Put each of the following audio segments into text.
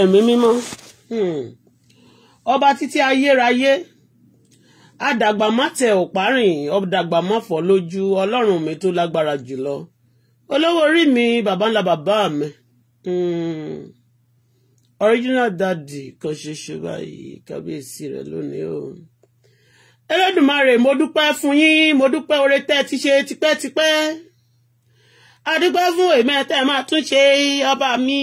ẹ̀mí mímọ́ hmm. ọba títí ayérayé àdàgbà má tẹ ọ̀párìn ọ̀dàgbà má fọ́ lójú ọlọ́run mi tó lágbára jùlọ olówó orí mi bàbá ńlá bàbá mi hmm. original daddy kan ṣoṣo báyìí kábíyèsí rẹ lónìí o Ẹlẹ́dùmarè mo dúpẹ́ fún yín mo dúpẹ́ oore tẹ́ ti ṣe tipẹ́tipẹ́ a fún èmi ẹ̀ tẹ́ máa tún ṣe ọba mi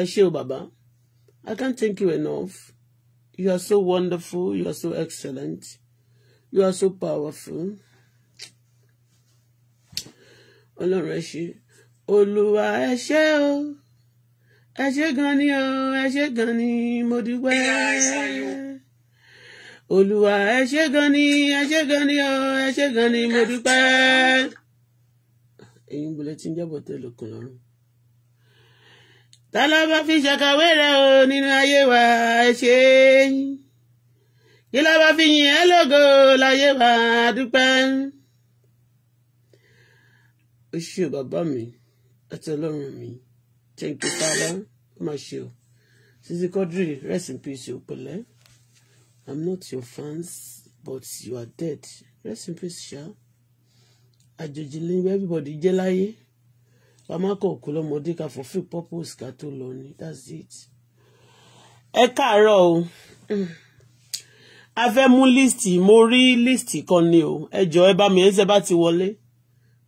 ẹ ṣé o I can't thank you enough you are so wonderful you are so excellent you are so powerful ọlọ́run ẹ ṣé olúwa ẹ o ẹ ṣé gan ni o ẹ ṣé gan ni mo dúpẹ́ olúwa ẹ ṣé o ẹ ṣé gan ni mo dúpẹ́ ẹ̀yin bulẹ ta ló bá fi ṣàkàwé rẹ o nínú ayé wa ẹ ṣe yín kí ló bá fi yìn ẹ́ lógo láyé wa dúpẹ́. ó ṣe o bàbá mi àti ọlọ́run mi thank you father ó máa ṣe o Sisi Quadri rest in peace o pẹ̀lẹ́ i'm not your fans but you are dead rest in peace ṣá àjòjì ni everybody jẹ́ láyé ká má kọ̀ kú lọ́mọdé ká purpose ká tó lọ ni that's it. ẹ ro, o mm. a fẹ́ mú líìsì mo rí líìsì kan ni o ẹ jọ ẹ bá mi ẹ ń ti wọlé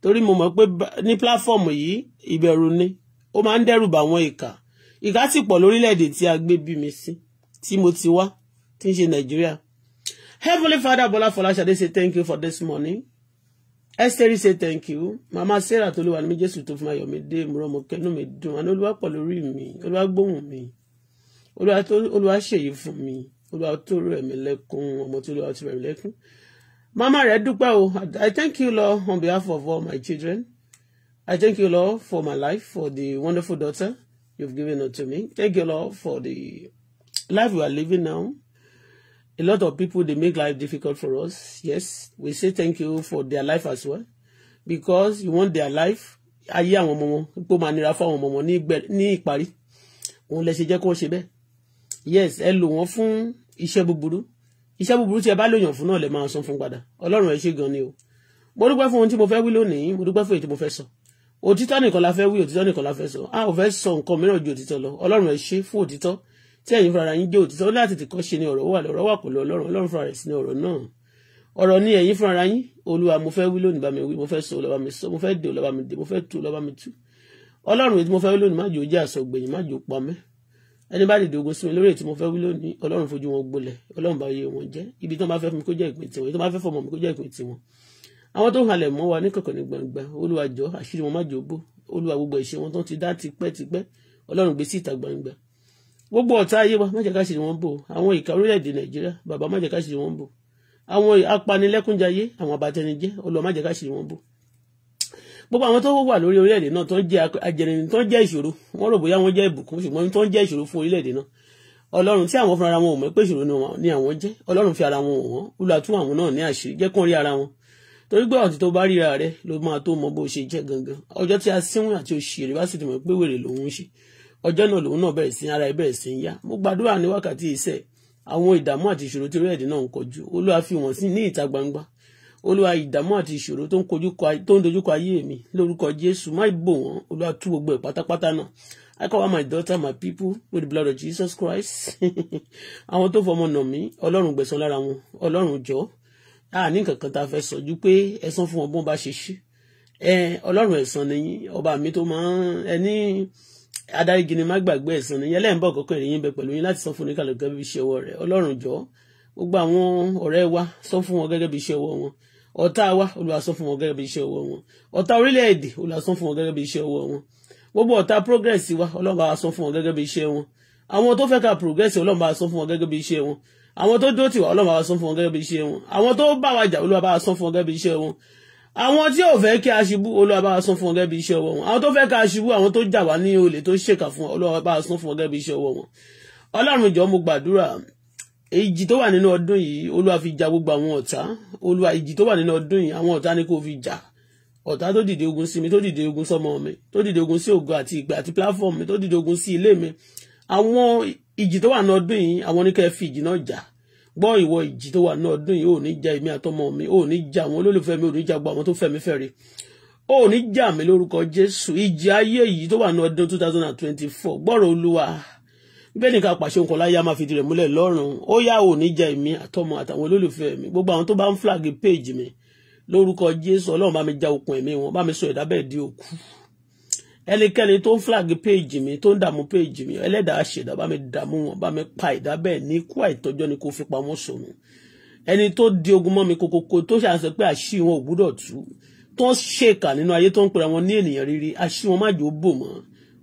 torí mo mọ̀ pé ní pílàfọ́ọ̀mù yìí ìbẹ̀rù ni ó máa ń dẹ́rù bà wọ́n ìkà ìkà sì pọ̀ lórílẹ̀‐èdè tí a gbé bí mi sí tí mo ti wá tí ń ṣe Heavenly Father Bola Folashade say thank you for this morning. Esther say thank you mama sarah tó ló wà ní jésù tó fi máa yọ mí dé ìmúrọmọ kẹnu mi dùn àná olúwa pọ̀ lórí mi olúwa gbóhùn mi olúwa ṣèyí fún mi olúwa tó rẹ̀ mí lẹ́kún ọmọ tó olúwa tó rẹ̀ mí lẹ́kún mama rẹ̀ dúpẹ́ o i thank you lord on behalf of all my children i thank you lord for my life for the wonderful daughter you've given unto me thank you lord for the life we are living now a lot of people they make life difficult for us yes we say thank you for their life as well because you want their life ayé àwọn ọmọ wọn pé ó máa nira fún àwọn ọmọ wọn ní ìparí òun lè ṣe yes hello, lò wọ́n fún iṣẹ́ búburú iṣẹ́ búburú tí ẹ bá lòyàn fún náà lè máa san fún padà ọlọ́run ẹ ṣé gan ni o mo dúpẹ́ fún ohun tí mo fẹ́ wí lónìí mo dúpẹ́ fún èyí mo fẹ́ sọ òtítọ́ nìkan la fẹ́ wí òtítọ́ nìkan la fẹ́ sọ a ò fẹ́ sọ nǹkan mìíràn ju òtítọ́ lọ ọlọ́run tí ẹ̀yin fúnra yín jẹ́ òtítọ́ ó láti tìkọ́ ṣe ni ọ̀rọ̀ wà lọ́rọ̀ wà kò lọ ọlọ́run ọlọ́run fúnra rẹ̀ sí ni ọ̀rọ̀ náà ọ̀rọ̀ ni ẹ̀yin fúnra yín olúwa mo fẹ́ wí lónìí bá mi wí mo fẹ́ sọ lọ́ba mi sọ mo fẹ́ dè lọ́ba mi dè mo fẹ́ tu lọ́ba mi tu ọlọ́run ètò mo fẹ́ wí lónìí má jò jẹ́ àsọgbẹ̀yìn má jò pa mẹ́ ẹni bá dìde ogun sí mi lórí ètò mo fẹ́ wí lónìí ọlọ́run fojú wọn gbolẹ̀ ọlọ́run bá yẹ wọn jẹ́ ibi tí wọ́n bá fẹ́ fún mi kó jẹ́ ìpín tiwọn ibi tí wọ́n bá fẹ́ fọmọ mi kó jẹ́ ìpín tiwọn àwọn tó halẹ̀ mọ́ wa ní kọ̀kọ̀ ní gbangba olúwa àṣírí wọn má jò bó olúwa gbogbo ìṣe wọn tó ti dá tipẹ́tipẹ́ ọlọ́run gbé sí ìta gbangba gbogbo ọ̀tá ayé wa má jẹ́ ká sì wọ́n bò àwọn ìka orílẹ̀-èdè nàìjíríà bàbá má jẹ́ ká sì wọ́n bò àwọn apanilẹ́kúnjayé àwọn àbàtẹnijẹ́ ọlọ́ má jẹ́ ká sì wọ́n bò gbogbo àwọn tó wà lórí orílẹ̀-èdè náà tó ń jẹ́ ajẹrin tó ń jẹ́ ìṣòro wọ́n rò bóyá wọ́n jẹ́ ìbùkún ṣùgbọ́n tó ń jẹ́ ìṣòro fún orílẹ̀-èdè náà ọlọ́run tí àwọn fúnra wọn ò mọ̀ pé ìṣòro ni àwọn jẹ́ ọlọ́run fi ara wọn wò wọ́n olùwàtú àwọn náà ní àṣírí jẹ́ kó rí ara wọn torí pé ọ̀tí tó bá ríra rẹ ló máa tó mọ bó ṣe jẹ́ gangan ọjọ́ tí a síwọ̀n àti òṣèré bá sì ti mọ̀ pé wèrè lòun ń ṣe ọjọ́ náà lòun náà bẹ̀rẹ̀ sí ara ẹ̀ bẹ̀rẹ̀ sí yá mo gbàdúrà ní wákàtí iṣẹ́ àwọn ìdààmú àti ìṣòro tí orílẹ̀-èdè náà ń kojú olúwa fi wọ́n sí ní ìta gbangba olúwa ìdààmú àti ìṣòro tó ń dojúkọ ayé mi lórúkọ jésù má bò wọ́n olúwa tú gbogbo ẹ̀ pátápátá náà I cover my daughter, my people with the blood of Jesus Christ. Àwọn tó fọmọ nà mí, Ọlọ́run gbẹ̀san lára wọn, Ọlọ́run jọ. A ní kankan tá a fẹ́ sọ ju pé ẹ̀san fún wọn bá ṣe ṣe. Ọlọ́run ẹ̀san nìyí, ọba mi tó máa ń ẹni adarí gini má gbàgbé ẹ̀sìn nìyẹn lẹ́yìn bọ̀ kọ́kọ́ ìrìn bẹ pẹ̀lú yín láti san fún ní kàlọ́ gẹ́gẹ́ bí iṣẹ́ ọwọ́ rẹ̀ ọlọ́run jọ gbogbo àwọn ọ̀rẹ́ wa sọ fún wọn gẹ́gẹ́ bí iṣẹ́ ọwọ́ wọn ọ̀tá wa Olúwa sọ fún wọn gẹ́gẹ́ bí iṣẹ́ ọwọ́ wọn ọ̀tá orílẹ̀-èdè Olúwa sọ fún wọn gẹ́gẹ́ bí iṣẹ́ ọwọ́ wọn gbogbo ọ̀tá progress wa Ọlọ́run wa sọ fún wọn gẹ́gẹ́ bí iṣẹ́ wọn àwọn tó fẹ́ ka progress Ọlọ́run wa sọ fún wọn gẹ́gẹ́ bí iṣẹ́ wọn àwọn tó àwọn tí ò fẹ́ kí a ṣubú olúwa bá wa san fún ọ gẹ́gẹ́ bí iṣẹ́ ọwọ́ wọn àwọn tó fẹ́ kí a ṣubú àwọn tó jà wá ní olè tó ṣèkà fún olúwa bá wa san fún ọ bí iṣẹ́ ọwọ́ wọn ọlọ́run ìjọ mo gbàdúrà ìjì tó wà nínú ọdún yìí olúwa fi jà gbogbo àwọn ọ̀tá olúwa ìjì tó wà nínú ọdún yìí àwọn ọ̀tá ni kò fi jà ọ̀tá tó dìde ogun sí mi tó dìde ogun sọmọ mi tó dìde ogun sí ògo àti ìgbà àti platform mi tó dìde ogun sí ilé mi àwọn ìjì tó wà nínú ọdún yìí àwọn oníkẹ́ fi ìjì náà jà gbọ́ ìwọ ìjì tó wà ní ọdún yìí ò ní ja èmi àtọmọ mi ò ní ja àwọn olólùfẹ́ mi ò ní ja gbọ́ àwọn tó fẹ́ mi fẹ́re ò ní jà mí lórúkọ Jésù ìjì ayé yìí tó wà ní ọdún two thousand and twenty-four gbọ́rọ̀ Olúwa bẹ́ẹ̀ ni ká pàṣẹ nǹkan láyé a máa fi tirẹ̀ múlẹ̀ lọ́rùn ó yá ò ní ja èmi àtọmọ àtàwọn olólùfẹ́ mi gbogbo àwọn tó bá ń flag page mi lórúkọ Jésù Ọlọ́run bá mi já okùn ẹ̀mí wọn bá mi sọ ẹ̀dá bẹ́ẹ̀ di òkú ẹnikẹ́ni tó ń flag page mi tó ń dààmú page mi ẹlẹ́dàá ṣẹ̀dá bá mi dààmú wọn bá mi pa ìdá bẹ́ẹ̀ ní kú àìtọ́jọ́ ni kò fi pamọ́ sọnù ẹni tó di ogun mọ́ mi kokoko tó ṣàṣẹ pé àṣì wọn ò gbúdọ̀ tú tó ń ṣèkà nínú ayé tó ń pera wọn ní ènìyàn rere àṣì wọn má jò bò mọ́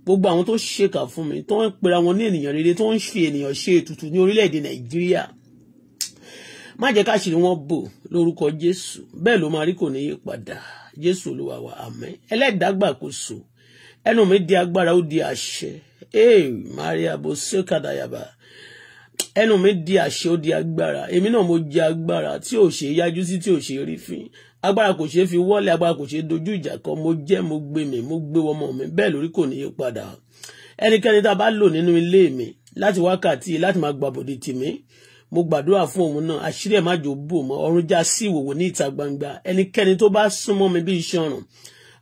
gbogbo àwọn tó ṣèkà fún mi tó ń pera wọn ní ènìyàn rere tó ń fi ènìyàn ṣe ètùtù ní orílẹ̀-èdè nàìjíríà má jẹ́ káṣírí wọn bò lórúkọ jésù bẹ́ẹ̀ ló máa rí kò ní padà jésù olúwa wa àmín ẹlẹ́dàá gbàkóso ẹnu mi di agbára ó di àṣẹ ee maria bose kadayaba ẹnu mi di àṣẹ ó di agbára èmi náà mo jẹ agbára tí ò ṣe yájú sí tí ò ṣe rí fín agbára kò ṣeé fi wọ́lẹ̀ agbára kò ṣeé dojú ìjà kọ mo jẹ́ mo gbé mi mo gbé ọmọ mi bẹ́ẹ̀ lórí kò ní í padà ẹnikẹ́ni tá a bá lò nínú ilé mi láti wákàtí láti máa gbàbọ̀dé tèmi mo gbàdúrà fún òun náà àṣírí ẹ̀ má jò bò mọ́ ọ̀run já sí ìwòwò ní ìta gbangba ẹnikẹ́ni tó bá súnmọ́ mi bí iṣan ọ̀ràn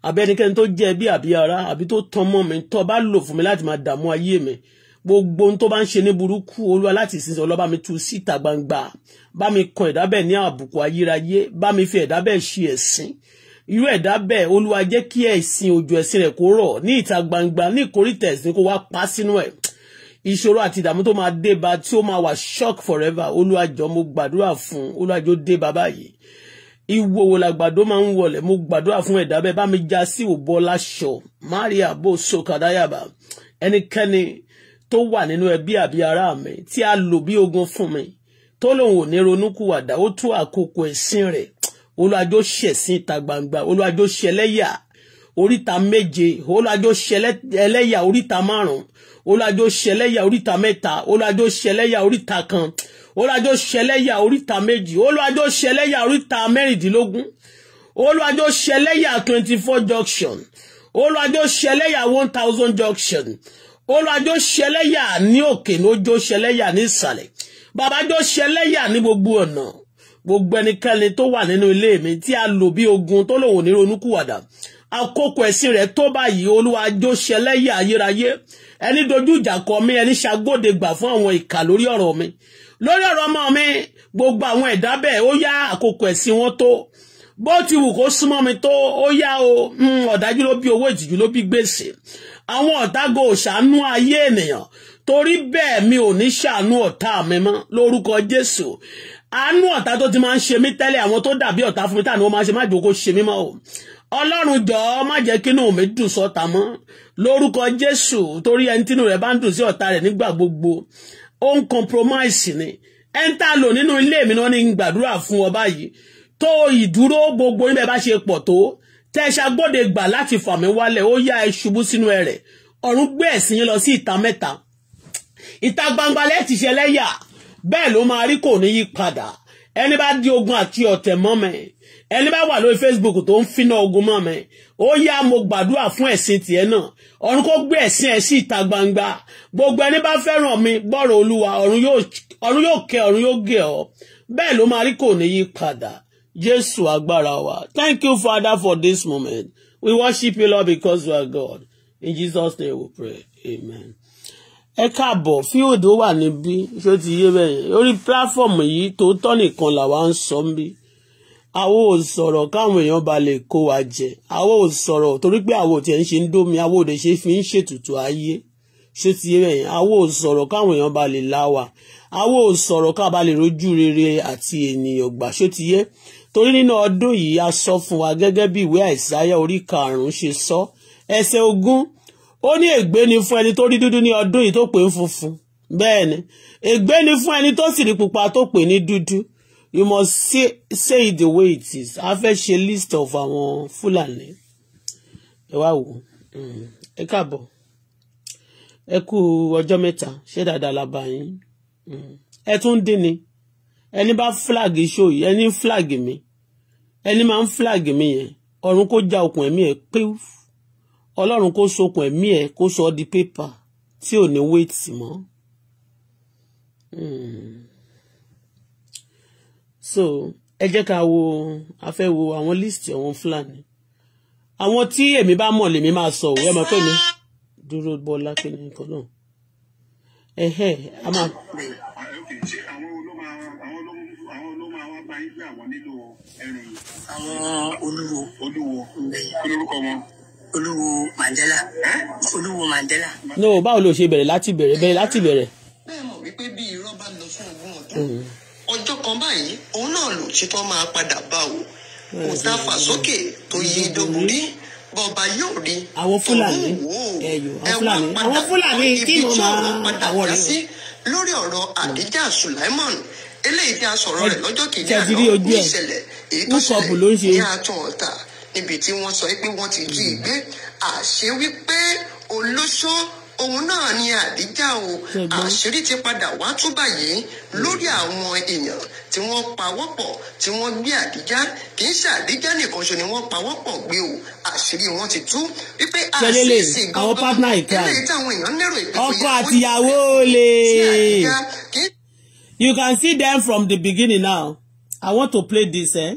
àbí ẹnikẹ́ni tó jẹ́ bí àbí ara àbí tó tan mọ́ mi tó bá lò fún mi láti máa dààmú ayé mi gbogbo ohun tó bá ń ṣe ní burúkú olúwa láti ìsinsìn ọlọ́ba mi tú síta gbangba bá mi kan ẹ̀dá bẹ́ẹ̀ ní àbùkù ayérayé bá mi fi ẹ̀dá bẹ́ẹ̀ ṣe ẹ̀sín irú ẹ̀dá bẹ́ẹ̀ olúwa jẹ́ kí ẹ̀sìn òjò ẹ̀sìn rẹ̀ kó rọ̀ ní ìta gbangba ní ìkórìtà ẹ̀sìn kó wá pa sínú ẹ̀ ìṣòro àti ìdààmú tó máa dé ba tí ó máa wà shock forever olúwa jọ̀ọ́ mo gbàdúrà fún olúwa jọ̀ọ́ dé ba báyìí ìwòwò làgbàdo máa ń wọlẹ̀ mo gbàdúrà fún ẹ̀dá bẹ́ẹ̀ bá mi já sí òbọ̀ láṣọ maria bó so kàdáyàbá ẹnikẹ́ni tó wà nínú ẹbí àbí ará mi tí a lò bí ogun fún mi tó lòun ò ní ronúkúwàdà ó tú àkókò ẹ̀sìn rẹ̀ olùwàjò ṣẹ̀sìn ìta gbangba olùwàjò ṣẹlẹ́yà oríta méje olùwàjò ṣẹlẹ́yà oríta márùn-ún olùwàjò ṣẹlẹ́yà oríta mẹ́ta olùwàjò ṣẹlẹ́yà oríta kan olùwàjò ṣẹlẹ́yà oríta méjì olùwàjò ṣẹlẹ́yà oríta mẹ́rìndínlógún olùwàjò ṣẹlẹ́yà twenty four junction olùwàjò ṣẹlẹ́yà one thousand junction olùwàjò ṣẹlẹ́yà ní òkè lójó ṣẹlẹ́yà ní ìsàlẹ̀ babajọ ṣẹlẹ́yà ní gbogbo ọ̀nà gbogbo ẹnikẹ́ni tó wà nínú ilé mi tí a lò bí ogun tó lòun ní ronúkúwàdà àkókò ẹ̀sìn rẹ̀ tó báyìí olùwàjò ṣẹlẹ́yà ayérayé ẹni dojú ìjà kọ mí ẹni ṣàgóde gbà fún àwọn ìkà lórí ọ̀rọ̀ mi lórí ọ̀rọ̀ ọmọ mi gbogbo àwọn ẹ̀dá bẹ́ẹ̀ ó yá àkókò ẹ̀sìn wọn tó bó ti wù kó súnmọ́ mi tó ó yá o hmm, ọ̀dájú ló bí owó ìtìjú ló bí gbèsè àwọn ọ̀tágo òṣàánú ayé ènìyàn torí bẹ́ẹ̀ mi ò ní ṣàánú ọ̀tá mi mọ́ lórúkọ Jésù àánú ọ̀tá tó ti máa ń ṣe mí tẹ́lẹ̀ àwọn tó dàbí ọ̀tá fún mi tà ní wọ́n máa ṣe má jòkó ṣe mí mọ́ o ọlọ́run jọ̀ọ́ má jẹ́ kínú mi dùn sọ́ta mọ́ lórúkọ Jésù torí ẹni tínú rẹ̀ bá ń dùn sí ọ̀tá rẹ̀ nígbà gbogbo ó ń compromise ni ẹ́ńtà lò nínú ilé mi náà ní gbàdúrà fún ọ báyìí tó ìdúró gbogbo níbẹ̀ bá ṣe pọ̀ tó tẹ́ ṣàgbọ́dẹ gbà láti fà mí wálẹ̀ ó yá ẹ ṣubú sínú ẹ̀rẹ̀ ọ̀run gbé ẹ̀sìn yín lọ sí ìta mẹ́ta ìta gbangba lẹ́ẹ̀tì ṣẹlẹ́yà bẹ́ẹ̀ ló máa rí kò ní yí padà ẹni bá di ogun àti ọ̀tẹ̀ mọ́ mi ẹni bá wà lórí Facebook tó ń finá ogun mọ́ mi ó yá mo gbàdúrà fún ẹ̀sìn tiẹ̀ náà ọ̀run kó gbé ẹ̀sìn ẹ̀ sí ìta gbangba gbogbo ẹni bá fẹ́ràn mi bọ́rọ̀ olúwa ọ̀run yóò kẹ́ ọ̀run yóò gé ọ bẹ́ẹ̀ ló máa rí kò ní yí padà Jésù agbára wa thank you Father for this moment we worship you Lord because you are God in Jesus name we pray amen ẹ káàbọ̀ fíòdó wà níbí ṣó ti yé bẹ́ẹ̀ lórí pílàfọ̀mù yìí tòótọ́ nìkan làwa ń sọ ń bí àwo ò sọ̀rọ̀ káwọn èèyàn bá lè kó wa jẹ àwo ò sọ̀rọ̀ torí pé àwo tiẹ̀ ń ṣe ń dómi àwo òde ṣe fi ń ṣètùtù ayé ṣó ti yé bẹ́ẹ̀ àwo ò sọ̀rọ̀ káwọn èèyàn bá lè láwà àwo ò sọ̀rọ̀ ká bá lè rojú rere àti ènìyàn gbà ṣó ti yé torí nínú ọdún yìí a sọ fún wa gẹ́gẹ́ bí ìwé àìsáyà orí karùn-ún ṣe sọ ẹsẹ̀ ogún ó ní ègbé ni fún ẹni tó rí dúdú ní ọdún yìí tó pè ń funfun bẹ́ẹ̀ ni ègbé ni fún ẹni tó sì rí pupa tó pè ní dúdú you must say, say the way it is a fẹ́ ṣe list of àwọn fúlàní ẹ wá wò hmm. ẹ káàbọ̀ ẹ kú ọjọ́ mẹ́ta ṣé dáadáa la bá yín hmm. ẹ tún dín ni ẹni bá flag show yìí ẹni flag mi ẹni máa ń flag mi yẹn ọ̀run kó já okùn ẹ̀mí ẹ̀ pẹ́wù ọlọ́run kó sokùn ẹ̀mí ẹ̀ kó sọ ọ́ di pépà tí ò ní wéètì mọ́. Hmm. so ẹ jẹ́ ká wo a fẹ́ wo àwọn líìsì àwọn fúlàní àwọn tí èmi bá mọ̀ lèmi máa sọ òwe ọmọ pé mi dúró bọ́lá kí ni nǹkan náà ẹ̀hẹ́ a máa. àwọn olúwo olúwo kí wọn olúwo mandela olúwo mandela. no báwo ló ṣe bẹ̀rẹ̀ láti bẹ̀rẹ̀ bẹ̀rẹ̀ láti bẹ̀rẹ̀. bẹ́ẹ̀ mọ̀ wípé bí irọ́ bá lọ fún ogún ọdún hmm. ọjọ́ kan báyìí òun náà ló ṣetán máa padà bá o kò tá hmm. a fà sókè tó yé hmm. dógún rí bọba yóò rí àwọn fúlàní ẹyọ àwọn fúlàní àwọn fúlàní kí ló máa àwọn sí lórí ọ̀rọ̀ àdíjà sulaimon eléyìí tí a sọ̀rọ̀ rẹ̀ lọ́jọ́ kejì àná ní ìṣẹ̀lẹ̀ èyí tó ṣẹlẹ̀ ní àtúntà níbi tí wọ́n sọ pé wọ́n ti jí i gbé àṣé wípé olóṣó òun náà ni àdíjà o àṣírí ti padà wá tú báyìí lórí àwọn èèyàn tí wọ́n pawọ́pọ̀ tí wọ́n gbé àdíjà kì í ṣe àdíjà nìkan ṣo ni wọ́n pawọ́pọ̀ gbé o àṣírí wọn ti tú wípé àṣírí sì gbọ́dọ̀ eléyìí táwọn èèyàn lérò ìpínlẹ̀ ọkọ àtìyàwó lè. You can see them from the beginning now. I want to play this. Eh?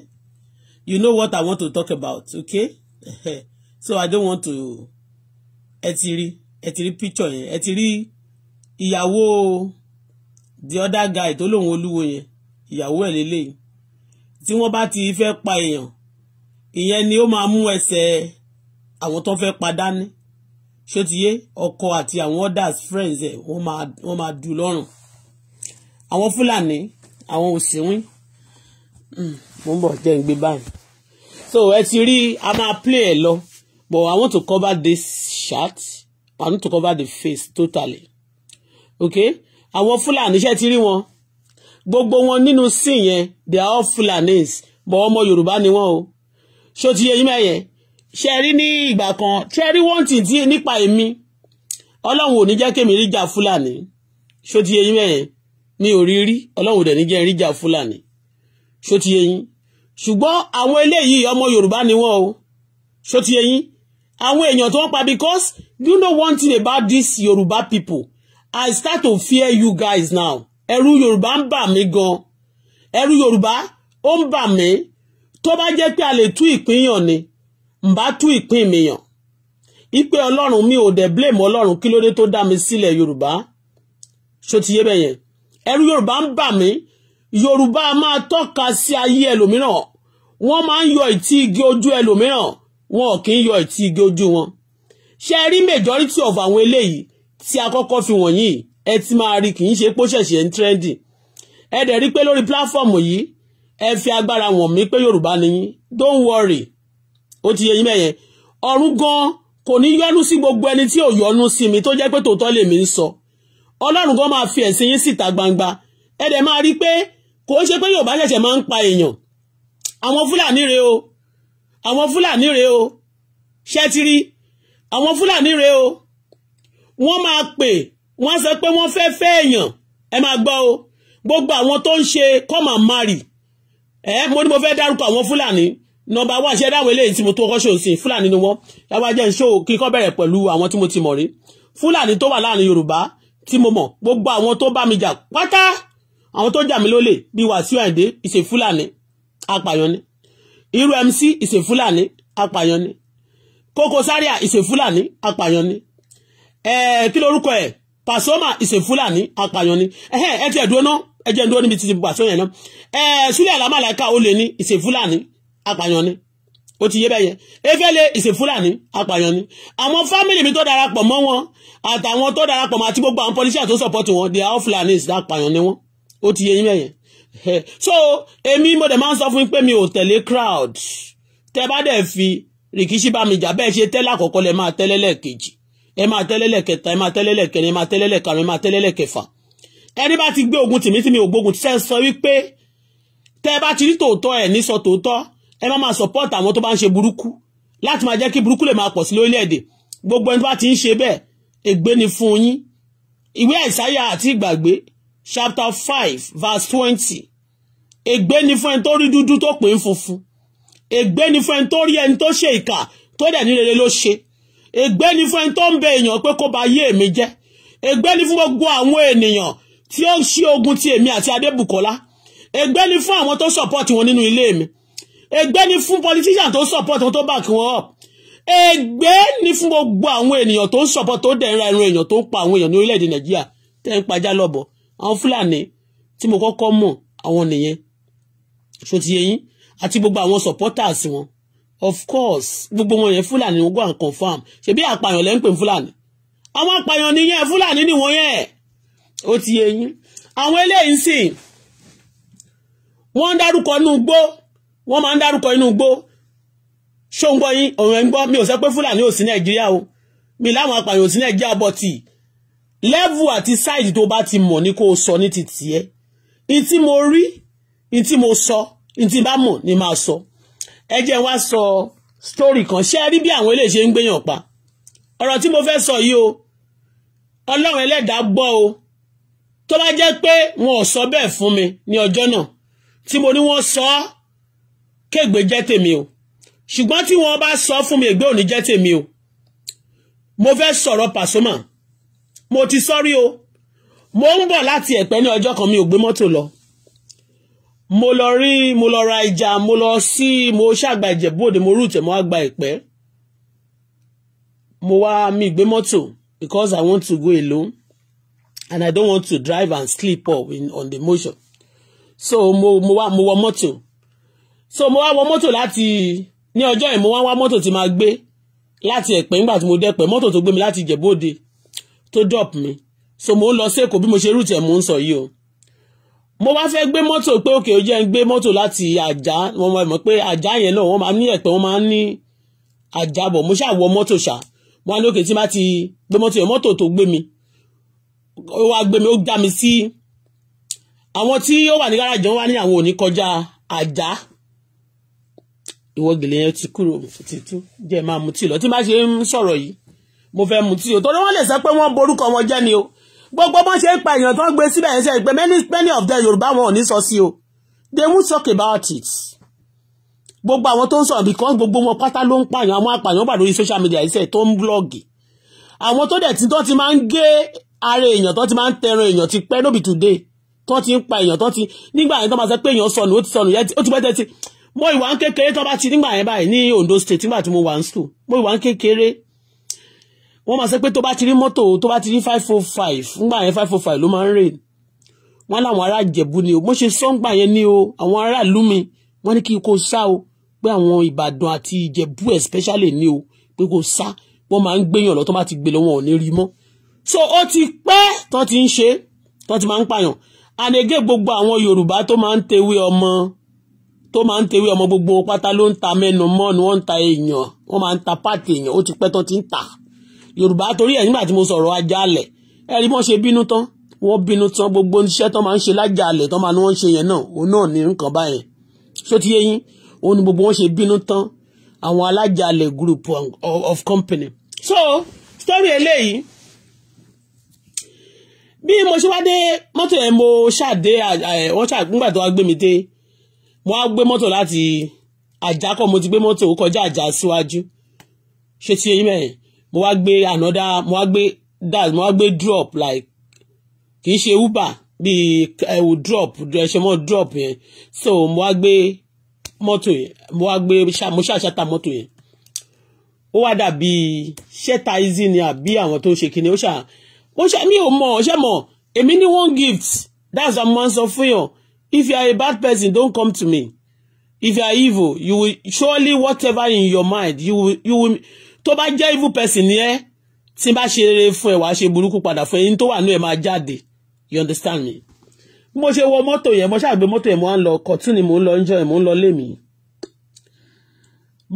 you know what I want to talk about okay so I don't want to etiri etiri picture yẹn ẹ ti the other guy tó lòun olúwo yẹn ìyàwó ẹ̀ lélẹ́yìn tí wọ́n bá ti fẹ́ pa èèyàn ìyẹn ni ó máa mú ẹsẹ̀ àwọn tó fẹ́ pa dání ṣó ti yé ọkọ àti àwọn others friends ẹ̀ wọ́n máa wọ́n máa dù lọ́rùn àwọn fúlàní àwọn òsínwín hmm, mo ń bọ̀ jẹ́ ń gbé báyìí so ẹ ti rí a máa play ẹ lọ but i want to cover this shirt i want to cover the face totally okay àwọn fúlàní ṣe ti rí wọn gbogbo wọn nínú sin yẹn they are all fulanis but ọmọ yorùbá ni wọn o ṣó ti yẹ yín mẹyẹ ṣe rí ní ìgbà kan ṣe rí one thing tí nípa èmi ọlọ́run ò ní jẹ́ kémi ríjà fúlàní ṣó ti yẹ yín mẹyẹ mi ò rí rí ọlọ́run ò dẹ̀ ní jẹ́ ríjà fúlàní ṣó ti yẹ yín ṣùgbọ́n àwọn eléyìí ọmọ Yorùbá ni wọ́n o ṣó ti yẹyin àwọn èèyàn tó ń pa because you know one thing about this Yorùbá people I start to fear you guys now ẹ̀rù Yorùbá ń bà mí gan ẹ̀rù Yorùbá ó ń bà mí tó bá jẹ́ pé a lè tú ìpín yàn ni n bá tú ìpín mi yàn ipe ọlọ́run mi ò dẹ̀ blame ọlọ́run kí ló dé tó dá mi sílẹ̀ Yorùbá ṣó ti yé bẹ́yẹn ẹ̀rù Yorùbá ń bà mí yorùbá máa tọ́ka sí ayé ẹlòmíràn wọ́n máa ń yọ ìtì igi ojú ẹlòmíràn wọn ò kì í yọ ìtì igi ojú wọn ṣe rí majority of àwọn eléyìí tí a kọ́kọ́ fi wọ̀nyí ẹ ti máa rí kì í ṣe pó ṣẹ̀ṣẹ̀ ń trendy ẹ dẹ̀ rí pé lórí platform yìí ẹ fi agbára wọ̀n mí pé yorùbá ni yín don't worry ó ti yẹ yín bẹ́yẹn ọ̀run gan kò ní yọ́nú sí gbogbo ẹni tí ò yọ́nú sí mi tó jẹ́ pé tòótọ́ lèmi ń sọ ọlọ́run gan máa fi ẹ̀sìn yín síta gbangba ẹ dẹ̀ máa rí pé kò ń ṣe pé Yorùbá ṣẹ̀ṣẹ̀ máa ń pa èèyàn àwọn Fúlàní rèé o àwọn Fúlàní rèé o ṣẹ́tírí àwọn Fúlàní rèé o wọ́n máa pè wọ́n sọ pé wọ́n fẹ́ fẹ́ èèyàn ẹ máa gbọ́ o gbogbo àwọn tó ń ṣe come and marry ẹ mo ní mo fẹ́ dárúkọ àwọn Fúlàní nọ́mbà wá ṣe dáwọn eléyìí tí mo tó kọ́ṣọ́ sí Fúlàní ni wọ́n yàrá jẹ́ ṣó kíkọ́ bẹ̀rẹ̀ pẹ̀lú àwọn tí mo ti mọ̀ rí Fúlàní tó wà láàrin Yorùbá tí mo mọ̀ gbogbo àwọn tó bá mi jà pátá àwọn tó jà mí lólè bí Wàsíù Àyìndé ìṣe Fúlàní apàyàn ni irú MC ìṣe Fúlàní apàyàn ni Koko Zaria ìṣe Fúlàní apàyàn ni ẹ̀ẹ́ kí lórúkọ ẹ̀ Pasuma ìṣe Fúlàní apàyàn ni ẹ̀hẹ́ ẹ ti ẹ̀dúró náà ẹ jẹ́ níbi títí Wàsíù yẹn náà ẹ̀ẹ́ Sule Alama-Alaika olè ni ìṣe Fúlàní apàyàn ni ó ti yé bẹ́yẹn efele ìsìn fúlàní apàyàn ni àwọn fámìlì mi tó darapọ̀ mọ́ wọn àtàwọn tó darapọ̀ mọ́ àti gbogbo àwọn pọlísíà tó sọ̀pọ̀tì wọn they are all fulanis apàyàn ni wọ́n ó ti yé yín mẹ́yẹn so èmi mo dẹ̀ máa ń sọ fún yín pé mi ò tẹ̀lé crowd tẹ́ bá dẹ̀ fi rìkíṣí bá mi jà bẹ́ẹ̀ ṣe tẹ́lẹ̀ àkọ́kọ́ lẹ máa tẹ́lẹ̀ lẹ́ẹ̀kejì ẹ máa tẹ́lẹ̀ lẹ́ẹ̀kẹta ẹ máa tẹ́lẹ̀ lẹ́ẹ̀kẹrin ẹ máa tẹ́lẹ̀ lẹ́ẹ̀karùn ẹ máa tẹ́lẹ̀ lẹ́ẹ̀kẹfà ẹni bá ti gbé ogun tìmí tí mi ò gbógun tẹ́ sọ wípé tẹ́ bá ti rí tòótọ́ ẹ̀ ní sọ tòótọ́ ẹ má máa support àwọn tó bá ń ṣe burúkú láti máa jẹ́ kí burúkú lè máa pọ̀ sí lórílẹ̀‐èdè gbogbo ẹni tó bá ti ń ṣe bẹ́ẹ̀ ègbé ni fún yín ìwé àìsáyà àti ìgbàgbé chapter five verse twenty ègbé ni fún ẹni tó rí dúdú tó pè ń funfun ègbé ni fún ẹni tó rí ẹni tó ṣe ìkà tó dẹ̀ ní rere ló ṣe ègbé ni fún ẹni tó ń bẹ èèyàn pé kó ba yé èmi jẹ́ ègbé ni fún gbogbo àwọn ènìyàn tí ó ṣí ogun ti èmi àti Adébùkọ́lá ègbé ni fún àwọn tó support wọn nínú ilé mi ègbé ni fún politician tó support wọn tó back wọn up ègbé ni fún gbogbo àwọn ènìyàn tó ń support tó dẹ̀ ra ẹran èèyàn tó ń pa àwọn èèyàn ní orílẹ̀-èdè Nàìjíríà tẹ́ ń pajá lọ́bọ̀ọ́ àwọn fúlàní tí mo kọ́kọ́ mọ̀ àwọn nìyẹn ṣòtì yẹyìn àti gbogbo àwọn supporters wọn of course gbogbo wọn yẹn fúlàní wọn go and confirm ṣebí àpàyàn lẹ́ ń pè fúlàní àwọn àpàyàn nìyẹn fúlàní nìwọ̀n yẹn ó ti yẹyìn àwọn eléyìí ń sìn wọ́n ń dárúkọ inú igbó wọ́n máa ń dárúkọ inú igbó ṣóńgbọ́ ọ̀rọ̀ ẹ̀ ń gbọ́ mi ò sọ pé fúlàní ò sí nàìjíríà o mi láwọn apààyàn ò sí nàìjíríà bọ̀ tì level àti side tó bá ti mọ̀ ní kó o sọ ní ti tiẹ̀ ní tí mo rí ní tí mo sọ ní tí bá mọ̀ ní máa sọ ẹ jẹ́ sọ story kan ṣé ẹ rí bí àwọn eléyìí ṣe ń gbéyàn pa ọ̀rọ̀ tí mo fẹ́ sọ yìí o ọlọ́run ẹlẹ́dàá gbọ́ o tó bá jẹ́ pé wọn ò sọ bẹ́ẹ̀ fún mi ní ọjọ́ náà tí mo ní wọ́n sọ ọ́ kéègbé jẹ́ tèmi o ṣùgbọ́n tí wọ́n bá sọ fún mi ègbé òní jẹ́ tèmi o mo fẹ́ sọ̀rọ̀ Pasuma mo ti sọ́rí o mo ń bọ̀ láti ẹ̀pẹ́ ní ọjọ́ kan mi ò gbé mọ́tò lọ mo lọ rí mo lọ ra ìjà mo lọ sí mo ṣàgbà ìjẹ̀bú mo rúùtẹ̀ mo wá gba ẹ̀pẹ́ mo wá mi gbé mọ́tò because I want to go alone and I don't want to drive and sleep up in, on the motion so mo mo wá mo wọ mọ́tò so mo wá wọ mọ́tò láti ní ọjọ́ yẹn mo wá wá mọ́tò tí máa gbé láti ẹ̀pẹ́ nígbà tí mo dẹ́pẹ́ mọ́tò tó gbé mi láti ìjẹ̀bú tó drop mi so mo ń lọ sí èkó bí mo ṣe rúùtì ẹ̀ mò ń sọ yìí o mo wá fẹ́ gbé mọ́tò pé òkè ó jẹ́ ń gbé mọ́tò láti àjà wọn mọ̀ pé àjà yẹn náà wọ́n máa ní ẹ̀pẹ́ wọ́n máa ń ní àjà bọ̀ mo ṣáà wọ mọ́tò ṣá wọn á lókè tí má ti gbé mọ́tò yẹn mọ́tò tó gbé mi ó wá gbé mi ó gbá mi sí àwọn tí ó wà ní gáràjọ wá ní àwọn ò kọjá àjà ìwọ gèlè yẹn ti kúrò fìtìtú jẹ́ máa mutí lọ tí má ṣe ń sọ̀rọ̀ yìí mo fẹ́ mutí o torí wọ́n lè sọ pé wọ́n borúkọ wọn jẹ́ ni o gbogbo bọ́n ṣe ń pa èèyàn tó ń gbé síbẹ̀ yẹn pé many of them yorùbá wọn ò ní sọ sí o they won't talk about it gbogbo àwọn tó ń sọ̀rọ̀ because gbogbo wọn pátá ló ń pààyàn àwọn apààyàn wà lórí social media iṣẹ́ tó ń blọ́ọ̀gì àwọn tó dẹ̀ tí tó ti máa ń gé ara èèyàn tó ti máa ń tẹran èèyàn ti pẹ́ nóbì today tó ti ń pa èèyàn tó ti nígbà yẹn tó máa sọ pé èèyàn sọnù ó ti sọnù yẹn ó ti pẹ́ tẹ́tí mo ìwà ń kékeré tó bá ti nígbà yẹn báyìí ní Ondo State nígbà tí mo wà ń school mo ìwà ń kékeré wọ́n máa sọ pé tó bá ti rí mọ́tò tó bá ti rí five four oh five ńgbà yẹn five four oh five ló máa ń rè wọ́n láwọn ará ìjẹ̀bú ni o mo ṣe sọ́ngbà yẹn ni o àwọn ará ìlú mi wọ́n ní kí n kó sá o pé àwọn ìbàdàn àti ìjẹ̀bú especially ni o pé kó sá wọ́n máa ń gbéyàn lọ tó bá ti gbé lọ wọn ò ní rí mọ́ so ó ti pẹ́ tó ti ń ṣe tó ti máa ń pààyàn ànégé gbogbo àwọn yorùbá tó máa ń tewé ọmọ tó máa ń tewé ọmọ gbogbo wọn pátá ló ń ta mẹ́nu mọ́ọ̀nù wọ́n ń ta èèyàn wọ́n máa ń ta páàtì èèyàn ó ti pẹ́ tó ti ń tà á yorùbá torí ẹ̀ nígbà tí mo sọ̀rọ̀ ajálẹ̀ ẹ rí wọ́n ṣe bínú tán wọ́n bínú tán gbogbo iṣẹ́ tán máa ń ṣe lájàlẹ̀ tán máa ní wọ́n ṣe yẹn náà òun náà ní nǹkan báyẹn só ti òun ni gbogbo wọn ṣe bínú tán àwọn alájàlẹ̀ group of company. so story eléyìí bí mo ṣe wá dé mọ́tò yẹn mo ṣàdé eh, wọ́n ṣàgbọ́ngbà tó wá gbé mi dé mo wá gbé mọ́tò láti àjákọ̀ mo ti gbé mọ́tò kọjá àjà síwájú ṣe ti eyín mẹ́rin mo wá gbé another mo wá gbé dash mo wá gbé drop like kì í ṣe uber bíi ẹwù eh, drop ẹṣẹ mọ drop yẹn so mo wá gbé mọ́tò yẹn mo wá gbé mo ṣàṣàtà mọ́tò yẹn ó wá dàbí ṣẹ́ta easy ni àbí àwọn tó ń ṣe kíni ó ṣà ó ṣà mi ò mọ̀ ṣe mọ̀ èmi ní one gift that's what man sọ fún yàn if you are a bad person don't come to me if you are evil you will surely whatever in your mind you will you will tó bá jẹ́ evil person ni ẹ́ tí bá ṣe rere fún ẹ wàá ṣe burúkú padà fún ẹyin tó wà nú ẹ máa jáde you understand me bí mo ṣe wọ mọ́tò yẹn mo ṣàgbé mọ́tò yẹn mo wá ń lọ kọ̀tún ni mò ń lọ ń jọ ẹ̀ mò ń lọ lémi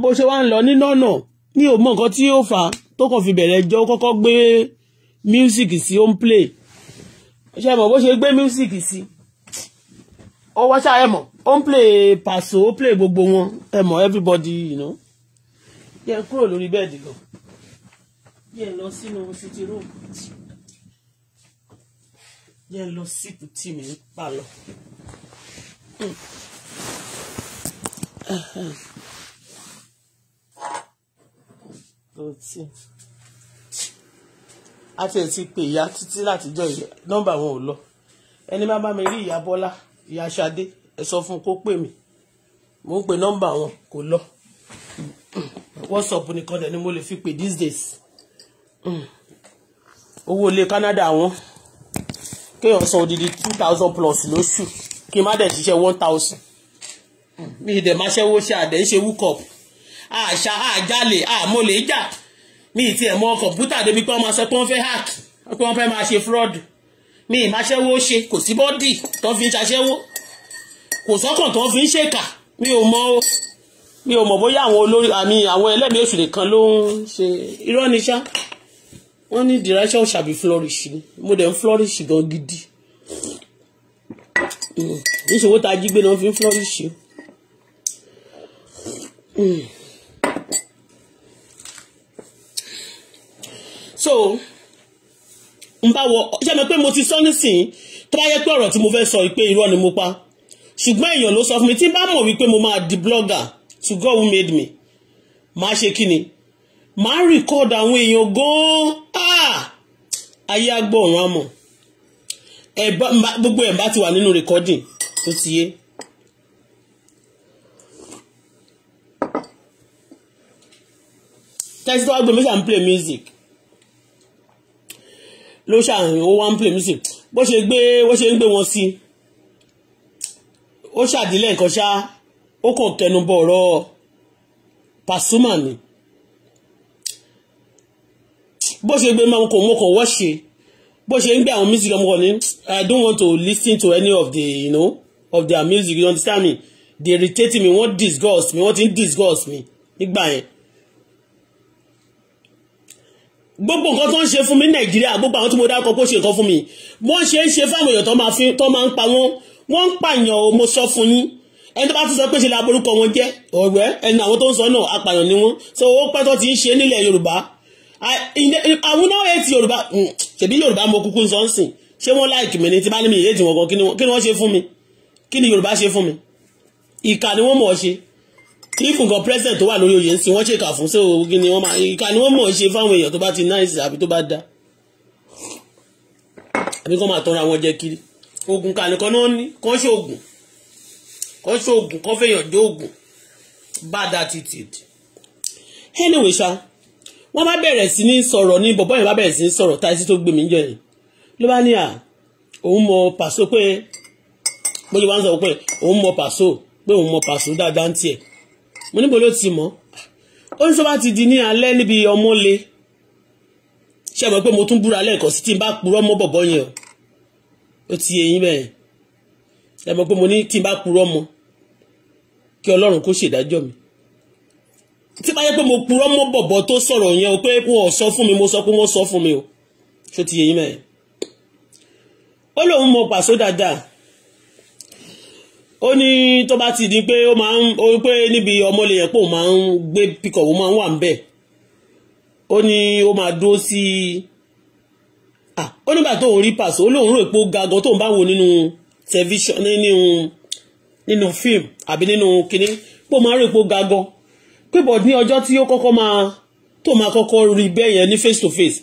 bó ṣe wá ń lọ nínú ọ̀nà mi ò mọ nǹkan tí ó fà tó kàn fi bẹ̀rẹ̀ jọ kọ́kọ́ gbé music sí ó ń play ṣe mọ̀ bó ṣe gbé music sí ó wá ṣáà ẹ̀ mọ̀ ó play pàṣẹ ó play gbogbo wọn ẹ̀ mọ̀ everybody you know jẹ́ n kúrò lórí bẹ́ẹ̀dì lọ jẹ́ n lọ sínú sítì rúùmù jẹ́ n lọ sípù tí mi ń pa lọ. a ti ẹ̀ ti pè ìyá títí látijọ́ nọ́mbà wọn ò lọ ẹni má bá mi rí ìyá Bọ́lá ìyá Ṣadé ẹ sọ fún un kó pè mí mo ń pe nọ́mbà wọn kò lọ WhatsApp nìkan dẹ̀ ni mo lè fi pè these days owó ilé Canada wọn kéèyàn san odidi two thousand plus lóṣù kí n má dẹ̀ ṣiṣẹ́ one thousand mi dẹ̀ má ṣẹ́wó ṣe àdẹ̀ ń ṣe wúkọ̀p àṣà àjálè àmọ́lé jà mi ì tiẹ̀ mọ kọ̀ǹpútà débi pé wọ́n máa sọ pé wọ́n fẹ́ hack pé wọ́n fẹ́ máa ṣe fraud mi ì má ṣẹ́wó ṣe kò sí bọ́dì tó fi ń ṣaṣẹ́wó kò sọ́kàn tó fi ń ṣèkà mi ò mọ o mi ò mọ̀ bóyá àwọn olórí àmì àwọn ẹlẹ́mìí èṣù nìkan ló ń ṣe irọ́ ni ṣá wọ́n ní the righteous shall be flourish ni mo dẹ̀ ń flourish gan gidi níṣòwò tá a jí gbé náà fi ń flourish hmm. so n bá wọ ṣé mi pé mo ti sọ nísìnyí tó bá yẹ pé ọ̀rọ̀ tí mo fẹ́ sọ pé irọ́ ni mo pa ṣùgbọ́n èèyàn ló sọ fún mi tí n bá mọ̀ wípé mo máa di blogger to God who made me máa ṣe kí ni máa record àwọn èèyàn gan-an ah! ayé agbó ọ̀run àmọ̀ gbogbo ẹ̀ bá ti wà nínú recording tó ti yé. tẹ́sí tó wá gbé mi ṣà play music ló ṣàhìn ó wá ń play music bó ṣe gbé bó ṣe ń gbé wọn sí ó ṣàdílé nǹkan ṣáá ó kàn kẹnubọ ọ̀rọ̀ Pasuma ni bó ṣe gbé máa kò mọ kàn wọ́ ṣe bó ṣe ń gbé àwọn music ọmọkàn ni I don't want to listen to any of the you know of their music you understand me they irritate me wọ́n disgust me wọ́n ti ń disgust me nígbà yẹn gbogbo nǹkan tó ń ṣe fún mi ní nàìjíríà gbogbo àwọn tí mo dákọ kó ṣe nǹkan fún mi wọ́n ṣe é ṣe fáwọn èèyàn tó máa ń pa wọ́n wọ́n ń pààyàn o mo sọ fún yín ẹni tó bá tún sọ pé ṣe la borúkọ wọn jẹ́ ọ̀gbẹ́ ẹni àwọn tó ń sọ náà apààyàn ni wọ́n so owó pẹ́ tó ti ń ṣe nílẹ̀ yorùbá àwọn náà ètì yorùbá hmm, ṣèbí yorùbá mo kúkú ń sọ ń sìn ṣé wọ́n láìkì mi ni tí bá ní mi èyí tí wọ́n gan kí ni wọ́n ṣe fún mi kí ni yorùbá ṣe fún mi ìkà ni wọ́n mọ̀ ọ́ ṣe ifun kan president tó wà lórí oyè ń sin wọ́n ṣèkà fún sóò kí ni wọ́n máa ìkà ni wọ́n mọ̀ ṣe fáwọn èèyàn tó bá ti náà àbí tó bá da àbí kọ́ máa tọ́ra wọn jẹ kiri oògùn kànìkan náà ní kọ́ ṣe oògùn kọ́ ṣoògùn kọ́ fẹ́yàn jóògùn bad attitude. anyway ṣá wọ́n bá bẹ̀rẹ̀ sí ní sọ̀rọ̀ ní bọ̀bọ́ yẹn bá bẹ̀rẹ̀ sí ní sọ̀rọ̀ táyé tó gbé mi jọ yẹn ló bá ní à òun mọ pàṣọ pé bó bá ń sọ pé òun mọ pàṣọ pé òun mọ pàṣọ dáadáa ń tiẹ̀ mo níbo ló ti mọ̀ ó ní sọ bá ti di ní alẹ́ níbi ọmọ le ṣe mọ̀ pé mo tún búra lẹ́ẹ̀kan sí tí n bá purọ́ mọ́ bọ̀bọ́ yẹn o ó ti yẹ yín bẹ́ẹ̀ ẹ mọ̀ pé mo ní tí n bá purọ́ mọ́ kí ọlọ́run kó ṣèdájọ́ mi tí bá yẹ pé mo purọ́ mọ́ bọ̀bọ̀ tó sọ̀rọ̀ yẹn o pé wọn sọ fún mi mo sọ pé wọ́n sọ fún mi o ṣó ti yẹ yín mẹ́rin ó lóun mọ pàṣọ dáadáa ó ní tó bá ti di pé ó máa ń ó pé níbi ọmọlẹ́yìn pò máa ń gbé pikọ̀ ó máa ń wà ń bẹ̀ ó ní ó máa dúró sí ó nígbà tó ń rí pàṣọ ó lóun rò pé ó ga gan tóun bá wò nínú. No tẹlifíṣàn nínú nínú fíìmù àbí nínú kinní pé ó máa rí epo ga gan pé bọ̀ ní ọjọ́ tí ó kọ́kọ́ máa tó máa kọ́kọ́ rí bẹ́ẹ̀ yẹn ní face to face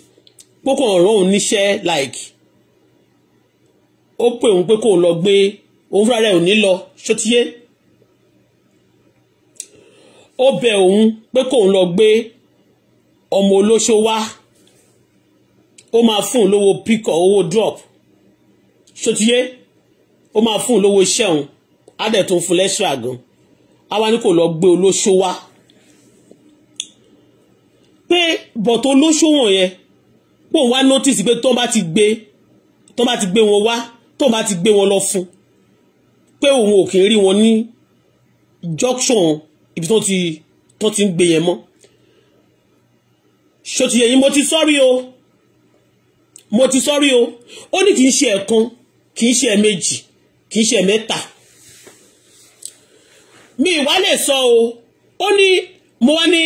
pé kò rán òun níṣẹ́ like ó pè òun pé kò lọ gbé òun fúnra rẹ̀ ò ní lọ ṣótiyé ó bẹ òun pé kò lọ gbé ọmọ olóṣó wá ó máa fún un lówó píkọ owó drop ṣótiyé. So ó máa fún olówó iṣẹ́ òun á dẹ̀ tó fún lẹ́ṣọ́ àgàn á wá ní kò lọ gbé olóṣó wá pé bọ̀tọ̀ olóṣó wọ̀nyẹn pò wá notice pé tó bá ti gbé tó bá ti gbé wọn wá tó bá ti gbé wọn lọ fún pé òun ò kì í rí wọn ní junction ibi tó ti tó ti ń gbé yẹn mọ́ ṣòtìyẹ yìí mo ti sọ́rí o mo ti sọ́rí o ó ní kì í ṣe ẹ̀kan kì í ṣe ẹ̀mejì kì í ṣe mẹ́ta mi ìwá lè sọ o ó ní mo wá ní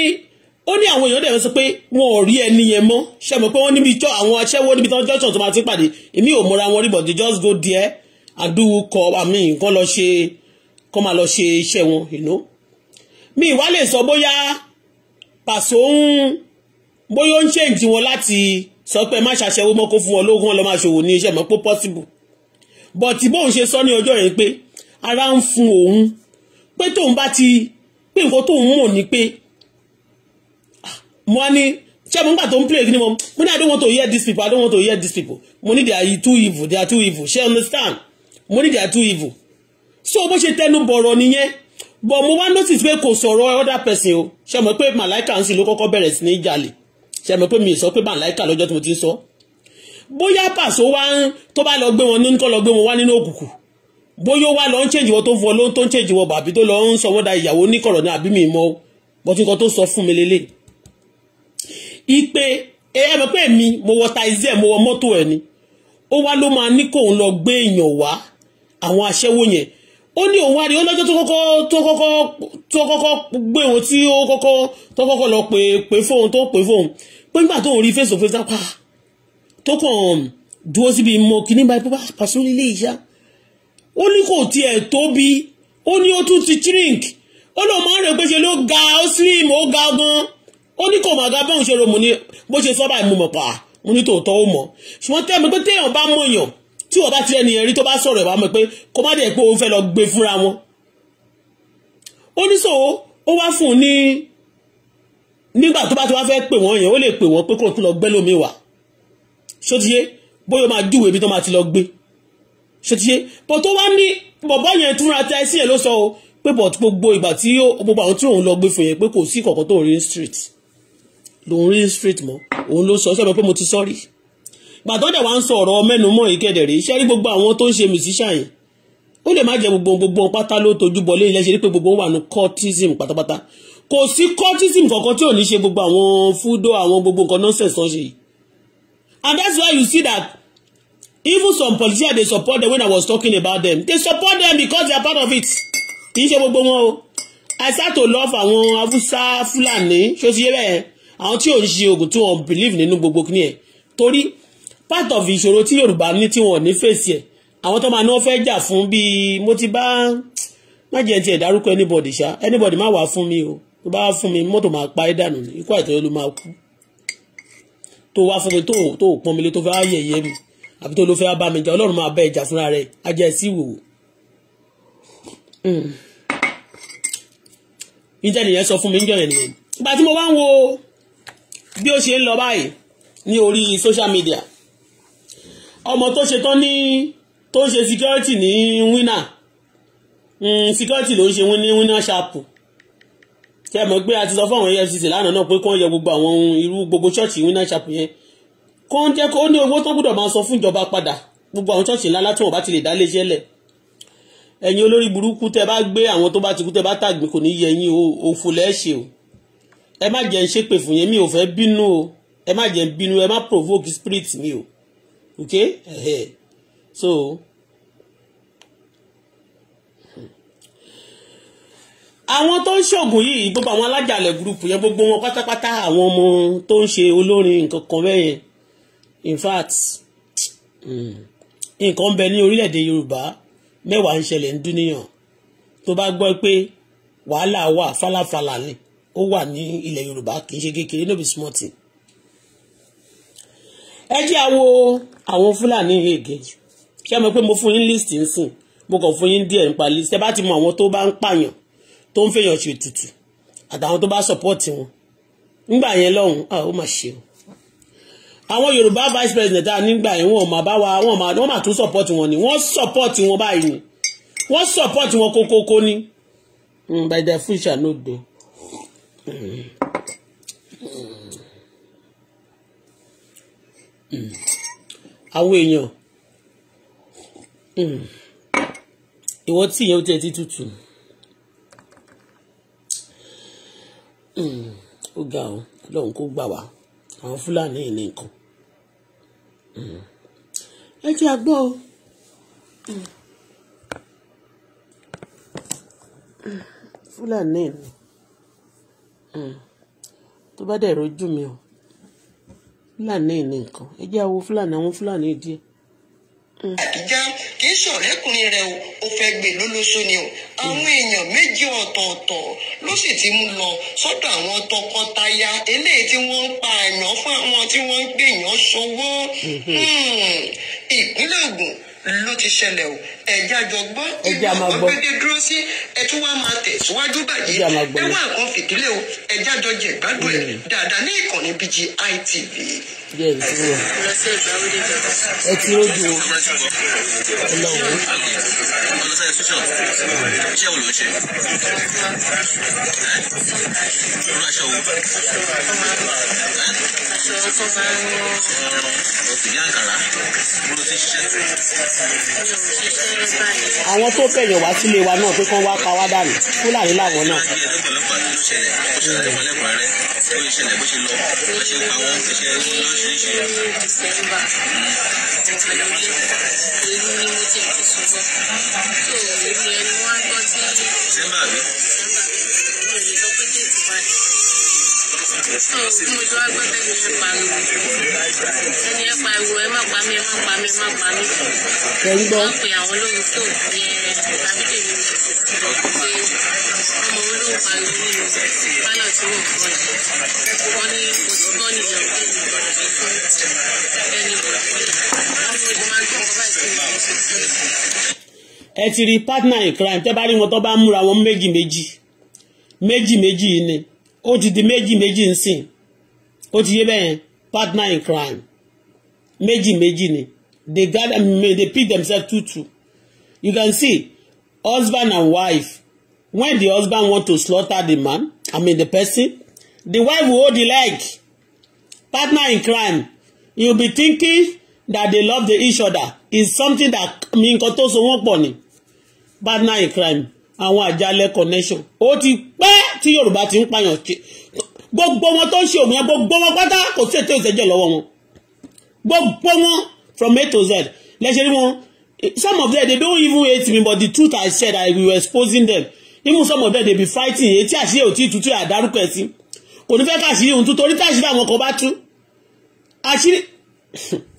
ó ní àwọn èèyàn dẹ̀ sọ pé wọn ò rí ẹni yẹn mọ́ ṣe mọ̀ pé wọ́n níbi jọ àwọn aṣẹ́wó níbi tán jọ́sọ̀ tó máa ti pàdé èmi ò mọra wọn rí but they just go there and do call àmì nǹkan lọ ṣe kọ́ máa lọ ṣe iṣẹ́ wọn you know mi ìwá lè sọ bóyá pàṣẹ òun bóyá ó ń ṣèǹtì wọn láti sọ pé má ṣàṣẹwó mọ́ kó fún wọn lóògùn wọn lọ́ máa ṣòwò ní iṣẹ́ mọ́ pé possible but bóun ṣe sọ ní ọjọ́ yẹn pé ara ń fún òun pé tóun bá ti pé nǹkan tóun mọ̀ ni pé ah, mo á ní ṣé mo ń gbà tó ń play kí ni mo mo ní i don't want to hear these people i don't want to hear these people mo ní they are too evil they are too evil ṣé understand mo ní they are too evil so bó ṣe tẹnu bọ̀rọ̀ nìyẹn but mo wá notice pé kò sọ̀rọ̀ other person o ṣe mọ̀ pé màláìka ń sìn ló kọ́kọ́ bẹ̀rẹ̀ sí ní jalè ṣe mọ̀ pé mi ì sọ pé màláìka lọ́jọ́ tí mo ti ń sọ. So bóyá pàṣọ wá ń tó bá lọ gbé wọn ní tó lọ gbé wọn wá nínú òkùnkùn bóyá wá lọ ń chèjì wọn tó fọ ló ń tó ń chèjì wọn bàbí tó lọ ń sọ wọn da ìyàwó níkọ̀rọ̀ ní àbí mi mọ́ bọ́tú tó sọ fún mi lélẹ̀ ipe ẹ ẹ mọ̀ pé mi mo wọ taize mo wọ mọ́tò ẹ̀ ni ó wá ló máa ní kóun lọ gbé èèyàn wá àwọn aṣẹ́wó yẹn ó ní òun wá rí ọlọ́jọ́ tó kọ́kọ́ tó kọ́kọ́ tó kọ́kọ́ gbé òun tí ó kọ́kọ́ tó kọ́kọ́ lọ pè pè fóun tó pè fóun pé nígbà tóun rí face to face dápá tó kàn dúró síbi mo kíní báyìí bá pàṣẹ nílé ìyá ó ní kò tiẹ̀ tóbi ó ní ó tún ti shrink ó lóun máa ń rò pé ṣe ló ga ó slim ó ga gan ó ní kò máa ga bóun ṣe ro mo ní bó ṣe sọ́ba mo mọ̀ pa mo ní tòótọ́ ó mọ̀ ṣùgbọ́n tẹ́mi pé téèyàn bá mọ̀ yàn tí wọ́n bá ti ẹni ẹ̀rí tó bá sọ̀rọ̀ ẹ̀ wá mọ̀ pé kó má dẹ̀ pé òun fẹ́ lọ gbé fúnra wọn ó ní sòwò ó wá fún un ní nígbà tó bá ti wá fẹ́ pè wọ́n yẹn ó lè pè wọ́n pé kó tún lọ gbẹ́ lómi wà ṣó ti yé bóyá máa júwèé ibi tó máa ti lọ gbé ṣó ti yé bó tó wá ní bọ̀bọ́ yẹn túnra ta ẹsìn yẹn ló sọ o pé bọ̀ gbogbo ìgbà tí gbogbo àwọn tí òun lọ gbé fún yẹn pé kò sí kọ̀ọ̀kan tó rí street lòun rí street mọ́ òun ló sọ ṣé mo pé mo ti sọ́rí gbàtọ́dẹ̀ wa ń sọ ọ̀rọ̀ mẹ́numọ́ ìkẹ́dẹ̀ rí ṣẹ́rí gbogbo àwọn tó ń ṣe mìsíṣà yẹn ó lè má jẹ gbogbo gbogbo pátá ló tojú bọ lé ilẹ̀ ṣe pé gbogbo wà ní cultism pátápátá kò sí cultism kankan tí ò ní ṣe gbogbo àwọn fúdó àwọn gbogbo nǹkan nonsense tán yìí and that's why you see that even some politicians dey support them when i was talking about them they support them because they are part of it kì í ṣe gbogbo wọn o i start to love àwọn haúsá fúlàní ṣòṣìṣẹ́ bẹ́ẹ̀ àwọn tí ò ṣe oògùn tí wọ́n believe nínú gbogbo kìíní ẹ̀ torí part of ìṣòro tí yorùbá ní tí wọ́n ní fèsì ẹ̀ àwọn tó máa ní fẹ́ jà fún bíi mo ti bá má jẹ́ ti ẹ̀ dárúkọ anybody ṣá anybody má wàá fún mi o tó bá wàá fún mi mọ́tò máa pa ẹ́ dànù ikú àìtọ́jú ló máa kú tó wá fún mi tó tó pọ́n mi lé tó fẹ́ yẹ̀yẹ́ mi àbí tó ló fẹ́ bá mi jà ọlọ́run máa bá ẹ jà fúnra rẹ̀ á jẹ́ sí ìwòwò. níjẹ́ hmm. nìyẹn sọ fún mi níjọ́ yẹn nìyẹn ìgbà tí mo wá ń wo bí ó ṣe ń lọ báyìí ní orí social media ọmọ tó ṣe tán ní tó ń ṣe security ní winner hmm, security ló ń ṣe ní winner sharp tí a mọ̀ pé a ti sọ fún àwọn EFCC lánàá náà pé kí wọ́n yẹ gbogbo àwọn ohun irú gbogbo ṣọ́ọ̀ṣì Winners Chapel yẹn kó ń jẹ́ kó ní owó tó gbọ́dọ̀ máa sọ fún ìjọba padà gbogbo àwọn ṣọ́ọ̀ṣì ńlá látún ọ̀bá ti lè dá léṣẹ́ lẹ̀ ẹ̀yin olórí burúkú tẹ́ bá gbé àwọn tó bá ti kú tẹ́ bá tàgbé kò ní yẹ yín òfò lẹ́ẹ̀ṣe o ẹ má jẹ́ ń ṣépè fún yẹn mi ò fẹ́ bínú o ẹ má jẹ́ ń bínú ẹ má provoke spirit mi o okay so. àwọn tó ń ṣoògùn yìí gbogbo àwọn alájàlẹ̀ gúrùpù yẹn gbogbo wọn pátápátá àwọn ọmọ tó ń ṣe olórin nǹkan kan bẹ́ẹ̀ yẹn in fact hmm, nǹkan bẹ ní orílẹ̀-èdè Yorùbá mẹ́wàá ń ṣẹlẹ̀ ń dúníyàn tó bá gbọ́ pé wàhálà wà fálàfàlà ni ó wà ní ilẹ̀ Yorùbá kì í ṣe kékeré no be ẹ jẹ́ àwo àwọn Fúlàní ègè ṣé ẹ mọ̀ pé mo fún yín list nsìn mo kàn fún yín díẹ̀ nípa list ẹ bá ti mọ àwọn tó bá ń pààyàn tó ń fèèyàn ṣe ètùtù àtàwọn tó bá sọpọ́ọ̀tì wọn nígbà yẹn lọ́hùn ó mà ṣe o àwọn Yorùbá vice president tá a nígbà yẹn wọn mà bá wa wọn mà wọn mà tún sọpọ́ọ̀tì wọn ni wọ́n sọpọ́ọ̀tì wọn báyìí ni wọ́n sọpọ́ọ̀tì wọn kókókó ni hmm, by their food shall not go. àwọn èèyàn hmm. ìwọ tí ìyẹn ó tẹ̀ tí tutù. Mm. ó ga ọ lọ́hùn kó gbà wá àwọn fúlàní yìí ní nǹkan ẹ ti àgbọ̀ o. fúlàní ni tó bá dẹ̀ rojú mi o fúlàní ni nǹkan ẹ jẹ́ àwo fúlàní àwọn fúlàní díẹ̀ àbújá kì í ṣọ̀rẹ́kùnrin rẹ̀ o ó fẹ́ gbé e lólóṣó ni o àwọn èèyàn méjì ọ̀tọ̀ọ̀tọ̀ ló sì ti mú lọ sọ́dọ̀ àwọn tọkọtaya eléyìí tí wọ́n ń pa àyàn fún àwọn tí wọ́n ń gbèyàn ṣòwò mm-hmm. hmm. ìpínlẹ̀ Ògùn ló ti ṣẹlẹ̀ o ẹ̀já jọ gbọ́ ibi ọ̀gbẹ́dẹ dúró sí ẹtú wa máa tẹ̀síwájú bàjẹ́ ẹwà kan fìdílé o ẹ̀já jọ jẹ ìgbádùn ẹ̀ mm. dáadáa ní ìkànnì BGI TV. ẹ ti àwọn tó bẹ̀yẹ̀ wá sílé wa náà pé kán wá pa wá dànù fúlàní làwọn náà. December, December, so mo ṣe wá gbọ́ tẹ́lẹ̀ yẹn pariwo ẹni yẹn pariwo ẹ má pa mí ẹ má pa mí ẹ má pa mí wọ́n pe àwọn lórí fóònù yẹn àbíkè mi pé ọmọ olóhùn pariwo mi pálọ̀ tí wọ́n kọ́ ẹ̀ wọ́n ní mo ti gbọ́ nìyẹn pé mi ò lọ fún ẹni wọ̀ wọ́n ní mo máa ń tọ́kọ báyìí sí ìwọ̀n ṣe sí ẹ ti rí partner in crime tẹ́ bá rí wọn tó bá múra wọn méjì méjì méjì méjì yìí ni ó ti di méjì méjì ń sìn ó ti yé bẹ́yẹn partner in crime méjì méjì ni they gather they pick themselves two two you can see husband and wife when the husband want to slaughter the man i mean the person the wife will hold the leg partner in crime you be thinking that they love the each other is something that mi nkan tó so wọ́n pọ̀ ni partner in crime àwọn àjálẹ̀ connection ó ti pẹ́ tí yorùbá ti ń pààyàn gbogbo wọn tó ń ṣe òmìnira gbogbo wọn pátá kò sí ètò ìṣẹ́jẹ̀ lọ́wọ́ wọn gbogbo wọn from a to z lẹ́sẹ̀ rí wọn some of them they don't even hate me but the truth I said I will exposing them even some of them they be fighting etí àṣírí òtí tútù àdárúkọ ẹ̀ sí kò ní fẹ́ ká àṣírí ohun tó torí tá àṣírí àwọn kan bá tú àṣírí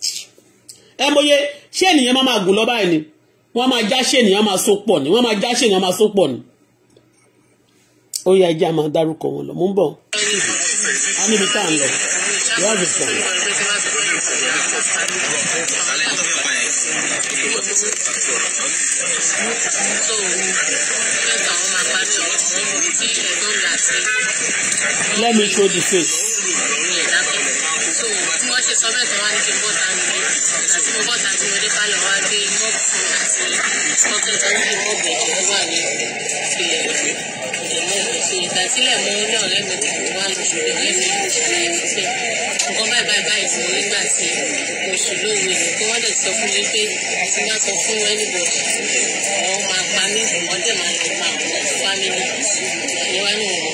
ẹ mọye ṣé ènìyàn máa máa gùn lọ báyìí ni wọ́n máa jáṣe ni máa so pọ̀ ni wọ́n máa jáṣe ni máa so pọ̀ ni. ó yẹ ajá máa dárúkọ wọn lọ mú bọ̀ á níbi tá à ń lọ yóò dùn Let me show the face so wọ́n ṣe sọ bẹ́ẹ̀ tó wá ní kí n bọ́ ta ní àti mo bọ́ ta ní mo wá gbé mọ́ọ̀kù àti tọ́kẹ́ tó ń fi mọ́ọ̀kù ẹ̀jẹ̀ wà ní ilẹ̀ ọ̀dẹ̀ mọ́ọ̀kù ní ọ̀rẹ́ mi kan wá lóṣù rẹ̀ mi kan nǹkan báyìí báyìí báyìí sí nígbà tí oṣù lóru rẹ̀ tó wọ́n dẹ̀ sọ fún mi pé tí bá sọ fún ẹnìbọ̀ wọ́n máa pa mí wọ́n máa lọ pa àwọn fámìlì ìwà ni wọ́n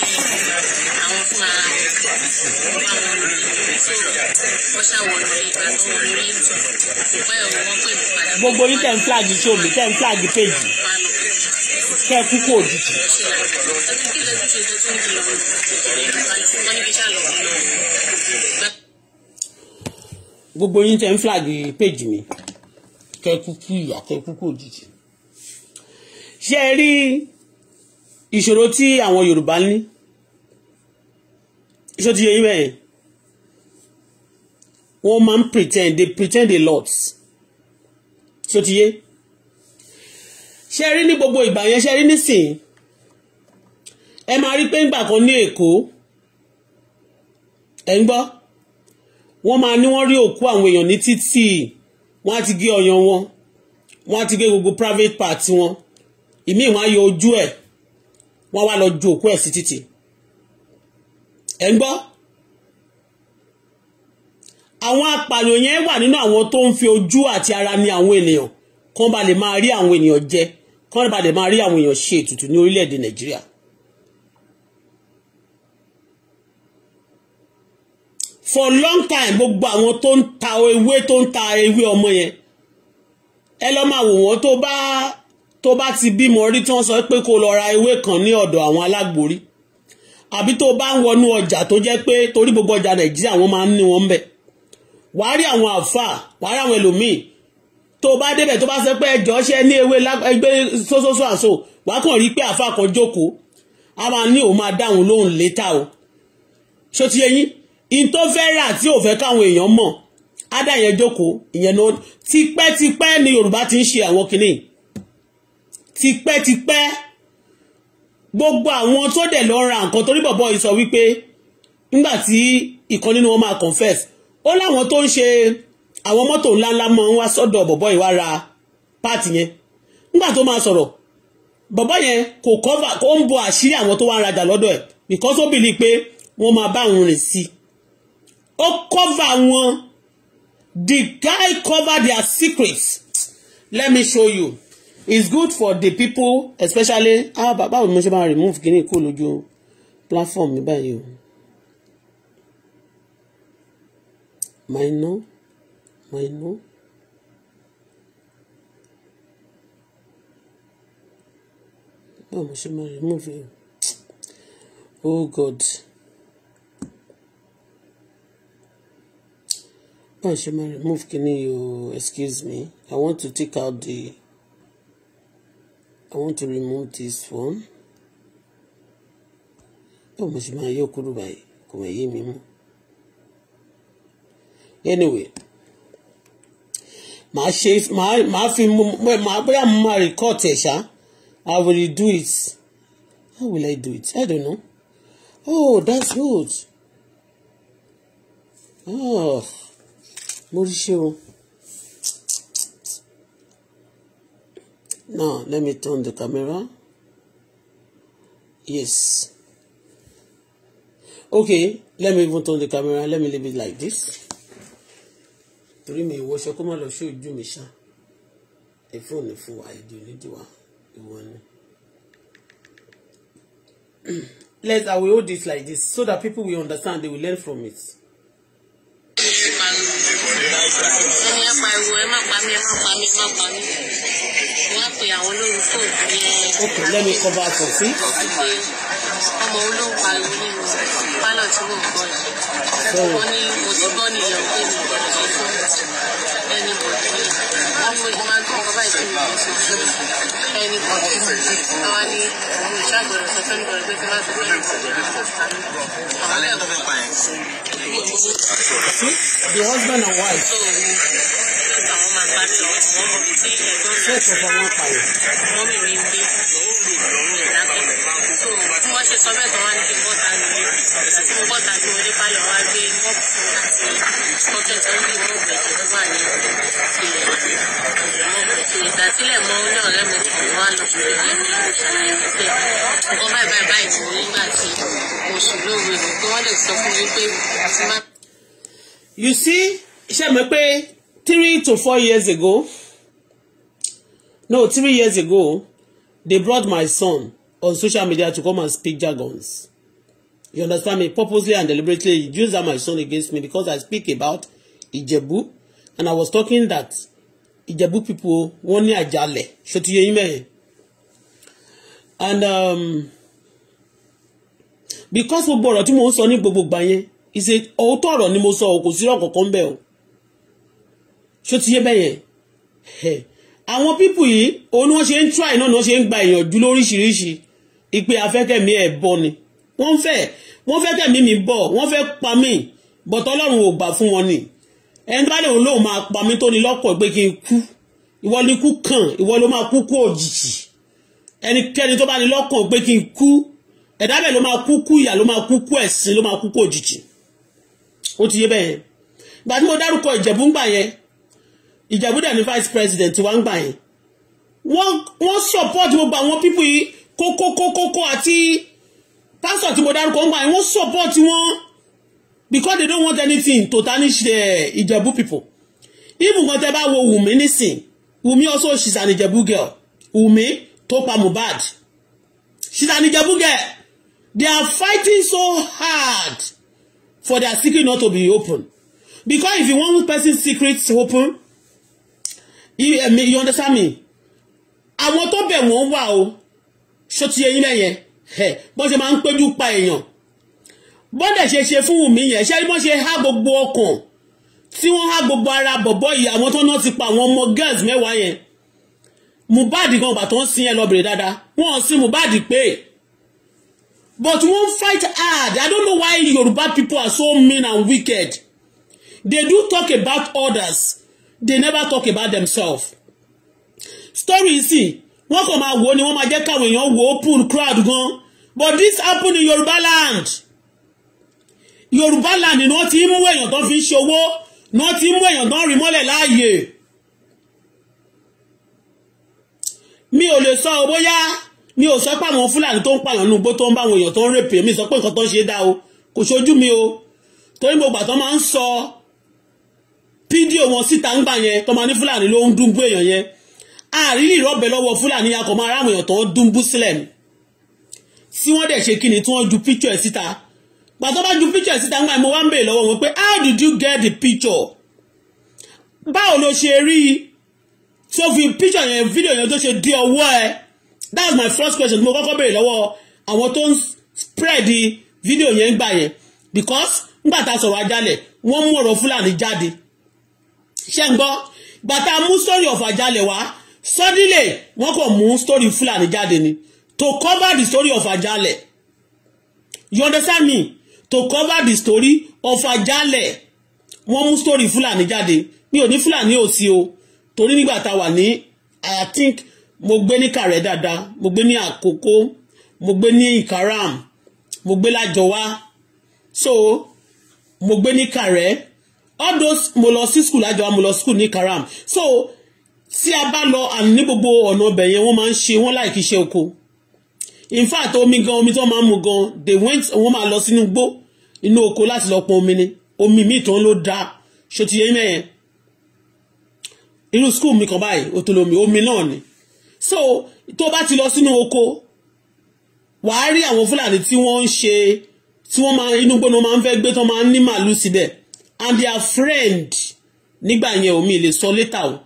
àwọn fún àwọn ọ̀ṣàwọ̀n lórí ìbátan lórí ìtọ̀ báyọ̀ wọ́n pè mí padà. gbogbo yín tẹ̀ ń flag show mi tẹ̀ ń flag page kẹ́ ẹ kú kó òjijì. gbogbo yín tẹ̀ ń flag page mi kẹ́ ẹ kú kú ìyá kẹ́ ẹ kú kó òjijì. ṣé ẹ rí ìṣòro tí àwọn Yorùbá ní ṣó ti yẹ yín bẹ́ẹ̀ wọ́n máa ń pretend they pretend a lot ṣó ti yé ṣe rí ní gbogbo ìgbà yẹn ṣe rí nísìn ẹ máa rí pé ńgbà kan ní Èkó ẹ ń gbọ́ wọ́n máa ní wọ́n rí òkú àwọn èèyàn ní títì wọ́n á ti gé ọyàn wọn wọ́n á ti gé gbogbo private part wọn ìmíì wọ́n á yọ ojú ẹ̀ wọ́n á wá lọ ju òkú ẹ̀ sí títì ẹ̀ ń gbọ́ àwọn apààyàn yẹn wà nínú àwọn tó ń fi ojú àti ara ní àwọn ènìyàn kán ba lè máa rí àwọn ènìyàn jẹ kán ba lè máa rí àwọn èèyàn ṣe ètùtù ní orílẹ̀-èdè nàìjíríà for long time gbogbo àwọn tó ń ta ewé tó ń ta ewé ọmọ yẹn ẹ lọ máa wò wọ́n tó bá tó bá ti bímọ rí tí wọ́n sọ pé kó lọ ra ewé kan ní ọ̀dọ̀ àwọn alágbórí àbí tó bá ń wọnú ọjà tó jẹ́ pé torí gbogbo ọjà nàìjíríà wọ́n máa ń ní wọn bẹ̀ wàá rí àwọn àfáà wàá rí àwọn ẹlòmíì tó bá débẹ̀ tó bá sọ pé ẹjọ́ ṣe ní ewé ẹgbẹ́ sósósó àṣọ wàá kàn rí pé àfáà kan jókòó a máa ní òun máa dáhùn lóhùn létà o ṣó ti yẹyìn in tó fẹ́ rà tí ò fẹ́ káwọn èèyàn mọ̀ á dà yẹn jókòó ìyẹn ló tipẹ́tipẹ́ ni yorùbá ti ń ṣe àwọn kinní tipẹ́tipẹ́ gbogbo àwọn tó dẹ̀ lọ ra nǹkan torí bọ̀bọ̀ yìí sọ wípé nígbà tí ìkan nínú wọn máa confess ó láwọn tó ń ṣe àwọn mọ́tò ńláńlá mọ́ ń wá sọ́dọ̀ bọ̀bọ̀ yìí wá ra páàtì yẹn nígbà tó máa sọ̀rọ̀ bọ̀bọ̀ yẹn kò kọ́fà kó ń bo àṣírí àwọn tó wá ń rajà lọ́dọ̀ ẹ̀ because ó bìlí pé wọ́n máa bá òun rìn sí i ó kọ́fà wọn the guy cover their secrets let me show you it's good for the people especially ah bàbá mi mo ṣe máa remove kíní kúrò lójú platform mi báyìí o minor minor. báwo mo ṣe máa remove oh god báwo ṣe máa remove kíní yìí o excuse me i want to take out the. I want to remove this phone. Oh mo ṣe could yọ kúrò báyìí kò mọ̀ Anyway, my ṣe my my film, my my mo máa record ẹ̀ ṣá. I will do it. How will I do it? I don't know. Oh, that's good. Oh, mo rí Now, let me turn the camera. Yes. Okay, let me even turn the camera. Let me leave it like this. Torí mi ìwọ ṣe kó show you, ṣe ojú mi ṣá. Ìfóònù I do need ìwọ One. Let's I will hold this like this so that people will understand they will learn from it okay let me cover for free. ọmọ olóhùn pariwo nínú pálọ̀ tí mò ń bọ̀ yìí wọ́n ní mo ti gbọ́ nìyẹn pé mi ò lè fún ẹni bọ̀ yìí The husband and wife. wọ́n ṣe sọ bẹ́ẹ̀ wá ní kí n bọ́ta nílé tí mo bọ́ta tí mo dé pálọ̀ wá gbé mọ́ọ̀pù àti bucket ó ní mọ́ọ̀pù ẹ̀jẹ̀ ó wà ní ilẹ̀ mọ́ọ̀pù ìgbà mọ́ ní ọ̀rẹ́ mi kò wá lọ sí ilé ṣàlàyé pé nǹkan báyìí báyìí báyìí tí mo nígbà tí mo sùn lóore mi wọ́n lè sọ fún mi pé àti má. you see ṣe mọ̀ pé three to four years ago no three years ago they brought my son on social media to come and speak jargons. You understand me? Purposely and deliberately use that my son against me because I speak about Ijebu and I was talking that Ijebu people wọ́n ní àjálẹ̀ ṣòtúyẹ yín mẹ́rin. And um, because gbogbo ọ̀rọ̀ tí mo ń sọ ní gbogbo gbà yẹn ìṣe òótọ́ ni mo sọ kò sí ọ̀rọ̀ kankan bẹ́ẹ̀ o hey, and what people yìí òun ni wọ́n ṣe ń try náà ni wọ́n ṣe ń gba èèyàn ìpè afẹ́kẹ̀mí ẹ̀ bọ́ ni wọ́n fẹ́ wọ́n fẹ́ kẹ̀mí mi bọ̀ wọ́n fẹ́ pa mí bọ̀tọ̀ ọlọ́run ò gbà fún wọn ni ẹni bá lòun lòun máa pa mí tó ní lọ́pọ̀ pé kí n kú ìwọ ni kú kàn ìwọ ló máa kú kú òjijì ẹnikẹ́ni tó bá ní lọ́kàn pé kí n kú ẹ̀dá bẹ́ẹ̀ ló máa kú kú ìyà ló máa kú kú ẹ̀sìn ló máa kú kú òjijì ó ti yé bẹ́ẹ̀ yẹn ìgbà tí mo dárúkọ ìjẹ̀bú ńgbà yẹn ìjẹ̀bú dẹ̀ ní vice president wa ńgbà yẹn wọ́n support gbogbo àwọn people yìí kókókókókó àti pásítọ̀ tí mo dárúkọ ń gbà yẹn wọ́n support wọn because they don't want anything to tarnish the Ìjẹ̀bú people even kan tẹ́ bá wo Wùmí nísìn Wùmí also she's an Ìjẹ̀bú girl Wùmí tó pa Mohbad she's an Ìjẹ̀bú girl they are fighting so hard for their secret not to be open because if you want person secret open you, um, you understand me àwọn tó bẹ̀ wọ́n wà o ṣó ti eyín lẹ́yìn bọ́n ṣe máa ń péjú pa èèyàn bọ́dẹ̀ ṣe ṣe fún Wùmí yẹn ṣé bọ́n ṣe há gbogbo ọkàn tí wọ́n há gbogbo ara bọ̀bọ́ yìí àwọn tó náà ti pa àwọn ọmọ girls mẹ́wàá yẹn Mohbad gan ọba tó ń sin ẹ lọ́bìnrin dáadáa wọ́n sin Mohbad pé but wọ́n fight hard I don't know why Yoruba people are so mean and wicked they do talk about others they never talk about themselves story yìí wọ́n kàn máa wò ó ni wọ́n máa jẹ́ káwọn èèyàn wò ó pull crowd gan but this happen in Yorùbá land Yorùbá land ni wọ́n ti mú èèyàn tó fi ń ṣòwò ni wọ́n ti mú èèyàn tó ń rìn mọ́lẹ̀ láàyè mi ò lè sọ bóyá mi ò sọ pé àwọn Fúlàní tó ń pààyàn nù gbó tó ń bá àwọn èèyàn tó ń rèpè mi sọ pé nǹkan tó ń ṣe dá o kò ṣojú mi o torí gbogbo àtọ́ máa ń sọ fídíò wọn síta ń gbà yẹn tó máa ní Fúlàní ló ń dùn èèyàn yẹn àrírí ìrọ́bẹ̀ lọ́wọ́ fúlàní akọ̀mọ́ aráàmù èèyàn tó ń dún bú sílẹ̀ ni tí wọ́n dẹ̀ ṣe kí ni tí wọ́n ju picture ẹ̀ síta pàtó bá ju picture ẹ̀ síta ńgbà mo wá ń bèèrè lọ́wọ́ wọn pé how did you get the picture báwo ló ṣe rí i tó fi picture yẹn fídíò yẹn tó ṣe dé ọwọ́ ẹ that was my first question mo kọ́kọ́ bèèrè lọ́wọ́ àwọn tó ń spread the video yẹn gbà yẹn because ńgbà tá a sọ̀rọ̀ ajálẹ̀ wọ́n mú ọ̀rọ̀ fúlàní jáde ṣé ń gbọ́ gbàtà mú sọ́rí ọ̀fọ̀ ajálẹ̀ wá suddenly wọ́n kàn mú story Fúlàní jáde ni to cover the story of Ajale you understand me to cover the story of Ajale wọ́n mú story Fúlàní jáde mi ò ní Fúlàní ò sí o torí nígbà tá a wà ní I think mo gbé ní kàrẹ́ dáadáa mo gbé ní àkókò mo gbé ní ìkaram mo gbé lájọwá so mo gbé ní kàrẹ́ all those mo lọ sí school lájọwá mo lọ school ní ìkaram so tí a bá lọ ní gbogbo ọ̀nà ọbẹ̀ yẹn wọ́n máa ń ṣe wọ́n láì kí iṣẹ́ oko in fact omi gan omi tí wọ́n máa ń mu gan they went wọ́n máa lọ sínú igbó inú oko láti lọ pọn omi ni omi míì tán ló dáa ṣó ti yẹ mẹ́yẹn irú school mi kan báyìí otolomi omi náà ni so tó bá ti lọ sínú oko wàá rí àwọn fúlàní tí wọ́n ń ṣe tí wọ́n máa inú gbóná máa ń fẹ́ gbé tán máa ń ní màálù síbẹ̀ and their friend nígbà yẹn omi lè sọ létà o. So,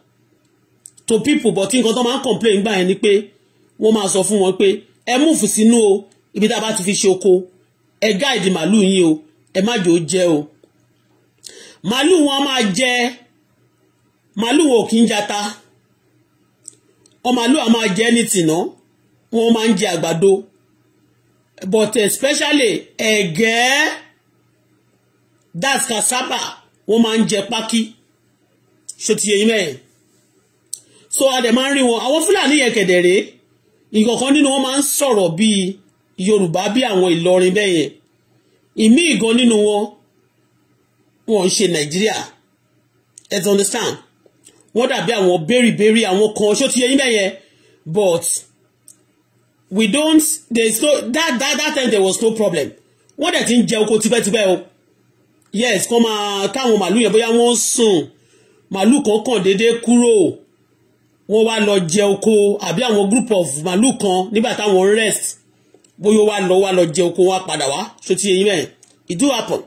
to people but nǹkan tó máa ń complain gbà yẹn ni pé wọ́n máa sọ fún wọn pé ẹ múfù sínú o ibi tá a bá ti fi ṣe oko ẹ gáàdì màálù yín o ẹ má jò ó jẹ o màálù wọn máa jẹ màálù wọn ò jata ọmọ màálù àwọn máa jẹ ní tìná wọn máa ń jẹ but especially ẹ̀gẹ́ that's cassava wọn máa ń paki. pákí ṣòtìyẹ yín mẹ́rin so a dẹ̀ máa ń rí wọn àwọn fúlàní yẹn kẹ̀dẹ̀rẹ́ ìkọ̀kan nínú wọn máa ń sọ̀rọ̀ bíi yorùbá bí àwọn ìlọrin bẹ́ẹ̀ yẹn ìmí ìgan nínú wọn wọn ń ṣe nàìjíríà ẹ ti understand wọ́n dàbí àwọn bẹ́rìbẹ́rì àwọn kan ṣó ti yẹ yín bẹ́ẹ̀ yẹn but we don't there is no that that that time there was no problem wọ́n dẹ̀ ti ń jẹ oko tipẹ́tipẹ́ o yes kọ́ máa káwọn màlúù yẹn bóyá wọ́n sùn màlúù kan kàn déédéé kúrò wọ́n wá lọ jẹ oko àbí àwọn group of màlúù kan nígbà táwọn rest bóyá wá lọ wá lọ jẹ oko wá padà wá ṣó ti yẹ yín mẹ́rin it do happen.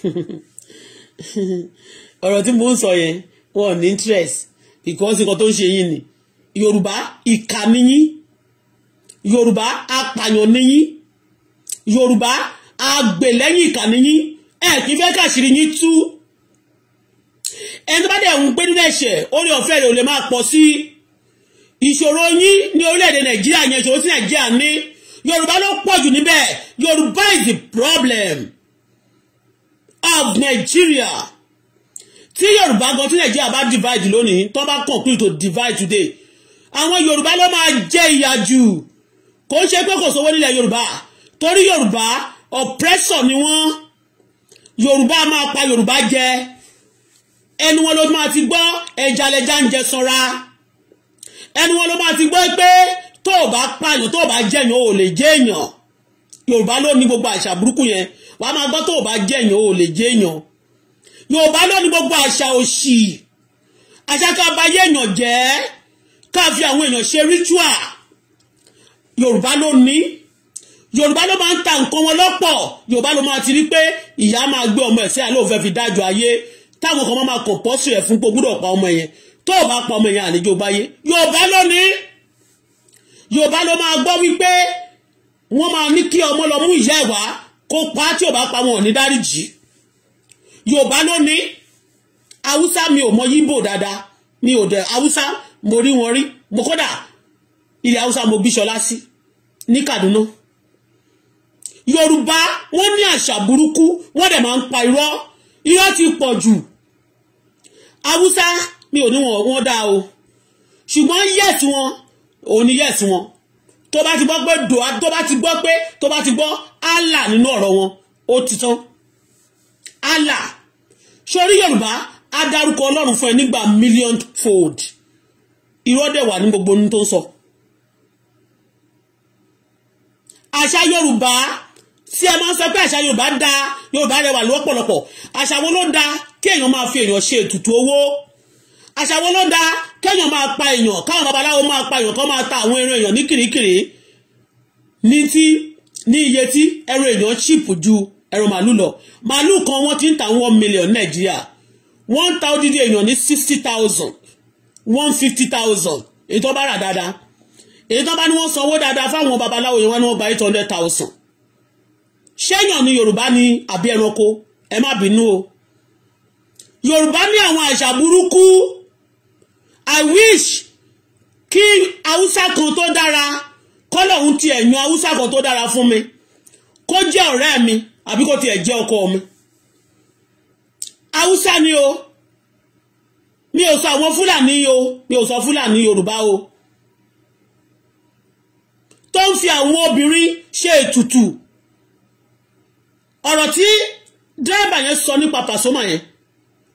ọ̀rọ̀ tí mo ń sọ yẹn wọn ò ní interest because nǹkan tó ń ṣe yín ni yorùbá ìkà níyín yorùbá apàyàn níyín yorùbá àgbè lẹ́yìn ìkà níyín ẹ̀ kí fẹ́ kàṣírí yín tú ẹni tó bá dẹ̀ ń gbé nínú ẹ̀ṣẹ̀ orí ọ̀fẹ́ rẹ̀ ò lè máa pọ̀ sí ìṣòro yín ní orílẹ̀-èdè nàìjíríà yẹn ìṣòro tí nàìjíríà ní yorùbá ló pọ̀ jù níbẹ̀ yorùbá is the problem of nigeria tí yorùbá gan tí nàìjíríà bá divide lónìí tó bá conclude to divide today àwọn yorùbá ló máa jẹ ìyà jù kò ń ṣe pé kò sówó nílẹ̀ yorùbá torí yorùbá oppression ni wọ́n yorùbá máa pa yorùbá jẹ ẹnu wọn ló máa ti gbọ́ ẹja lẹja ń jẹ sanra ẹnu wọn ló máa ti gbọ́ pé tó o bá pààyàn tó o bá jẹ̀yàn o lè jẹ̀yàn yorùbá ló ní gbogbo àṣà burúkú yẹn wàá máa gbọ́ tó o bá jẹ̀yàn o lè jẹ̀yàn yorùbá ló ní gbogbo àṣà òṣì àṣà ká bá yẹ̀yàn jẹ́ ká fi àwọn èèyàn ṣe ritual yorùbá ló ní yorùbá ló máa ń ta nǹkan wọn lọ́pọ̀ yorùbá ló máa ti rí pé ìyá máa gbé ọmọ ẹ̀sẹ̀ àlóòfẹ́ fi dájọ́ ayé táwọn kan máa kọ̀ pọ́sù ẹ̀ fún pé o gbúdọ̀ pa ọmọ yẹn tó o bá pa ọmọ yẹn àlejò báyé yorùbá lónìí yorùbá ló máa gbọ́ wípé wọ́n máa ní kí ọmọ lọ mú ìyá ẹ̀ wá kó pa tí ò bá pa wọn ò ní dáríjì yorùbá lónìí haúsá mi ò mọ yíbò dáadáa mi ò dẹ haúsá mo rí wọn rí mo kódà ilẹ̀ haúsá mo bí ṣọlá sí ní kaduna yorùbá wọ́n ní àṣà burúkú wọ́n dẹ̀ máa ń pa irọ́ irọ́ ti pọ̀ jù haúsá mi ò ní wọn wọn dá o ṣùgbọ́n yes wọn ò ní yes wọn tó bá ti gbọ́ pé dòá tó bá ti gbọ́ pé tó bá ti gbọ́ allah nínú ọ̀rọ̀ wọn ó ti tán allah sórí yorùbá á dárúkọ ọlọ́run fún ẹ nígbà million fold irọ́ dẹ̀ wà ní gbogbo ohun tó ń sọ àṣà yorùbá tí ẹ máa ń sọ pé àṣà yorùbá da yorùbá rẹwà lọ́pọ̀lọpọ̀ àṣà wo ló da kí èèyàn máa fi èèyàn ṣe ètùtù owó àṣà wo ló da kéèyàn máa pa èèyàn káwọn babaláwo máa pa èèyàn kán máa ta àwọn ẹran èèyàn ní kìrìkìrì ní ti ní iye tí ẹran èèyàn ṣìpù ju ẹran màálù lọ màálù kan wọ́n ti ń ta one million nàìjíríà wọ́n ń ta odidi èèyàn ní sixty thousand one fifty thousand èyí tó bá rà dáadáa èyí tó bá ní wọ́n sanwó dáadáa fáwọn babaláwo yẹn wọ́n ní wọ́n gba eight hundred thousand ṣéyàn ni yorùbá ni àbí ẹranko ẹ má bínú o yorùbá ní àwọn àṣà burúkú i wish kí haúsá kan tó dára kọ́lọ̀ ń tiẹ̀ yan haúsá kan tó dára fún mi kó jẹ́ ọ̀rẹ́ mi àbí kó tiẹ̀ jẹ́ ọkọ mi haúsá ni o mi ò sọ àwọn fúlàní o mi ò sọ fúlàní yorùbá o tó ń fi àwọn obìnrin ṣe ètùtù ọ̀rọ̀ tí dírẹ́bà yẹn sọ nípa Pasuma yẹn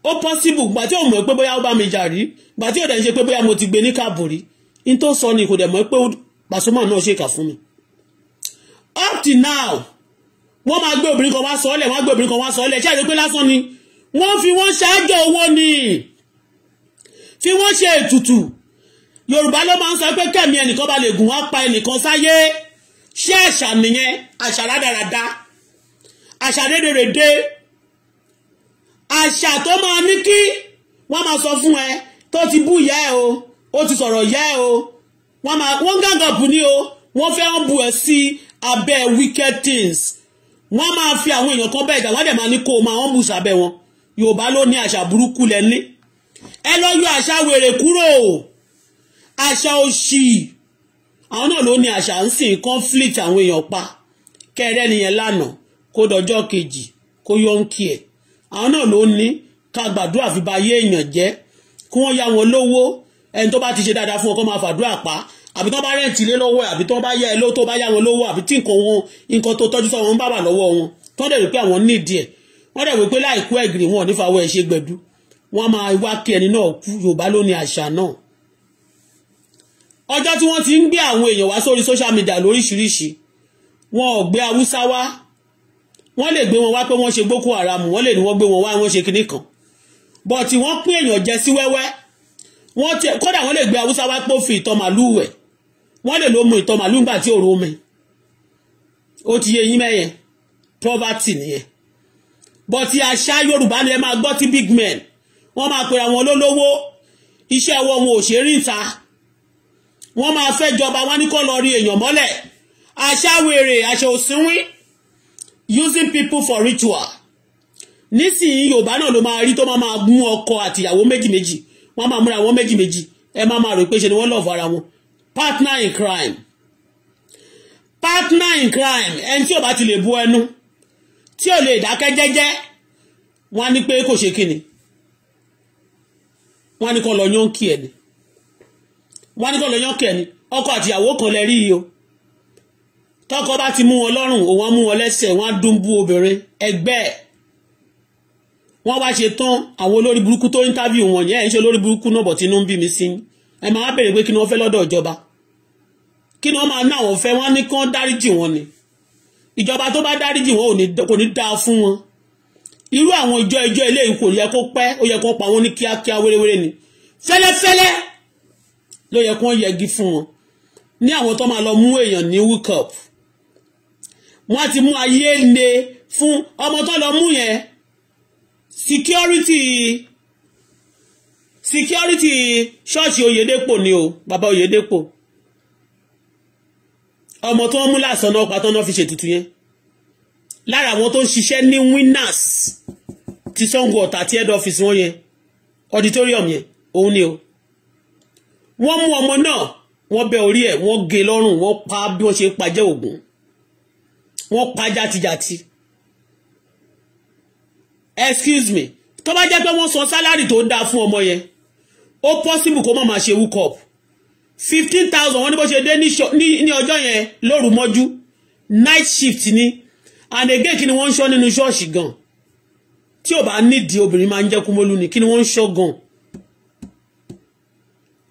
ó possible gbà tí ò mọ̀ pé bóyá ó bá mi jà rí gbà tí ò dẹ̀ ń ṣe pé bóyá mo ti gbé ní káàbò rí n tó sọ ni kò dẹ̀ mọ̀ pé Pasuma náà ṣèkà fún mi up till now wọ́n máa gbé obìnrin kan wá sọ́ọ́lẹ̀ wọ́n á gbé obìnrin kan wá sọ́ọ́lẹ̀ ṣé àti pé lásán ni wọ́n fi wọ́n ṣáájọ́ owó ni fi wọ́n ṣe ètùtù yorùbá ló máa ń sọ pé kẹ́mi ẹnìkan bá lè gùn wá pa ẹnìkan sáyé ṣé àṣà nìyẹn àṣà rádaràda àṣà rédèrèdè àṣà tó máa ní kí wọ́n máa sọ fún ẹ tó ti bú ìyá ẹ o ó ti sọ̀rọ̀ ìyá ẹ o wọ́n máa wọ́n gàgàn bù ní o wọ́n fẹ́ ń bu ẹ̀ sí abẹ́ wicked things wọ́n máa fi àwọn èèyàn kan bẹ́ẹ̀ jà wọ́n dẹ̀ máa ní kó o máa wọ́n bù sábẹ́ wọn yorùbá ló ní àṣà burúkú lẹ́ni ẹ lọ yọ àṣà wèrè kúrò àṣà òṣì àwọn náà ló ní àṣà ń sìn conflict àwọn èèyàn pa kẹrẹ nìyẹn lánàá kó dọjọ́ kejì kó yọǹkì ẹ̀ àwọn náà ló ní ká gbàdúrà fi ba ayé èèyàn jẹ́ kí wọ́n yá wọn lówó ẹni tó bá ti ṣe dáadáa fún ọ kó máa fàdúrà pa àbí tó bá rẹ̀ǹtì lé lọ́wọ́ ẹ̀ àbí tó bá yá ẹ lówó tó bá yá wọn lówó àbí tí nǹkan wọn nǹkan tó tọ́jú sọ́wọ́n bá wà lọ́wọ́ wọn tó dẹ̀ rí pé àwọn nídìí ẹ̀ wọ́n dẹ̀ wí pé láìkú ẹ̀gìrì wọn ò ní ẹ̀ ṣe gbẹ̀dú wọ́n máa wá kí ẹni náà kú Yorùbá ló àṣà náà ọjọ́ tí wọ́n ti ń gbé àwọn èèyàn wá sórí social media lóríṣiríṣi wọn ò gbé Haúsá wá wọ́n lè gbé wọn wá pé wọ́n ṣe Boko Haram wọ́n lè ní wọ́n gbé wọn wá wọ́n ṣe kinní kan bọ́ọ̀tì wọ́n pín èèyàn jẹ sí wẹ́wẹ́ wọ́n tiẹ̀ kódà wọ́n lè gbé haúsá wá pé ó fi ìtọ̀ màlúù wẹ̀ wọ́n lè lo mu ìtọ̀ màlúù nígbà tí òru omi ó ti yé yín mẹ́yẹn poverty nìyẹn bọ́ọ̀tì àṣà Yorùbá ni ẹ máa gbọ́ ti big men wọ́n máa pera wọn lólówó iṣẹ́ ọwọ́ wọn ò ṣe rí ìta wọ́n máa fẹ́ jọba wọn ní kọ́ lọ rí èèyàn mọ́lẹ̀ àṣà wèrè àṣà òsínwín using people for ritual nísìnyí yorùbá náà ló máa rí tó máa máa mú ọkọ àtìyàwó méjì méjì wọ́n máa múra wọn méjì méjì ẹ máa máa rò pé ṣe ni wọ́n lọ fara wọn partner in crime partner in crime ẹni tí ò bá ti lè bu ẹnu tí ò lè dákẹ́ jẹ́jẹ́ wọ́n á ní pé kò ṣe kíni wọ́n á ní kó lọ yán kí ẹni wọ́n á ní kó lọ yán kí ẹni ọkọ àtìyàwó kan lè rí yìí o tọkọ bá ti mú wọn lọ́rùn òun á mú wọn lẹ́sẹ̀ wọn á dún bú obìnrin ẹgbẹ́ ẹ̀ wọ́n wá ṣe tán àwọn olórí burúkú tó interview wọn yẹn ẹ̀ ń ṣe olórí burúkú náà bọ̀ tínú ń bí mi sí ẹ máa bèrè pé kí ni wọ́n fẹ́ lọ́dọ̀ ìjọba kí ni wọ́n máa ná àwọn fẹ́ wọ́n ní kí wọ́n dáríjì wọn ni ìjọba tó bá dáríjì wọn kò ní dáa fún wọn irú àwọn ìjọ ìjọ eléyìí kò yẹ kó pẹ́ ó yẹ kó pa wọn ní kíákíá wéréwéré ni fẹ́lẹ́fẹ́lẹ́ ló yẹ kó yẹgi fún wọn ní àwọn tó máa lọ mú èèyàn ní wíkọ̀pù wọ́n ti mú ayé le fún ọmọ tó lọ mú yẹn security security ṣọ́ọ̀ṣì Oyèdèpọ̀ ni o baba Oyèdèpọ̀ ọmọ tó ń mú lásán náà pátán náà fi ṣètùtù yẹn lára àwọn tó ń ṣiṣẹ́ ní winners ti Ṣàngó Ọ̀tà ti head office wọn yẹn auditorium yẹn òun ni o wọ́n mú ọmọ náà wọ́n bẹ orí ẹ̀ wọ́n gé lọ́rùn wọ́n pa bí wọ́n ṣe pàjẹ́ ògùn wọ́n pa jàtijàti excuse me tó bá jẹ́ pé wọ́n san sálárì tó ń dáa fún ọmọ yẹn ó possible kó má máa ṣe wúkọ̀ fifteen thousand wọ́n ní bó ṣe dé ní ọjọ́ yẹn lóru mọ́jú night shift ni and again kí ni wọ́n ń ṣọ́ nínú ṣọ́ọ̀ṣì gan tí ò bá nídìí obìnrin máa ń jẹ́ kúmọ́lú ni kí ni wọ́n ń ṣọ́ gan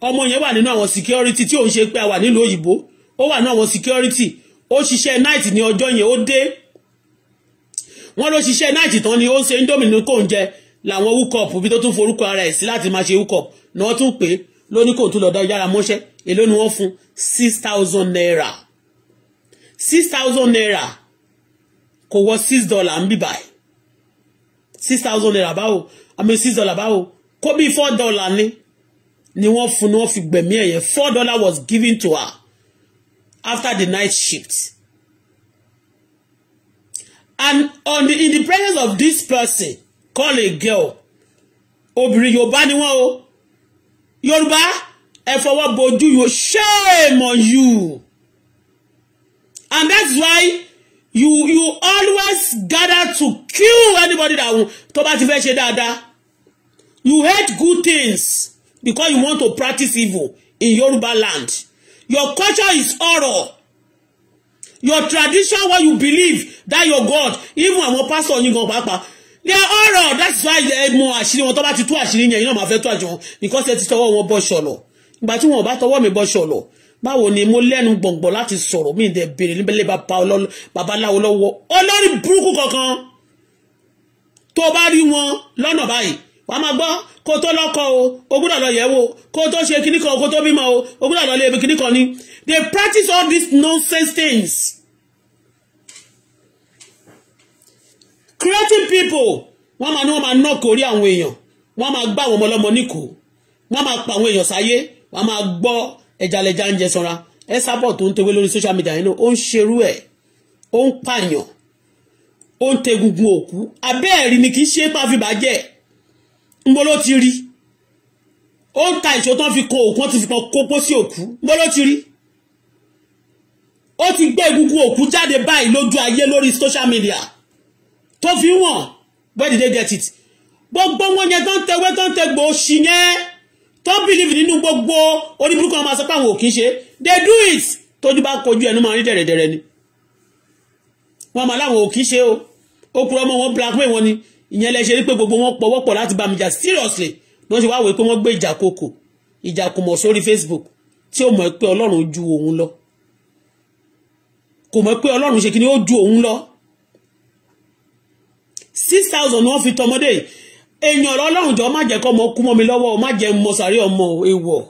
ọmọ yẹn wà nínú àwọn security tí òun ṣe pé a wà nílùú òyìnbó ó wà nínú àwọn security ó ṣiṣẹ́ night ní ọjọ́ yẹn ó dé wọ́n ló ṣiṣẹ́ night tán ni ó ń ṣe indomie ní kò ń jẹ làwọn wúkọ̀pù bí tó tún forúkọ ara ẹ̀ sí láti máa ṣe wúkọ̀pù ni wọ́n tún pè é lóní kò tún lọ́dọ̀ yára mọ́ṣẹ́ èló ni wọ́n fún six thousand naira six thousand naira kò wọ six dollar ń bì báyìí six thousand naira báwo àmì six dollar báwo kó bí four dollar ni ni wọ́n fún ni wọ́n fi gbẹ̀mí ẹ̀yẹ four dollar was given to her after the night shift. And on the, in the presence of this person, call a girl. Obìnrin Yorùbá ni wọ́n o. Yorùbá ẹ fọwọ́ bojú yóò shame on you. And that's why you you always gather to kill anybody that will tó bá ti fẹ́ ṣe dáadáa. You hate good things because you want to practice evil in Yoruba land. Your culture is horror. Your tradition, what you believe, that your God, even àwọn pastor yín gan Papa, They are horror. That's why they more. ẹ mọ àṣírí wọn tó bá ti tú àṣírí yẹn, iná máa fẹ́ tó àjọ wọn because ẹ ti tọwọ́ wọn bọ́ ṣọ̀lọ̀. Ìgbà tí wọn ò bá tọwọ́ mi bọ́ ṣọ̀lọ̀. Báwo ni mo lẹ́nu gbọ̀ngbọ̀n láti sọ̀rọ̀ mí ìdẹ̀ bèrè níbẹ̀lẹ̀ babaláwo lọ́wọ́. Olórí burúkú kankan tó bá rí wọn lọ́nà báyìí. Wàá máa gbọ́ kó tó lọ́kọ o o gbọ́dọ̀ lọ yẹ̀ wò kó tó ṣe kíní kan o kó tó bímọ o o gbọ́dọ̀ lọ lé ibi kíní kan ni they practice all these nonsense things creating people wọ́n máa ní wọ́n máa ná kórí àwọn èèyàn wọ́n máa gbá àwọn ọmọ ọlọ́mọ níkò wọ́n máa pa àwọn èèyàn sáyé wọ́n máa gbọ́ ẹ̀jàlẹ̀jà ń jẹ sanra ẹ sábọ̀ tó ń tewé lórí social media yẹn náà ó ń ṣerú ẹ̀ ó ń pààyàn ó ń tegungun òkú abẹ́ ẹ̀rí ni kì í ṣe pàfibàjẹ́ nbó ló ti rí ó ń ta ìṣó tán fi kó òkú ti fi kan kópó sí òkú nbó ló ti rí ó ti gbé egungun òkú jáde báyìí lójú ayé lórí social media tó fi wọ́n where did they get it gbogbo wọn yẹn tó ń tẹwé tó ń tẹgbò òṣì yẹn tó bìlìfì nínú gbogbo oníburúkú ọmọ asọ́pá àwọn òkì ṣe they do it tójú bá kojú ẹnu máa rí dẹ̀rẹ̀dẹ̀rẹ̀ ni wọ́n máa láwọn òkì ṣe o ó kúrò ọmọ wọn blackmail wọn ni ìyẹn lẹ ṣe rí pé gbogbo wọn pọwọ́pọ̀ láti bá mi jà seriously bí wọ́n ṣe wáwèé pé wọ́n gbé ìjà koko ìjà kò mọ̀ sórí Facebook tí ó mọ̀ pé Ọlọ́run ju òun lọ kò mọ̀ pé Ọlọ́run ṣe kí ni ó ju òun lọ six thousand wọ́n fi tọmọdé èèyàn Ọlọ́run jọ má jẹ́ kọ́ ọmọ kú mọ́ mi lọ́wọ́ má jẹ́ mọ́ sàrí ọmọ ewọ̀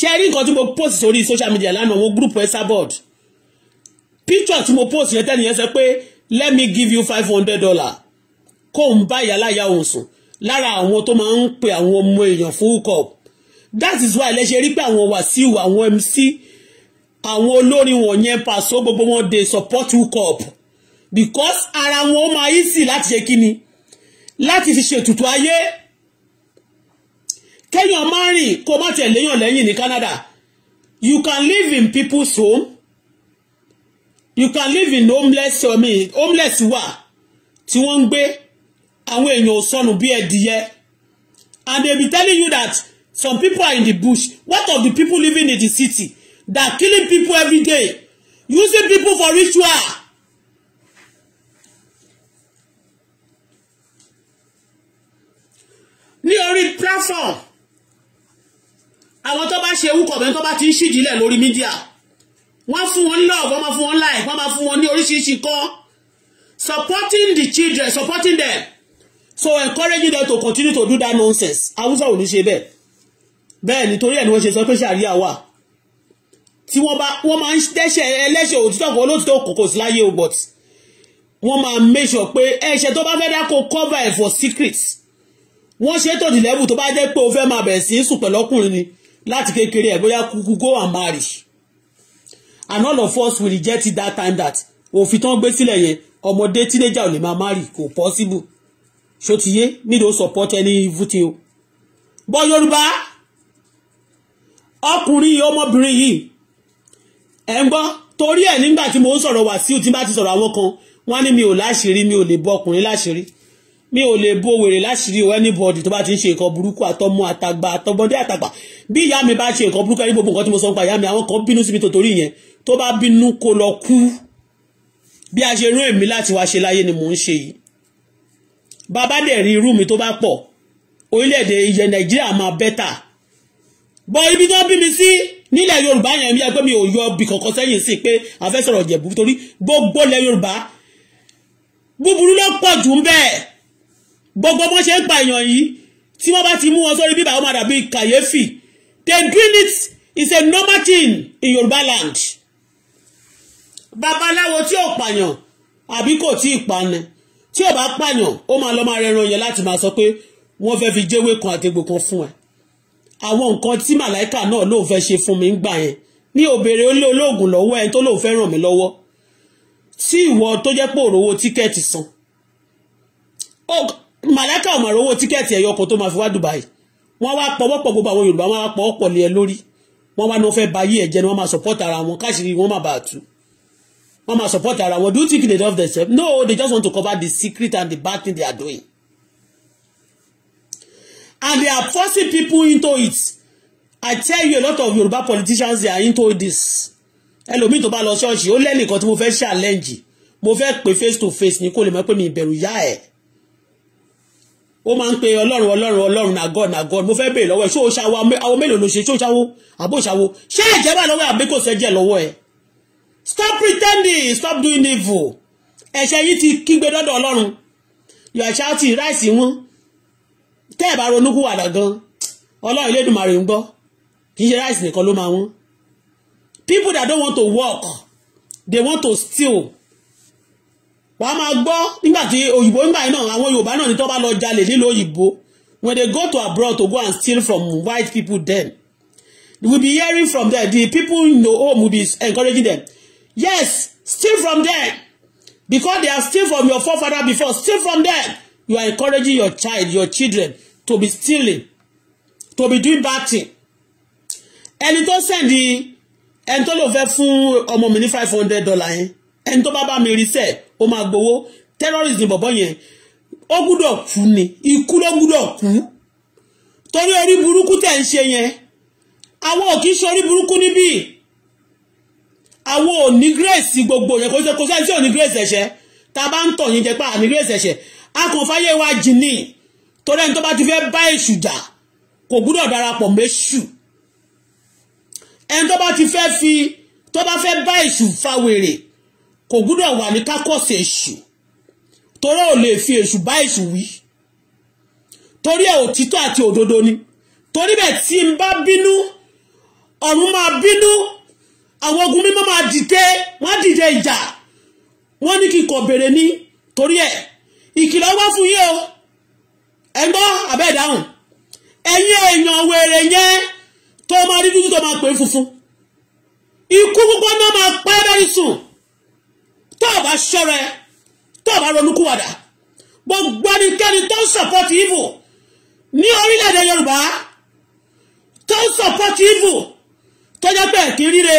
ṣe rí nǹkan tí mo post sórí social media lánàá wọn group ẹ sábọ̀d picture tí mo post yẹn tẹ́lẹ̀ yẹn sọ pé let me give you five hundred dollar kó ń bá ìyáláyà òun sùn lára àwọn tó máa ń pe àwọn ọmọ èèyàn fún cup. that is why lẹ́sẹ̀ rí pé àwọn wàsíù àwọn mc àwọn olórin wọ̀nyẹn pàṣọ gbogbo wọn dey support cup because ara wọn máa easy láti ṣe kíni láti fi ṣètùtù ayé kéèyàn má rìn kó má tẹ̀léyàn lẹ́yìn ní Canada you can live in people's home you can live in homeless or me. homeless wà tí wọ́n ń gbé àwọn èèyàn ò sọnù bí ẹdìyẹ and they be telling you that some people are in the bush what of the people living in the city that are killing people every day using people for ritual. ní orí platform àwọn tó bá ṣe ewu kọ̀ọ̀bẹ́ tó bá ti ń ṣìjìlẹ̀ lórí mídíà wọ́n fún wọn love wọ́n máa fún wọn like wọ́n máa fún wọn ní oríṣiríṣi kan supporting the children supporting them so encouraging them to continue to do that nonsense awúsọ ò ní ṣe bẹ́ẹ̀ bẹ́ẹ̀ nítorí ẹ̀ ni wọ́n ṣe sọ pé ṣàríà wà tí wọ́n bá wọ́n máa ń dẹ́ṣẹ̀ ẹlẹ́ṣẹ̀ òtítọ́ kan olóòtítọ́ kòkò sí láyé o but wọ́n máa make sure pé ẹ̀ṣẹ̀ tó bá fẹ́ dá kó cover ẹ̀ for secret wọ́n ṣe tó di level tó bá jẹ́ pé o fẹ́ máa bẹ̀rẹ̀ sí í sùn pẹ̀lọ́kùnrin ni láti kékeré ẹ̀ bóyá kúkú go and marry and all of us will reject it that time that òfin tán gbé sílẹ̀ yẹn ọmọdé teenager ò lè máa marry kò possible ṣòtìyé need to support any evil thing o. bọ́ yorùbá ọkùnrin yìí ọmọbìnrin yìí ẹ̀ ń gbọ́ torí ẹ̀ nígbà tí mo ń sọ̀rọ̀ Wàsíù tí bá ti sọ̀rọ̀ àwọn kan wọ́n ní mi ò láṣìírí mi ò lè bo ọkùnrin láṣìírí mi ò lè bo wèrè láṣìírí o anybody tó bá ti ń ṣe nǹkan burúkú àtọmọ àtàgbà àtọmọdé àtàgbà bí ìyá mi bá ṣe nǹkan burúkú ẹni gbogbo nǹkan tí mo sọ ń pa ìyá mi àwọn kan bínú sí mi tó yẹn tó bá bínú kó lọ kú bí a ṣe rán èmi láti wá ṣe láyé ni mò ń ṣe yìí bàbá dẹ̀ rí irú mi tó bá pọ̀ orílẹ̀-èdè ìyẹ nàìjíríà máa bẹ́tà bọ́ ibi tó bí mi sí nílẹ̀ yorùbá yẹn mi ẹgbẹ́ mi ò yọ bí kankan sẹ́yìn sí pé a fẹ́ sọ̀rọ̀ jẹ̀bú torí gbogbo ilẹ̀ yorùbá búburú ló pọ̀ jù ń bẹ́ẹ̀ gbogbo bó ṣe ń pa èèyàn yìí tí wọ́n bá ti mú wọn sórí bíbá ó dàbí kàyéfì they doing it is a normal thing in yorùbá land babaláwo tí ò pààyàn àbí kò tí ì pààyàn tí ò bá pààyàn ó máa lọ máa rẹran yẹn láti máa sọ pé wọ́n fẹ́ fi jẹ́wé kan àtegbò kan fún ẹ àwọn nǹkan tí màláìkà náà lóun fẹ́ ṣe fún mi ń gbà yẹn ní òbèrè ó lé olóògùn lọ́wọ́ ẹni tó lóun fẹ́ ràn mí lọ́wọ́ tí ìwọ tó jẹ́ pé òrówó tíkẹ́ẹ̀tì san màláìkà ò mà rówó tíkẹ́ẹ̀tì ẹ̀yọ ọkọ̀ tó máa fi wá Dubai wọ́n wá pọ̀wọ́pọ̀ gbogbo àwọn Yorùbá wọ́n wá pọ̀wọ́pọ̀ lé ẹ lórí wọ́n wá ní wọ́n fẹ́ ba ayé ẹ̀ jẹ́ ni wọ́n máa support ara wọn káṣíìrì wọ́n máa bàa wọ́n máa support ara wọn do you think they love themselves no they just want to cover the secret and the bad thing they are doing and they are forcing people into it I tell you a lot of Yoruba politicians they are into this ẹlòmíì tó bá lọ ṣọ́ọ̀ṣì ó lẹ́nìkan tí mo fẹ́ challenge mo fẹ́ pè face to face ni kò lè mọ̀ pé mi ìbẹ̀rù yá ẹ̀ ó máa ń pe ọlọ́run ọlọ́run ọlọ́run na god na god mo fẹ́ béèrè lọ́wọ́ ẹ̀ ṣó o ṣàwọ àwọn mélòó ló ṣe ṣó o ṣàwọ àbó ṣàwọ ṣé ẹ̀jẹ̀ bá lọ́wọ́ àbí kò sẹ́jẹ̀ lọ́wọ́ ẹ̀ stop pretending stop doing evil ẹ̀ṣẹ̀ yìí ti kígbe dọ́dọ̀ ọlọ́run yọ àṣà ti ráìsì wọn tẹ́ ẹ̀ bá ronúkú wàdà gan ọlọ́run Elédùmarè ń gbọ́ kì í ṣe ráìsì nìkan ló máa wọ́n people that don't want to work they want to steal wàá máa gbọ́ nígbà tí òyìnbó nígbà yìí náà àwọn yorùbá náà ní tó bá lọ jalè nílò òyìnbó when they go to abroad to go and steal from white people then we be hearing from them the people in the home will be encouraging them Yes, steal from them. Because they are steal from your forefather before. Steal from them. You are encouraging your child, your children to be stealing, to be doing bad thing. Ẹni tó sẹ́ndì ẹni tó lò fẹ́ fún ọmọ mi ní five hundred dollar yẹn ẹni tó bá bá mi rí sẹ́ẹ̀ ó máa gbowó terrorism bọ̀bọ̀ yẹn ó gbúdọ̀ kú ni ikú ló gbúdọ̀ kú torí orí burúkú tẹ̀ ń ṣe yẹn àwọn ò ṣe orí burúkú níbí àwọn ò ní grace gbogbo yẹn kò sẹ́kọ̀ọ́ sẹ́ni tí ò ní grace ẹ̀ṣẹ̀ tá a bá ń tọ̀ yín jẹ́ pé à grace ẹ̀ṣẹ̀ a kò fáyé wa jì ní torí ẹni tó bá ti fẹ́ bá èṣù jà kò gbúdọ̀ darapọ̀ méṣù ẹni tó bá ti fẹ́ fi tó bá fẹ́ bá èṣù fa wèrè kò gbúdọ̀ wà ní kákọ́sì èṣù torí ò lè fi èṣù bá èṣù wí torí ẹ̀ òtítọ́ àti òdodo ni torí bẹ́ẹ̀ tí n bá bínú ọ̀run máa bínú àwọn ogun mímọ́ máa dìde wọ́n dìde ìjà wọ́n ní kí n kọ̀ bèrè ní torí ẹ̀ ìkìlọ̀ wá fún yín o ẹ gbọ́ abẹ́ ìdáhùn ẹ̀yin èèyàn wèrè yẹn tó máa rí dúdú tó máa pè é funfun ikú púpọ̀ náà máa pẹ́ lórí sùn tó o bá ṣọ́ra tó o bá ronúkúwàdà gbogbo ẹnikẹ́ni tó ń sọ̀pọ̀tì ìvù ní orílẹ̀-èdè Yorùbá tó ń sọ̀pọ̀tì ìvù tó jẹ́ pé kí ríre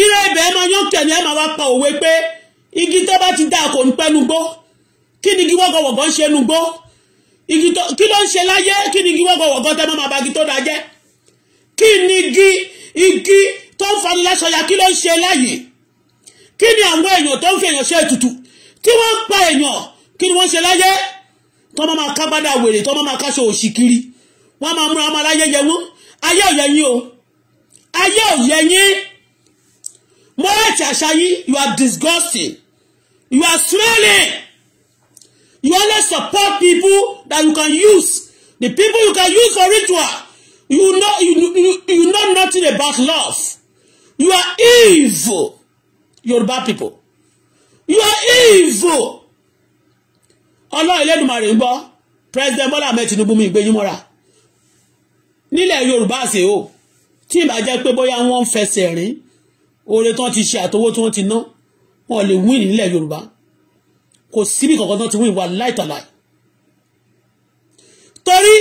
ilé ibẹ̀ máa yán kẹ̀lé ẹ̀ máa wá pa òwe pé igi tó bá ti dáa kò ní pẹ́ nugbó kí ni igi wọ́gọ̀wọ̀gọ̀ ń ṣe nugbó igi tó kí ló ń ṣe láyé kí ni igi wọ́gọ̀wọ̀gọ̀ tẹ́ mọ́ máa ba igi tó dáa jẹ́ kí ni igi igi tó ń fani lásọyà kí ló ń ṣe láyè kí ni àwọn èèyàn tó ń fi èèyàn ṣe ètùtù tí wọ́n pa èèyàn kí ni wọ́n ṣe láyé tó máa ká gbádà wèrè tó máa ká ṣe òṣìkiri wọ́n máa múra ọmọ aláyẹyẹ wọn ayé òyẹyìn o ayé òyẹyìn Moeti Ashayi, you are disgusting. You are smelling. You only support people that you can use. The people you can use for ritual. You know, you, you, you know nothing about love. You are evil. You're bad people. You are evil. Ọlọ́run Ẹlẹ́dùmarè ń gbọ́. President Bọ́lá Ahmed Tinubu mi ìgbéyìí mọ́ra. Nílẹ̀ Yorùbá àṣẹ o. Tí ìbá jẹ́ pé bóyá wọ́n ń fẹsẹ̀ rìn oore tán ti ṣe àtowó tí wọ́n ti ná wọn lè win nílẹ̀ yorùbá kò síbi kankan tán ti win wà láìtàláì torí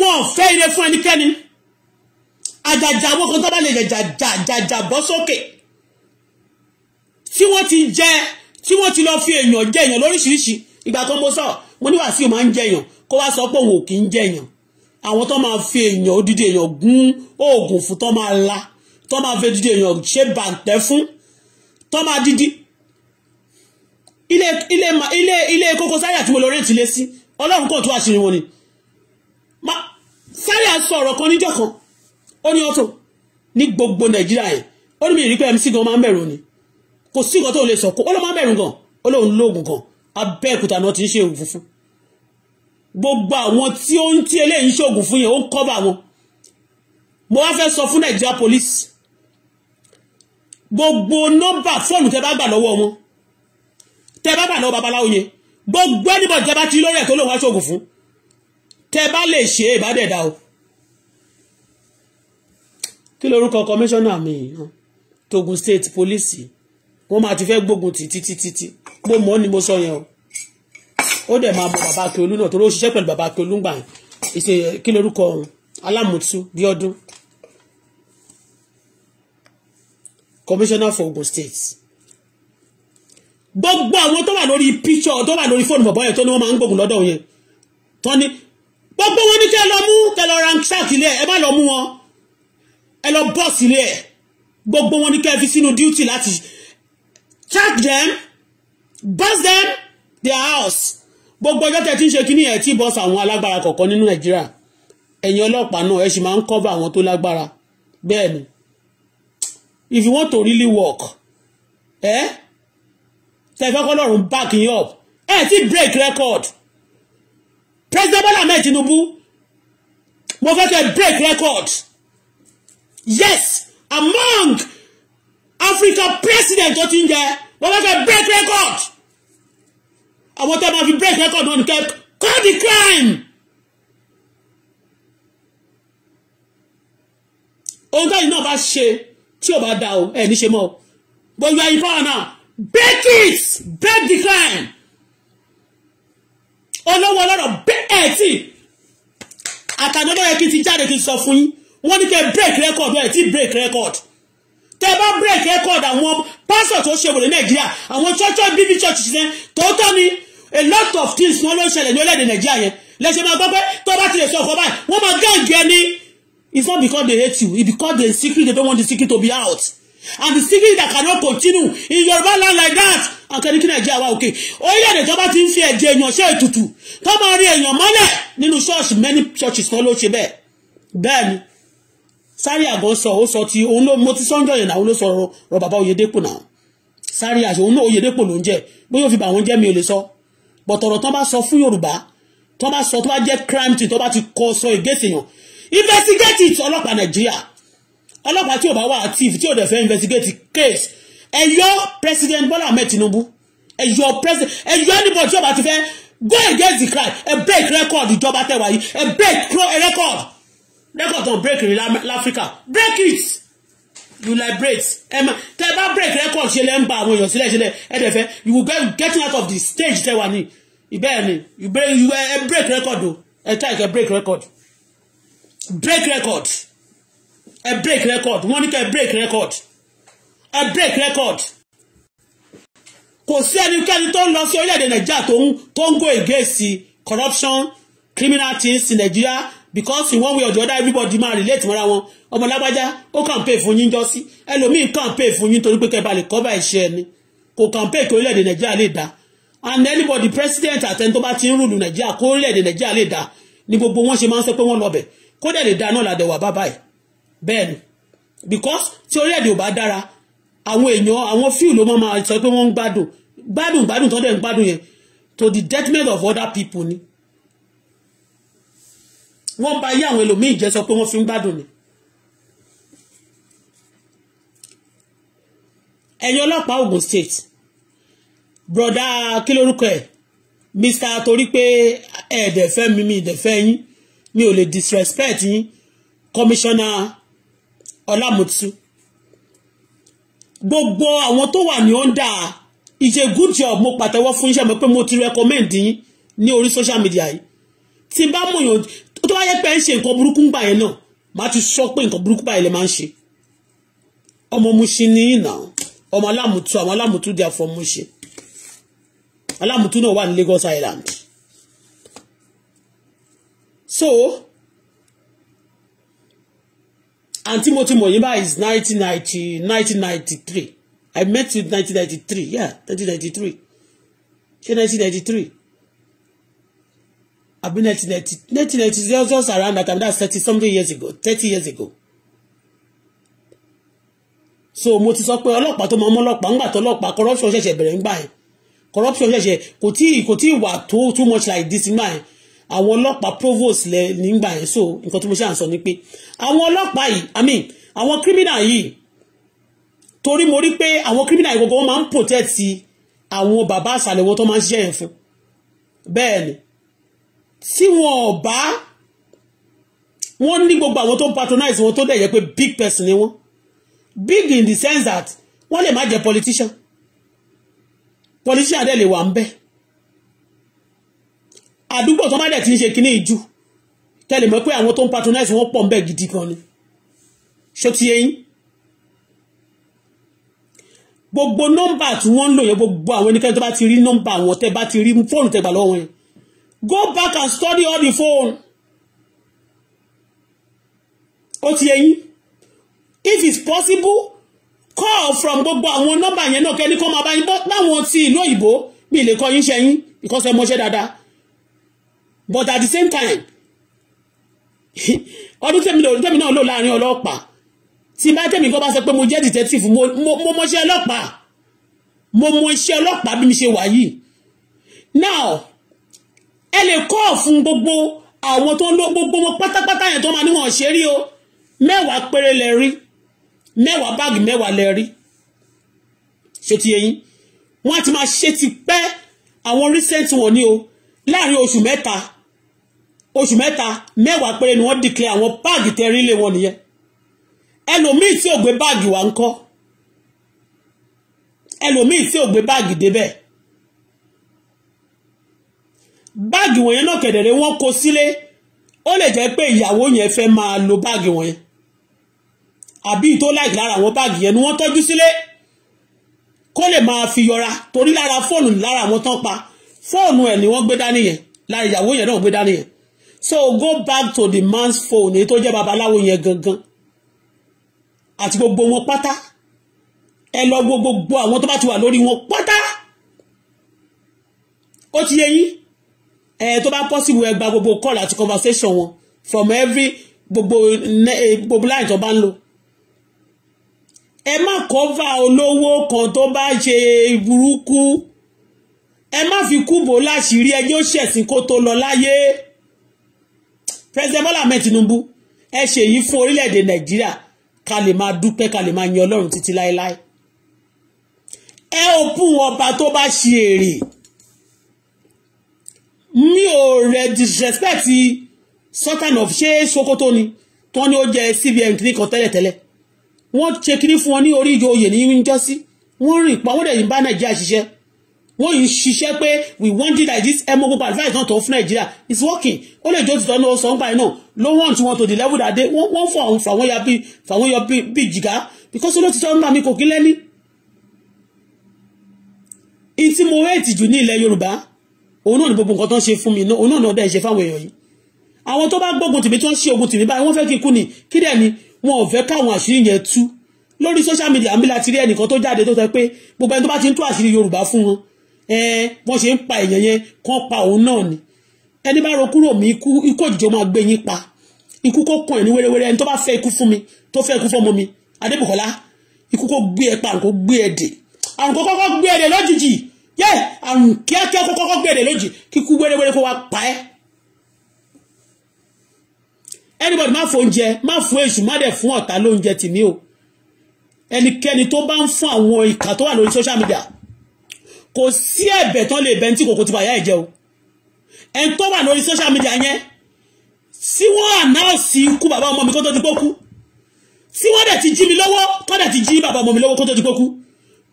wọn ò fẹ́ ire fún ẹnikẹ́ni àjàjà àwọn kan tó bá lè jàjàjà bọ́ sókè tí wọ́n ti jẹ tí wọ́n ti lọ fi èèyàn jẹ èèyàn lóríṣiríṣi ìgbà tó mo sọ mo ní Wàsíù máa ń jẹ èèyàn kó wá sọ pé òun ò kì í jẹ èèyàn àwọn tó máa fi èèyàn odidi èèyàn gún oògùn fún tó máa la tó máa fẹ́ dídí èèyàn ṣe bàǹtẹ́ fún tó máa dídí ilé ilé ilé ilé Koko Zaria tí mo lọ rẹ́ǹtì lé sí ọlọ́run kò tó àṣírí wọn ni Zaria sọ ọ̀rọ̀ kan níjọ́ kan ó ní ọ̀tọ̀ ní gbogbo nàìjíríà yẹn ó ní mi rí pé mc gan máa ń bẹ̀rù ni kò sí nǹkan tó lè sọ kó ó ló máa ń bẹ̀rù gan ó lóun lóògùn kan abẹ́ẹ̀kúta náà ti ń ṣe òògùn funfun gbogbo àwọn tí ó ń tí eléyìí ń ṣe òògùn fún yẹn ó ń kọ́ bà wọn mo wá fẹ́ sọ fún nàìjíríà police gbogbo nọ́mbà fóònù tẹ bá gbà lọ́wọ́ wọn tẹ bá gbà lọ́wọ́ babaláwo yẹn gbogbo ẹnìbọn tẹ bá ti lórí ẹ̀ tó lòun wá ṣògùn fún tẹ bá lè ṣe ìbádẹ́ẹ̀dá o kí lorúkọ kọmíṣánná mi togun state police wọ́n máa ti fẹ́ gbógun títí títí mo mọ̀ ọ́ ni mo sọ yẹn o ó dẹ̀ máa mọ bàbá Akíolú náà torí ó ṣiṣẹ́ pẹ̀lú bàbá Akíolú ń gbà yẹn kí lorúkọ alámùtú bí ọdún commissioner for Ogun State gbogbo àwọn tó wà lórí picture tó wà lórí fóònù bàbá yẹn tó ní wọ́n máa ń gbógun lọ́dọ̀ yẹn tó ní gbogbo wọn ní kẹ́ lọ mú kẹ́ lọ ransack ilé ẹ má lọ mú wọn ẹ lọ bọ́ọ̀sì ilé ẹ gbogbo wọn ní kẹ́ fi sínú duty láti check them burst them their house gbogbo ọjọ́ tẹ̀ tí ń ṣe kínní ẹ̀ tí bọ́ọ̀sì àwọn alágbára kọ̀ọ̀kan nínú Nàìjíríà ẹ̀yin ọlọ́pàá náà ẹ sì máa ń cover àwọn tó lágbára bẹ́ẹ̀ ni if you want to really work eh? tẹ fẹ́ kọ́lọ́run back yín up ẹ ti break record president Bola Ahmed Tinubu mo fẹ́ kẹ́ break record yes among Africa president tó ti ń jẹ mo fẹ́ kẹ́ break record àwọn tẹ́ máa fi break record wọn kẹ́ call the crime. ohun táyì náà bá ṣe tí ò bá da o ẹ ní ṣe o but you are in power now break it break the crime olówó ọlọ́rọ̀ bẹ́ẹ̀ tí àtàjọ́ ló yẹ kí n ti jáde kí n sọ fún yín wọ́n ní kẹ́ break record ẹ̀ tí break record tẹ bá break record àwọn pásọ̀ tó ṣe wòlé nàìjíríà àwọn church bíbí church ṣiṣẹ́ tòótọ́ ni a lot of things wọ́n ló ń ṣẹlẹ̀ ní orílẹ̀-èdè nàìjíríà yẹn lẹ́sẹ̀ máa gbọ́ pé tó bá ti lè sọ ọkọ̀ báyìí wọ́n máa gáǹgì ẹni It's not because they hate you. It's because the secret, they don't want the secret to be out. And the secret that cannot continue in your land like that. I can't Akẹ́ni kí Nàìjíríà wá òkè. Orílẹ̀-èdè tó bá ti ń fi ẹ̀jẹ̀ èèyàn ṣe ètùtù tó máa rí èèyàn mọ́lẹ̀ nínú ṣọ́ọ̀ṣì many churches kan ló ṣe bẹ́ẹ̀. Bẹ́ẹ̀ni, Zaria àgọ́ sọ, ó sọ ti òun ló mo ti sọ́njọ́ yẹn náà, òun ló sọ rọ bàbá Oyedepo náà. Zaria àṣẹ òun náà Oyedepo ló ń jẹ, bóyá òfin bà wọ́n jẹ́ mi ò lè sọ. Bọ̀tọ̀rọ̀ tán bá sọ fún Yorùbá, tán bá sọ tó bá jẹ́ crime tí tán bá ti kọ sọ ìgéṣèyàn investigate it ọlọ́pàá nàìjíríà ọlọ́pàá tí ò bá wà active tí ò dẹ̀ fẹ́ investigate case ẹ yọ president Bola Ahmed Tinubu ẹ yọ president ẹ yọ anybody tí ò bá ti fẹ́ go against the crime ẹ break record ìjọba tẹwàá yìí ẹ break record record don break in Africa break it you liberate ẹ ma tẹ bá break record ṣe lẹ ń ba àwọn èèyàn sílẹ̀ ṣe lẹ ẹ dẹ̀ fẹ́ you will get getting out of the stage tẹwàá ni ìbẹ́ẹ̀ ni you break record o ẹ tẹ́ ẹ kẹ́ break record break record ẹ break record wọ́n ní kẹ́ break record ẹ break record kò sí ẹnikẹ́ni tó ń lọ sí orílẹ̀-èdè nàìjíríà tó ń tó ń go against corruption criminal things in nigeria because in one way or the other everybody ma relate mọ́ra wọn ọmọ lágbájá ó campaign fún yín jọ sí ẹlòmíín campaign fún yín torí pé kẹ́ bá lè cover iṣẹ́ ẹni kò campaign kí orílẹ̀-èdè nàìjíríà lè dá and anybody president àtẹni tó bá ti ń rúlu nàìjíríà kó orílẹ̀-èdè nàìjíríà lè dá ni gbogbo wọn ṣe máa ń sọ pé wọ́n lọ bẹ̀ kó dẹ̀ lè da náà ládẹ̀ wà bàbá ẹ̀ bẹ́ẹ̀ ni because tí orílẹ̀-èdè ò bá dára àwọn èèyàn àwọn fíù ló máa sọ pé wọ́n ń gbádùn gbádùn gbádùn tó dẹ̀ ń gbádùn yẹn to the detriment of other people ni wọ́n ń ba ayé àwọn ẹlòmíì jẹ́ sọ pé wọ́n fi ń gbádùn ni. ẹ̀yin ọlọ́pàá Ogun State broda kí lórúkọ ẹ̀ mr torí pé ẹ̀ẹ́dẹ̀fẹ́ mímí ìdẹ̀fẹ́ yín mi ò lè disrespect yín kọmíṣánná ọlámùtú gbogbo àwọn tó wà ní ọ́ndà ìṣe good job mo pàtẹ́wọ́ fún iṣẹ́ mi pé mo ti recommend yín ní orí social media yìí tí n bá mọ̀ yàn tó bá yẹ pé ń ṣe nǹkan burúkú ń gbà yẹn náà màá ti sọ pé nǹkan burúkú báyìí lè máa ń ṣe ọmọ muṣi ní ìnà ọmọ alámùtú àwọn alámùtú dí àfọmúṣe alámùtú náà wà ní Lagos Island so àǹtí mo ti is nineteen ninety nineteen ninety three I met you nineteen ninety three yeah nineteen ninety three ṣé nineteen ninety three àbí nineteen ninety nineteen ninety three. just just around that time that's thirty something years ago thirty years ago so mo ti sọ pé ọlọ́pàá tó mọ ọmọ ọlọ́pàá ńgbà tó ọlọ́pàá corruption ṣẹ̀ṣẹ̀ bẹ̀rẹ̀ ńgbà yẹn corruption ṣẹ̀ṣẹ̀ kò tí kò tí wà tó too much like this ńgbà yẹn àwọn ọlọ́pàá provost lẹ nígbà yẹn so nǹkan tí mo ṣe à ń sọ ni pé àwọn ọlọ́pàá yìí i mean àwọn criminal yìí torí mo rí pé àwọn criminal yìí gbogbo wọn máa ń protect àwọn bàbá àṣàlẹ̀wọ́ tó máa ń ṣiṣẹ́ yẹn fún bẹ́ẹ̀ ni tí wọn ò bá wọn ní gbogbo àwọn tó patronize wọn tó dẹ̀ yẹ pé big person ni wọn big in the sense that wọ́n lè má jẹ́ politician politician dẹ̀ lè wà ń bẹ́ẹ̀ àdúgbò tó bá dẹ̀ ti ń ṣe kinní ìjù tẹ́lẹ̀ mọ́ pé àwọn tó ń patronize wọn pọ̀ ń bẹ̀ gidi gan ni ṣó ti yẹn gbogbo nọ́mbà tí wọ́n ń lò yẹn gbogbo àwọn ẹnikẹ́ni tó bá ti rí nọ́mbà wọn tẹ́ bá ti rí fóònù tẹ́ gbà lọ́wọ́ yẹn go back and study all the phone ó ti yẹn if it's possible call from gbogbo àwọn nọ́mbà yẹn náà kẹ́ni kọ́ máa bá yín bọ́ láwọn ti ìlú òyìnbó mi lè kọ́ yín ṣẹ́yìn because ẹ mọṣẹ́ dáadáa but at the same time ọdún tẹ̀mí náà tẹ̀mí náà lò láàrin ọlọ́pàá tí bá tẹ̀mí kan bá sọ pé mo jẹ́ detective mo mo mọ iṣẹ́ ọlọ́pàá mo mọ iṣẹ́ ọlọ́pàá bí mi ṣe wà yìí now ẹ lè kọ́ fún gbogbo àwọn tó ń lo gbogbo wọn pátápátá yẹn tó máa níwọ̀n ṣe rí o mẹ́wàá péré lẹ rí mẹ́wàá báàgì mẹ́wàá lẹ rí ṣé ti yẹyin wọ́n á ti máa ṣe ti pẹ́ àwọn recent wọn ni o láàrin oṣù mẹ́ta oṣù mẹ́ta mẹ́wàá péré ni wọ́n dìklẹ̀ àwọn báàgì tẹrí lé wọn nìyẹn ẹlòmíì tí ò gbé báàgì wá ń kọ́ ẹlòmíì tí ò gbé báàgì débẹ̀ báàgì wọ̀nyẹn náà kẹ̀dẹ̀rẹ̀ wọ́n kó sílé ó lè jẹ́ pé ìyàwó yẹn fẹ́ máa lo báàgì wọ̀nyẹn àbí tó láì lára àwọn báàgì yẹn ni wọ́n tọ́jú sílé kó lè máa fi yọra torí lára fóònù lára àwọn tán pa fóònù ẹ̀ ni wọ́n gbé dání yẹn lára ìyàwó yẹn náà gbé dání yẹn so go back to the man's phone èyí tó jẹ́ babaláwo yẹn gangan àti gbogbo wọn pátá ẹ lọ wo gbogbo àwọn tó bá ti wà lórí wọn pátá ó ti yẹ yín ẹ tó bá possible ẹ gba gbogbo call àti conversation wọn from every gbogbo eh, gbogbo line tó bá ń lò ẹ má cover olówó kan tó bá ṣe burúkú ẹ má fi kúbò láṣìírí ẹjọ́ ṣẹ̀sìn kó tó lọ láyé president Bọ́lá Ahmed Tinubu ẹ ṣe èyí fún orílẹ̀-èdè Nàìjíríà ká lè máa dúpẹ́ ká lè máa yan Ọlọ́run títí láéláé ẹ òpin ọba tó bá ṣe èrè mi ò rẹ disrespect sultan of ṣé Sokoto ni tí wọ́n ní ó jẹ CBN kiri kan tẹ́lẹ̀tẹ́lẹ̀ wọ́n ṣe kiri fún wọn ní orí oyè ní jọ́sí wọ́n rìn pa wọ́n dẹ̀ yìí bá Nàìjíríà ṣiṣẹ́ wọ́n yìí ṣiṣẹ́ pé we want it like this ẹ mọ gbogbo advice náà tó fún nàìjíríà it's working ó lè jó ti tọ́nu ọ̀sán ọgbà yìí náà ló wọ́n tí wọ́n tó di level dàdé wọ́n fọ àwọn fàwọn ya bíi fàwọn yọ bíi jìgá because olóòtítọ́ ń bá mi kò kí lẹ́ni. in tí mo rẹ́ẹ̀tì jù ní ilẹ̀ yorùbá òun náà ni gbogbo nǹkan tó ń ṣe fún mi náà òun náà ni ọ̀dà ìṣe fáwọn èèyàn yìí àwọn tó bá gbógun tèmi tó ń ṣe ogun tèmi báyìí wọ́n fẹ́ kí n kú ni kí dẹ̀ ni wọn ò fẹ́ káwọn àṣírí yẹn tú lórí social media àmì láti rí ẹnìkan tó jáde tó sọ pé gbogbo ẹni tó bá ti ń tú àṣírí yorùbá fún wọn wọ́n ṣe ń pa èèyàn yẹn kán pa òun náà ni ẹni bá ro kúrò mí ikú ikú òjijì máa gbé yín pa ikú kó kàn ní wéréwéré ẹni tó bá fẹ́ ikú fún mi tó fẹ́ ikú fọmọ mi adébùkọ́lá ikú kó gbé ẹ pa àrùn kó gbé ẹ dè àrùn kó kọ́kọ́ gbé ẹ dè lójijì yẹ àrùn kíákíá kó kọ́kọ́ gbé ẹ dè lójijì kíkú wéréwéré kó wá pa ẹ́ anybody má fún oúnjẹ má fún èṣù má dẹ̀ fún ọ̀tá lóúnjẹ tì o ẹnikẹ́ni tó bá ń fún àwọn ìkà tó wà lórí social media kò sí ẹ̀bẹ̀ tán lè bẹ́ntì kòkó ti bàyá ẹ̀jẹ̀ o ẹni tó wà lórí social media yẹn tí wọ́n ànáòsì ikú bàbá ọmọ mi kó tó ti pókú tí wọ́n dẹ̀ ti jí mi lọ́wọ́ tó dẹ̀ ti jí bàbá ọmọ mi lọ́wọ́ kó tó ti pókú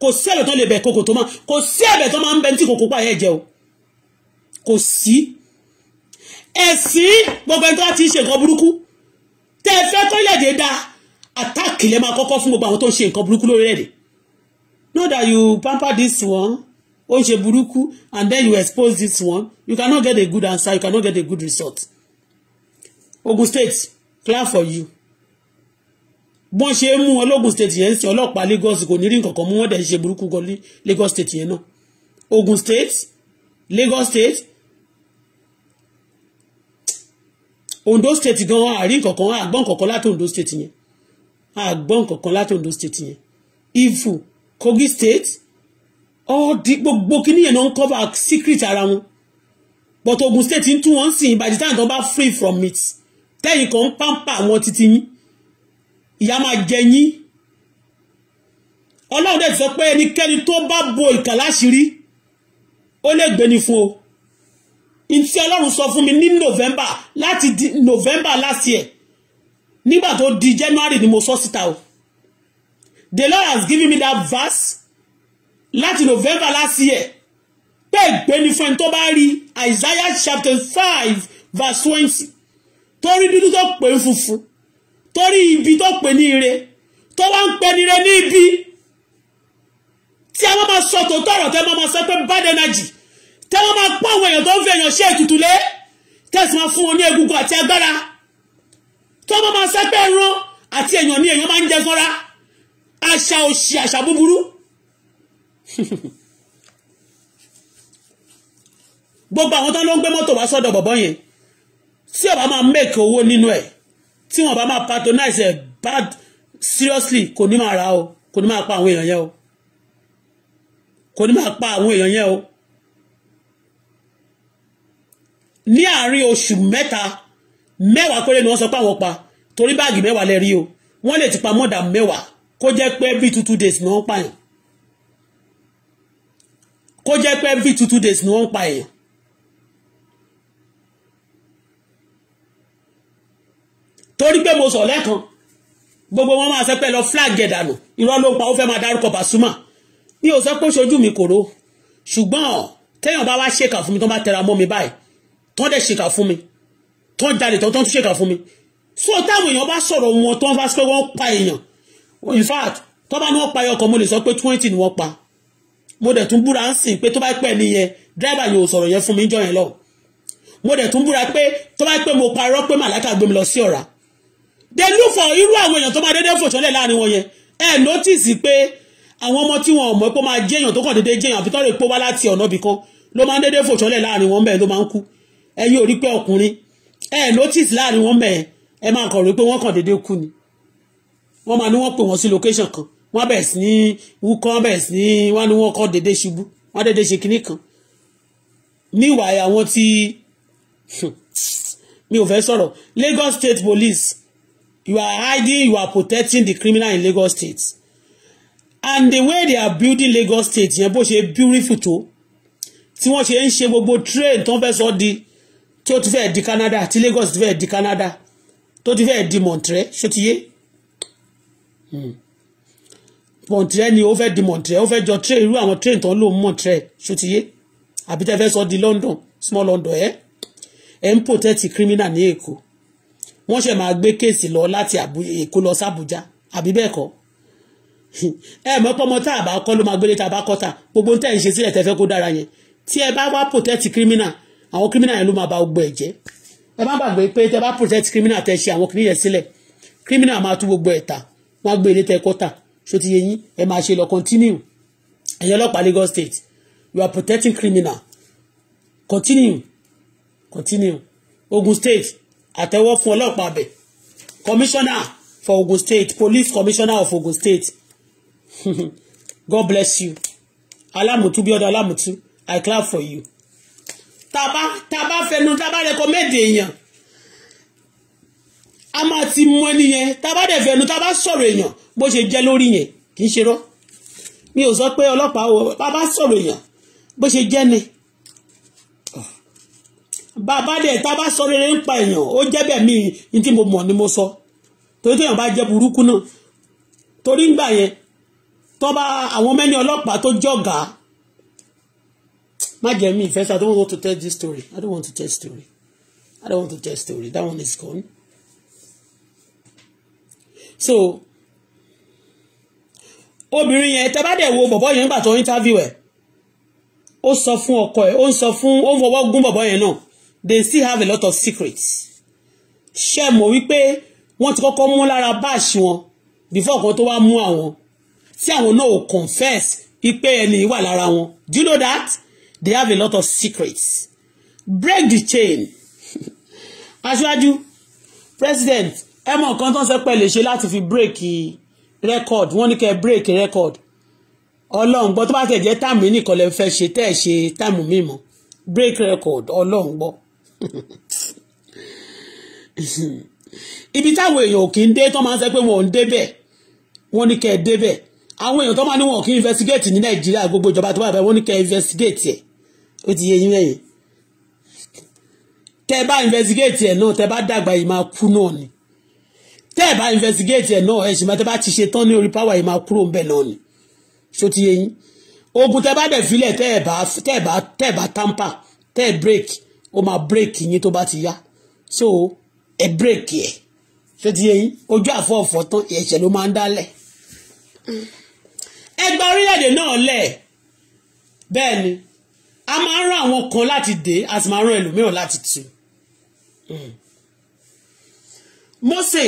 kò sí ẹ̀bẹ̀ tán lè bẹ̀ kòkó tó máa kò sí ẹ̀bẹ̀ tán máa ń bẹ́ntì kòkó bàyá ẹ̀jẹ̀ o kò sí ẹ̀sìn gbogbo ẹni tó ti ṣe nǹkan burúkú tẹ́ ẹ fẹ́ kó yẹ̀dẹ̀ da àtàkì lẹ́ máa kọ́kọ́ fún gbogbo àwọn tó ń ṣe nǹkan burúkú lórílẹ̀-èdè not that you pamper this one ó ń ṣe burúkú and then you expose this one you cannot get a good answer you cannot get a good result Ogun State clear for you bọ́n ṣe mú ológun state yẹn sí ọlọ́pàá Lagos kò ní rí nǹkan kan mú wọ́n dẹ̀ ṣe burúkú gan Lagos state yẹn náà Ogun State Lagos state Ondo state gan àrí nǹkan kan àgbọ̀n kankan láti Ondo state yẹn àgbọ̀n kankan láti Ondo state yẹn Ifu Kogi state ọ̀ọ́dì gbogbo kí nìyẹn náà ń cover secret ara wọn but Ogun State ń tún wọn sìn by the time tó bá free from it tẹ́yìn kan ń pàmpà wọn títí yín ìyá máa jẹ yín ọlọ́run dẹ̀ ti sọ pé ẹnikẹ́ni tó bá bo ìkà láṣìírí ó lè gbéni fún o ntí ọlọ́run sọ fún mi ní november láti di november last year nígbà tó di january ni mo sọ síta o the lord has given me that verse láti november last year pé ìgbéni fún ẹni tó bá rí isaiah chapter five verse twenty torí dúdú tó pè é funfun torí ibi tó pè ní ire tó wá ń pè ní ire ní ibi tí a máa ma sọ tòótọ́ ọ̀rọ̀ tẹ́ máa ma sọ pé bad energy tẹ́ wọ́n máa pọ́ àwọn èèyàn tó ń fi èèyàn ṣe ètùtù lé tẹ́sí máa fún wọn ní egungun àti agbára tó máa ma sọ pé ẹran àti èèyàn ni èèyàn máa ń jẹ fọ́nra àṣà òṣì àṣà búburú gbogbo àwọn tó ń lọ ń gbé mọ́tò wá sọ́dọ̀ bọ̀bọ́ yẹn tí ọba máa make owó nínú ẹ̀ tí wọn bá máa patronize ẹ̀ bad seriously kò ní máa ra o kò ní máa pa àwọn èèyàn yẹn o kò ní máa pa àwọn èèyàn yẹn o ní àárín oṣù mẹ́ta mẹ́wàá péré ni wọ́n sọ pé àwọn pa torí báàgì mẹ́wàá lẹ rí o wọ́n lè ti pa mọ́dà mẹ́wàá kó jẹ́ pé bí two two days ni wọ́n pààyàn kó jẹ́ pé every two two days ni wọ́n ń pa èèyàn. torí pé mo sọ lẹ́kan gbogbo wọn máa sọ pé lọ flag ẹ̀dànù irọ́ ló ń pa ó fẹ́ máa dárúkọ Pasuma mi ò sọ pé ṣojú mi kòró ṣùgbọ́n téèyàn bá wá ṣèkà fún mi tó bá tẹra mọ́ mi báyìí tó dẹ̀ ṣèkà fún mi tó ń jalè tó tó ń tún ṣèkà fún mi so táwọn èèyàn bá sọ̀rọ̀ wọn tó ń bá sọ pé wọ́n pa èèyàn in fact tó bá ní wọ́n pa ẹyọkọ̀ mo lè sọ pé twenty ni wọ́n pa mo dẹ̀ tún búra ń sìn pé tó bá pẹ́ nìyẹn dírẹ́bà yóò sọ̀rọ̀ yẹn fún mi jọ yẹn lọ mo dẹ̀ tún búra pé tó bá pẹ́ mo parọ́ pé màláka gbé mi lọ sí ọ̀rá they look for irú àwọn èèyàn tó máa dédé fòṣọlẹ̀ láàrin wọn yẹn ẹ notice pé àwọn ọmọ tí wọn ò mọ̀ pé ó máa jẹ́ èèyàn tó kàn dédé jẹ́ èèyàn àfi tọ́lẹ̀ pé wá láti ọ̀nà ibì kan ló máa ń dédé fòṣọlẹ̀ láàrin wọn bẹ́ẹ̀ ló máa ń kú ẹ̀yin ò rí pé ọkùnrin ẹ notice láàrin wọn bẹ́ẹ̀ ẹ máa kàn rí pé wọ́n kàn dédé kú ni wọ́n máa ní wọ́n pè wọ́n sí location kan wọ́n bẹ̀rẹ̀ sí ní wúkọ́ wọ́n bẹ̀rẹ̀ sí ní wọ́n ní wọ́n kọ́ dédé ṣubú wọ́n dédé ṣe kinní kan níwà àwọn tí hmm, mi ò fẹ́ sọ̀rọ̀ Lagos State Police you are hiding you are protecting the criminal in Lagos State and the way they are building Lagos State yẹn bó ṣe beautiful tó tí wọ́n ṣe ń ṣe gbogbo train tó ń fẹ́ sọ di tí ó ti fẹ́ di Canada tí Lagos ti fẹ́ di Canada tó ti fẹ́ di Montreal ṣó ti yé. Hmm. Montreal ni ó fẹ́ di Montreal ó fẹ́ jọ train irú àwọn train tán ló ń Montreal ṣòtìyé àbí tẹ́ fẹ́ sọ di London small London ẹ̀ ẹ̀ ń protect criminal ní Èkó wọ́n ṣẹ̀ máa gbé kéèsì lọ láti Èkó lọ sàbújá àbí bẹ́ẹ̀ kọ́ ẹ mọ̀ pọ́mọ tá a bá kọ́ ló máa gbélé tá a bá kọ́ ta gbogbo tẹ́ ẹ̀ ń ṣe sílẹ̀ tẹ́ fẹ́ kó dára yẹn tí ẹ bá wá protect criminal àwọn criminal yẹn ló máa ba gbogbo ẹ̀ jẹ́ ẹ má gbàgbé pé tẹ́ bá protect criminal tẹ́ ṣe àwọn kìnìyẹn sílẹ̀ criminal máa tú gbogbo ẹ̀ ta wọ́n á gbé ilé tẹ́ ṣó ti yé yín ẹ máa ṣe lọ continue ẹ̀yin ọlọ́pàá Lagos State you are protecting criminal continue continue Ogun State àtẹ́wọ́ fún ọlọ́pàá bẹ̀ commissioner for Ogun State police commissioner of Ogun State God bless you alamutu bí ọdọ alamutu I clap for you taba taba fẹnu taba rẹ kọ méde èèyàn a máa ti mọ ẹni yẹn tá a bá dẹ̀ fẹ́nu tá a bá sọ̀rọ̀ èèyàn bó ṣe jẹ́ lórí yẹn kì í ṣe rọ́ mi ò sọ pé ọlọ́pàá o bá sọ̀rọ̀ èèyàn bó ṣe jẹ́ ni bàbá dẹ̀ tá a bá ń pa èèyàn ó jẹ́ bẹ́ẹ̀ mi ní tí mo mọ̀ ni mo sọ torí téèyàn bá jẹ́ burúkú náà torí ńgbà yẹn tó àwọn mẹ́ni ọlọ́pàá tó jọ̀gá má jẹ́ mi ìfẹ́ sọ I don't want to tell this story I don't want to tell story I don't want to tell story that one is gone so obìnrin yẹn tẹ́ bá dẹ̀ wo bọ̀bọ́ yẹn nígbà tó interview ẹ̀ ó sọ fún ọkọ ẹ̀ ó sọ fún ó ń gún bọ̀bọ́ yẹn náà they still have a lot of secrets ṣe mọ̀ wípé wọ́n ti kọ́kọ́ mú lára báàṣì wọn before kan tó wá mú àwọn tí àwọn náà ò confess wípé ẹni wà lára wọn do you know that they have a lot of secrets break the chain aṣáájú president ẹ mọ nǹkan tó ń sọ pé lè ṣe láti fi bírèkì rẹ́kọ̀d wọ́n ní kẹ́ ẹ bírèkì rẹ́kọ̀d ọlọ́run gbọ́ tó bá tẹ̀ jẹ́ táàmù nìkan lè fẹ́ ṣe tẹ́ ṣe táàmù mímọ́ bírèkì rẹ́kọ̀d ọlọ́run gbọ́. ibi táwọn èèyàn ò kì í dé tó máa ń sọ pé wọn ò ń débẹ̀ wọ́n ní kẹ́ ẹ débẹ̀ àwọn èèyàn tó máa ní wọn kì í investigate ní nàìjíríà gbogbo ìjọba tó bá bẹ wọ́n ní kẹ́ investigate ẹ̀ ó ti yé yín lẹ́yìn tẹ́ bá investigate ẹ̀ náà tẹ́ bá dàgbà yìí máa kú náà ni tẹ́ ẹ̀ bá investigate ẹ̀ náà ẹ̀sìn máa tẹ́ bá ti ṣe tán ní orí power yìí máa kúrò ńbẹ̀ náà ni ṣó ti yẹ yín ogun tẹ́ bá dẹ̀ filẹ̀ tẹ́ ẹ̀ bá tẹ́ ẹ̀ bá tẹ́ ẹ̀ bá tamper tẹ́ ẹ̀ break ó máa break yín tó bá ti yá so ẹ̀ break yẹ ṣó ti yẹ yín ojú àfọ̀ọ̀fọ̀ tán ẹ̀ṣẹ̀ ló máa ń dálẹ̀ ẹgbẹ́ orílẹ̀-èdè náà lẹ̀ bẹ́ẹ̀ ni a máa ń rán àwọn kan láti dé a sì máa ń rán ẹlòmíràn láti tù. Hmm. Mósè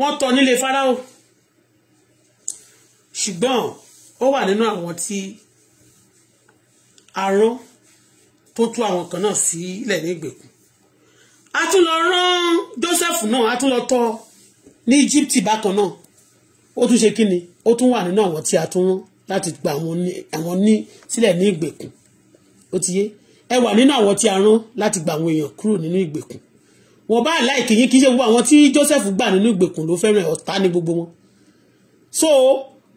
wọ́n tọ́ nílé Fáráò ṣùgbọ́n ó wà nínú àwọn tí a rán tó tú àwọn kan náà sílẹ̀ ní ìgbèkùn a tún lọ rán Joseph náà a tún lọ tọ́ ní Egypt bákan náà ó tún ṣe kí ni ó tún wà nínú àwọn tí a tún rán láti gba àwọn ní sílẹ̀ ní ìgbèkùn ó ti yé ẹ wà nínú àwọn tí a rán láti gba àwọn èèyàn kúrò nínú ìgbèkùn wọn bá láìkì yín kì í ṣe gbogbo àwọn tí Joseph gbà nínú ìgbèkùn ló fẹ́ràn ọ̀tá ní gbogbo wọn so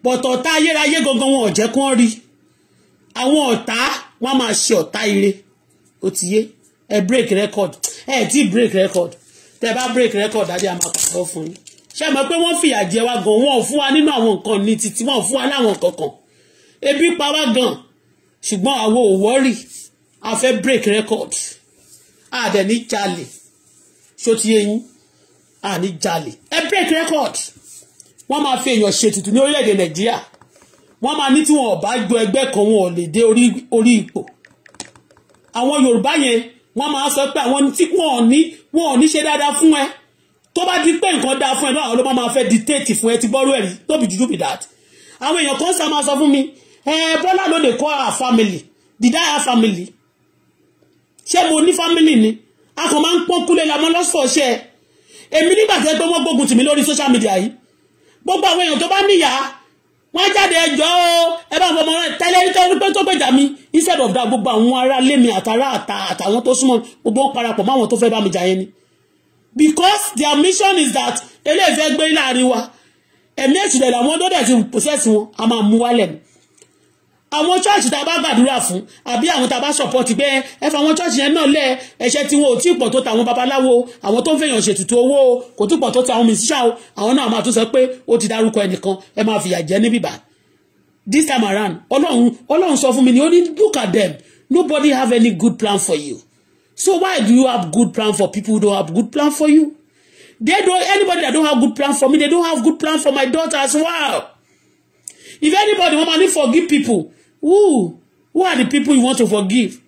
pọ̀tọ̀ ọ̀tá ayérayé gangan wọn ò jẹ́ kán rí àwọn ọ̀tá wọn máa ṣe ọ̀tá ire ó ti yé ẹ break record ẹ eh, ti break record tẹ bá break record dájú àmà pàtó fún yín ṣé mọ̀ pé wọ́n fìyà jẹ wá gan wọn ò fún wa nínú àwọn nǹkan ní títí wọn ò fún wa láwọn kankan ebi pa wá gan ṣùgbọ́n àwọn ò wọ́rì a fẹ́ break record a dẹ̀ ní jalè ṣó ti yé yín àní jalè ẹ break record wọ́n máa fi èèyàn ṣe tuntun ní orílẹ̀-èdè nàìjíríà wọ́n máa ní tí wọn ò bá jọ ẹgbẹ́ kan wọn ò lè dé orí ipò àwọn yorùbá yẹn wọ́n máa sọ pé àwọn tí wọn ò ní wọn ò ní ṣe dáadáa fún ẹ tó bá di pé nǹkan dáa fún ẹ náà ló máa máa fẹ́ dictate fún ẹ ti bọ́rú ẹ̀rí tóbi jújú bí dat àwọn èèyàn kan sá máa sọ fún mi ẹ bọ́lá ló lè kọ́ our family did I have family ṣé mo ní family ni a kàn máa ń pọ́n kúlẹ̀ lamọ́ lọ́sọ̀ ṣẹ́ èmi nígbà tẹ́ pé wọ́n gbógun tì mí lórí social media yìí gbogbo àwọn èèyàn tó bá níyà wọ́n jáde ẹjọ́ o ẹ bá fọmọ tẹ́lẹ̀ rí tẹ́lẹ̀ pé tó gbèjà mi instead of that gbogbo àwọn ará lémi àtàrà àtà àtàwọn tó súnmọ́ gbogbo wọn parapọ̀ mọ́ àwọn tó fẹ́ bá mi jà yẹn ni because their mission is that eléyìí fẹ́ gbé láàrin wa ẹ̀mí ètùlẹ̀ làwọn tó dẹ̀ ti possess wọn a máa mú wálẹ̀ mi àwọn chọ́ọ̀chì tá a bá gbàdúrà fún àbí àwọn tá a bá sọ̀pọ̀tì pé ẹ fa àwọn chọ́ọ̀chì yẹn náà lẹ̀ ẹ̀ṣẹ̀ tí wọn ò tí pọ̀ tó tàwọn babaláwo àwọn tó ń fẹ̀yàn ṣètùtù owó kò tí pọ̀ tó tàwọn mìsíṣà o àwọn náà máa tún sọ pé ó ti dárúkọ ẹnìkan ẹ máa fìyà jẹ ní bíbá this time around ọlọ́run ọlọ́run sọ fún mi ni ó ní look at them nobody have any good plan for you so why do you have good plan for people who don't have good plan for you they don't anybody that don't have good plan for me they don't have good plan for my daughter as well if anybody wan money forgive people who who are the people you want to forgive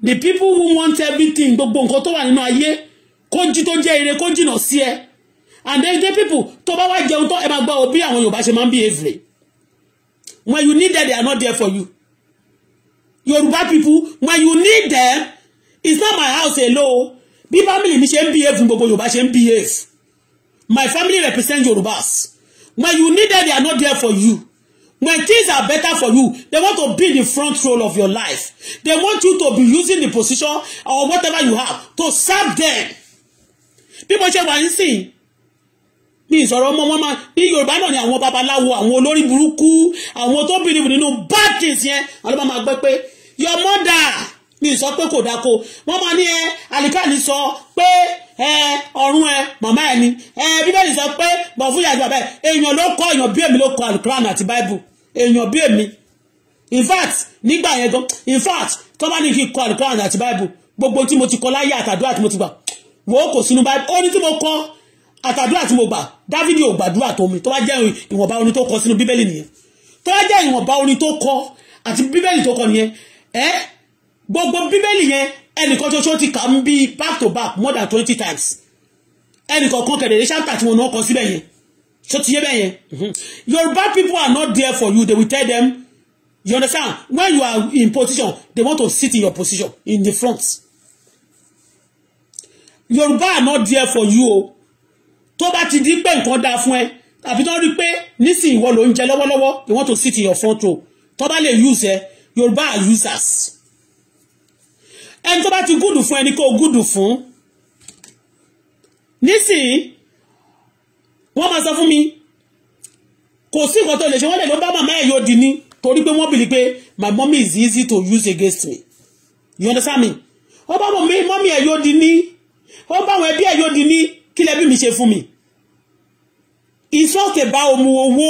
the people who want everything gbogbo nǹkan tó wà nínú ayé kójú tó jẹ́ ire kó jìnà sí ẹ and then the people tó bá wá jẹun tó ẹ máa gbọ́ bí àwọn Yorùbá ṣe máa ń bí evre when you need them they are not there for you Yorùbá people when you need them it's not my house alone bí family mi ṣe ń behave gbogbo Yorùbá ṣe ń behave my family represent Yorùbás when you need them they are not there for you When things are better for you, they want to be in the front role of your life. They want you to be using the position or whatever you have to serve them. Bí mo ṣe wà nísìnyí, mi ìsọ̀rọ̀ ọmọ wọn máa ní Yorùbá náà ni àwọn babaláwo, and olórí burúkú, àwọn tó bìrìbì nínú bad things yẹn, àwọn ló máa máa gbẹ pé your mother mi sọ pé kò dáko wọ́n máa ní ẹ eh? sọ pé ẹ ọ̀run ẹ màmá ẹ ni ẹ bíbélì sọ pé bọ̀ fún ìyàgbọ́ bẹ́ẹ̀ èèyàn ló kọ́ èèyàn bí èmi ló kọ́ àlùkùránì àti báíbù èèyàn bí èmi in fact nígbà yẹn gan in fact tó bá ní kí n kọ àlùkọ́ràn àti báìbù gbogbo tí mo ti kọ láyé àtàdúrà tí mo ti gbà wò ó kò sínú báìbù ó ní tí mo kọ àtàdúrà tí mo gbà dávidi ò gbàdúrà tó mi tó bá jẹ́ ìwọ̀nba orin tó kọ sínú bíbélì nìyẹn tó bá jẹ́ ìwọ̀nba orin tó kọ àti bíbélì tó kọ nìyẹn ẹ gbogbo bíbélì yẹn ẹnìkan ṣoṣo ti kà ń bí back to back more than twenty times ẹnìkan kan kẹ̀dẹ̀ẹ́dẹ́ ṣáńtà tí mo náà kọ síbẹ̀ yẹn So ti yé bẹ́ẹ̀ yẹn Yorùbá mm-hmm. people are not there for you they will tell them you understand when you are in position they want to sit in your position in the front Yorùbá are not there for you o oh. tó bá ti di pé nǹkan dáa fún ẹ àbí tó ń rí pé nísìnyí ìwọ ló ń jẹ lọ́wọ́lọ́wọ́ they want to sit in your front row oh. tó bá lè use ẹ Yorùbá are users ẹni tó bá ti gúdù fún ẹni kó gúdù fún nísìnyí wọ́n máa sọ fún mi kò sí nǹkan tó lè ṣe wọ́n lè lọ bá màmá ẹ̀ yóò di ní torí pé wọ́n bìlí pé my mommy is easy to use against me you understand me ó bá mọ̀ mí mọ́mí ẹ̀ yóò di ní ó bá àwọn ẹbí ẹ̀ yóò di ní kí lẹ́bí mi ṣe fún mi ìsọ́ọ̀tẹ̀ bá omu owó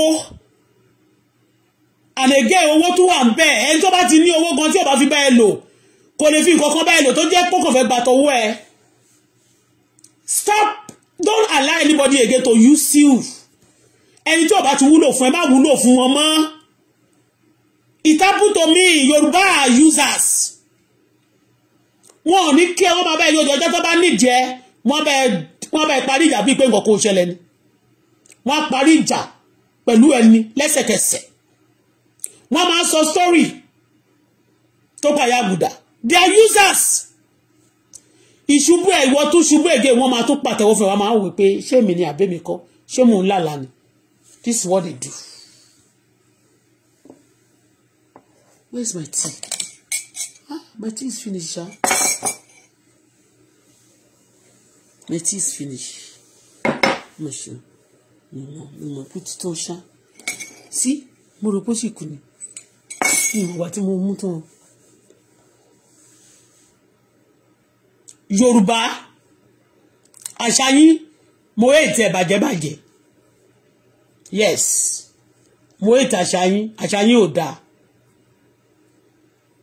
àlẹ́gẹ́ owó tó wà ń bẹ̀ ẹni tó bá ti ní owó gan tí ò bá fi bá lò kò lè fi nǹkan kan bá lò tó jẹ́ kókò fẹ́ gbàtọ̀wọ́ ẹ stop don't allow anybody again to use you ẹni tí ó bá ti wúlò fún ẹ má wúlò fún wọn mọ́ it happen to me yorùbá are users wọn ò ní kí ẹ wọn máa bẹ yóò jọjọ tó bá níjẹ wọn bẹ wọn bẹ parí ìjà bíi pé nǹkan kò ṣẹlẹ̀ ni wọn á parí ìjà pẹ̀lú ẹni lẹ́sẹ̀kẹsẹ̀ wọ́n máa sọ story tó pàyà gùdà they are users ìṣubú ẹ̀ ìwọ tún ṣubú ẹ̀gẹ́ wọn máa tún pàtẹ́wọ́ fún wọn máa wò pé ṣé mi ni àbẹ́mi kọ́ ṣé mò ń lálàá ni this is what they do where is my tea ah my tea is finished ah my tea is finished mo ṣe mo mọ mo mọ pé títọ́ ṣá sí mo rò pé ó sì kú ni ìwà tí mo mú tán o. yorùbá àṣà yín mo ètè bàjẹ́bàjẹ́ yes mo ètè àṣà yín àṣà yín ò dáa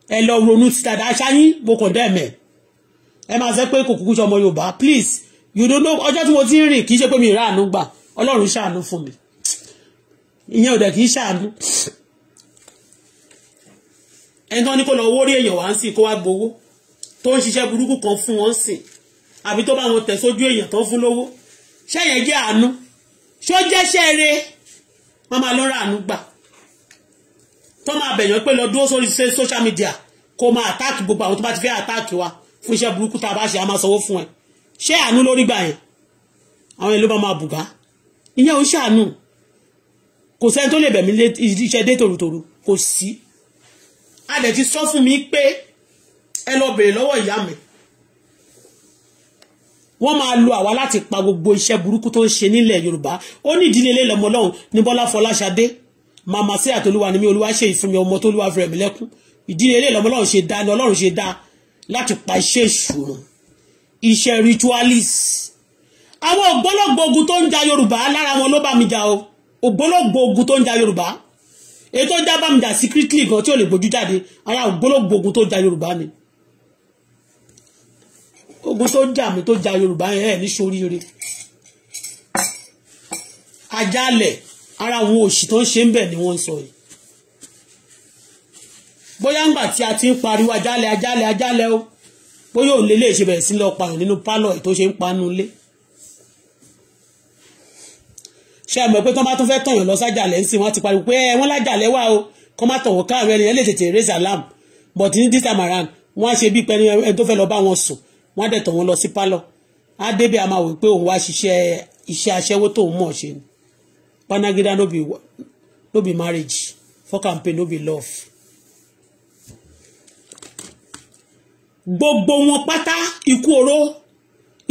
ẹ lọ ronú sí dada àṣà yín mo kàn dẹ́ mẹ́ ẹ máa sẹ́ pé kò sọmọ yorùbá please you don't know ọjọ́ tí mo ti ń rìn kì í ṣe pé mi ì ráàánú gbà ọlọ́run ṣàánú fún mi ìyẹn ò dẹ̀ kì í ṣàánú ẹni tán ní lọ owó rí èèyàn wá ń sìn kó wá gbowó tó ń ṣiṣẹ́ burúkú kan fún wọn sìn àbí tó bá wọn tẹ̀ sójú èèyàn tó ń fún lówó ṣẹ́yẹn jẹ́ àánú ṣó jẹ́ ṣẹ́re wọ́n máa lọ́ra àánú gbà tó máa bẹ̀yàn pé lọ dúró sórí social media kó máa àtáàkì gbogbo àwọn tó bá ti fẹ́ àtáàkì wa fún iṣẹ́ burúkú tá a bá ṣe a máa sanwó fún ẹ ṣé àánú lórí gbà yẹn àwọn yẹn ló bá máa bùgá ìyẹn ò ṣàánú kò sẹ́ni tó lè bẹ̀mí iṣẹ́ dé tòrutòru kò sí a dẹ̀ ti sọ fún mi pé ẹ lọ bèrè lọ́wọ́ ìyá mi wọ́n máa lo àwa láti pa gbogbo iṣẹ́ burúkú tó ń ṣe nílẹ̀ Yorùbá ó ní ìdílé lọ́mọ lọ́hùn ní Bọ́lá Fọláṣadé màmá sí àtolúwa ni mi olúwa ṣe ìfúnmi ọmọ tó lúwa fẹrẹ mi lẹ́kún ìdílé lọ́mọ lọ́hùn ṣe dá ni Ọlọ́run ṣe dá láti pa iṣẹ́ ìṣòro iṣẹ́ ritualist àwọn ògbólógbò ogun tó ń ja Yorùbá lára wọn ló bá mi jà o ògbólógbò ogun tó ń ja Yorùbá èyí tó ń já bá mi jà secretly gan tí ò lè gbójú jáde ara ògbólógbò ogun tó ń ja Yorùbá ni ogun tó jà mí tó ja yorùbá yẹn ẹ̀ ní soríire àjálẹ̀ ara wọn òṣì tó ń ṣe ń bẹ̀ ni wọ́n ń sọ yìí bóyá ńgbà tí a ti ń pariwo àjálẹ̀ àjálẹ̀ àjálẹ̀ o bóyá òun lélẹ̀ ṣe bẹ̀rẹ̀ sí lọ pààyàn nínú pálọ̀ tó ṣe ń panu lé ṣe àmọ̀ pé tó bá tún fẹ́ tọ̀yàn lọ sájàlẹ̀ ń sìn wọ́n ti pariwo pé ẹ wọ́n lájàlẹ̀ wà o kọ́ má tọ̀wọ̀ káàrọ̀ ẹni ẹ lè tètè raise alarm but ní this time around wọ́n á ṣe bí pẹ́ni ẹni tó fẹ́ lọ bá wọn sùn wọ́n á dẹ̀ tọ̀ wọ́n lọ sí pálọ̀ á débi àmà wò pé òun wá ṣiṣẹ́ iṣẹ́ aṣẹ́wó tóun mọ̀ ṣe ni panagida no be no be marriage for campaign no be love. gbogbo wọn pátá ikú oró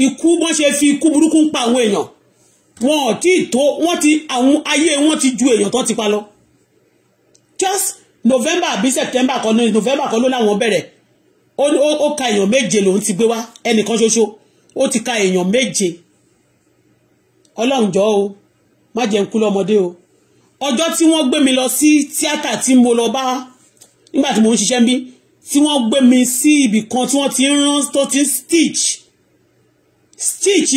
ikú wọn ṣe fi ikú burúkú ń pa àwọn èèyàn wọn ò tí ì tó wọn ti àwọn ayé wọn ti ju èèyàn tó ti pa lọ just november àbí september kan ní november kan ló láwọn bẹ̀rẹ̀ ó ka èèyàn méje lòun ti gbé wá ẹnìkan ṣoṣo ó ti ka èèyàn méje ọlọ́run jọ̀ọ́ o má jẹ́ n kú lọ́mọdé o ọjọ́ tí wọ́n gbé mi lọ sí tíátà tí mo lọ bá nígbà tí mo ń ṣiṣẹ́ ń bí tí wọ́n gbé mi sí ibì kan tí wọ́n ti ń rán tó ti ń stitch stitch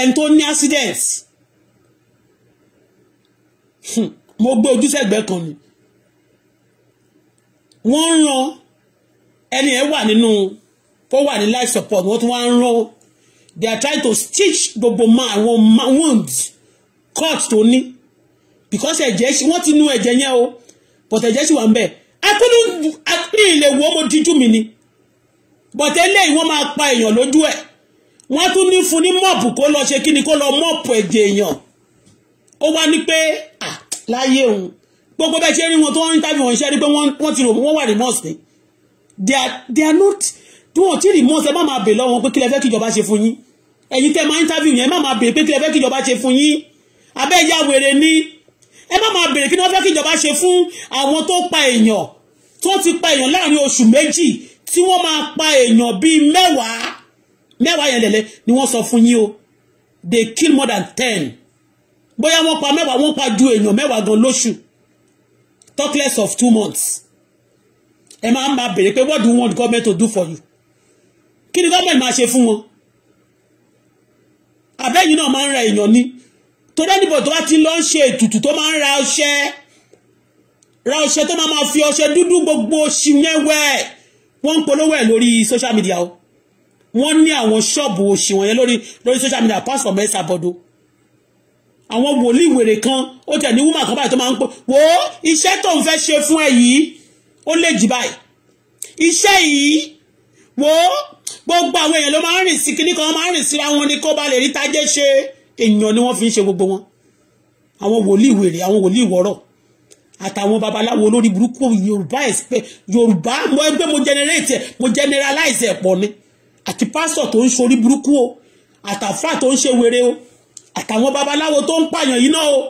ẹni tó ní accident hm, mo gbé ojú sẹ́gbẹ̀ẹ́ kan ni wọ́n rán ẹni ẹ wà nínú ó wà ní life support wọ́n tún wá ń rán they are trying to stitch gbogbo ma àwọn wound cut tó ní because ẹ̀jẹ̀ wọ́n ti nu ẹ̀jẹ̀ yẹn o but ẹ̀jẹ̀ sì wà ń bẹ̀ akúndùn ilé wo mo díjú mi ni but eléyìí wọ́n máa pa èèyàn lójú ẹ̀ wọ́n tún ní fún ní mọ́ọ̀pù kó lọ ṣe kí ni kó lọ mọ́ọ̀pù ẹ̀jẹ̀ èèyàn ó wá ní pé ah, láyé òun gbogbo bẹ́ẹ̀ ṣe rí wọn tó ń tábí wọn ṣe rí pé wọ́n ti rò wọ́n wà ní nọ́ọ̀sì ni they are they are not tí wọn ò tí ì rí mọ́ọ̀sẹ̀ má máa bè lọ́wọ́ pé kí lẹ fẹ́ kíjọba ṣe fún yín ẹ̀yin tẹ́ máa interview yẹn má máa bèrè pé kí lẹ fẹ́ kíjọba ṣe fún yín abẹ́ ìyá wèrè ni ẹ má máa bèrè kí ni wọ́n fẹ́ kíjọba ṣe fún àwọn tó pa èèyàn tó ti pa èèyàn láàrin oṣù méjì tí wọ́n máa pa èèyàn bíi mẹ́wàá mẹ́wàá yẹn lẹ̀lẹ́ ni wọ́n sọ fún yín o they kill more than ten bóyá wọ́n pa mẹ́wàá wọ́n pa ju èèyàn mẹ́wàá gan lóṣù talk less of two months ẹ máa ń máa béèrè pé what do you want government to do for you kí ni government máa ṣe fún wọn àbẹ́yìn náà máa ń ra èèyàn ni torí ẹnìbọ̀ tó bá ti lọ ń ṣe ètùtù tó máa ń ra ọṣẹ ra ọṣẹ tó máa máa fi ọṣẹ dúdú gbogbo oṣù yẹn wẹ̀ wọ́n ń polówó ẹ̀ lórí social media o wọ́n ní àwọn ṣọ́ọ̀bù oṣù wọ̀nyẹn lórí lórí social media pastor mẹ́sà bọ́dọ̀ àwọn wòlíì wèrè kan ó tẹ̀ ní wúmà kan báyìí tó máa ń pò wò ó iṣẹ́ tó ń fẹ́ ṣe fún ẹ yìí ó lè jì báyìí iṣẹ́ yìí wo gbogbo àwọn èèyàn ló máa ń rìn sí kíní kan máa ń rìn síra wọn ni kó ba lè rí tájé ṣe èèyàn ni wọ́n fi ń ṣe gbogbo wọn àwọn wòlíì wèrè àwọn wòlíì wọ̀rọ̀ àtàwọn babaláwo olórí burúkú yorùbá ẹ̀sìpẹ́ yorùbá mo ẹgbẹ́ mo generate mo generalize ẹ̀ pọ̀ ni àti pásítọ̀ tó ń ṣorí burúkú o àtàfà tó ń ṣe wèrè o àtàwọn babaláwo tó ń pààyàn yìí náà o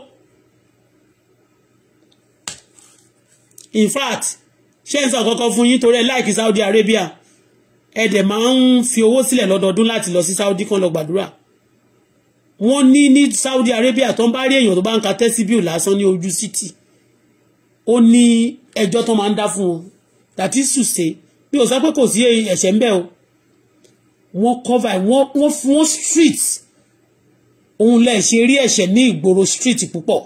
in fact ṣé ń sọ kọ́kọ́ fún yín torí ẹ láìkí Saudi Arabia ẹ dẹ̀ máa ń fi owó sílẹ̀ lọ́dọọdún láti lọ sí Saudi kan lọ gbàdúrà wọ́n ní ní Saudi Arabia tó ń bá rí èèyàn tó bá ń ka tẹ́síbíù lásán ní ojú city ó ní ẹjọ́ tó máa ń dá fún wọn tàbí sùsè bí o sọ pé kò sí ẹ̀ṣẹ̀ ń bẹ̀ o wọ́n cover wọ́n wọ́n fún wọn street òun lẹ̀ ṣe rí ẹ̀ṣẹ̀ ní ìgboro street púpọ̀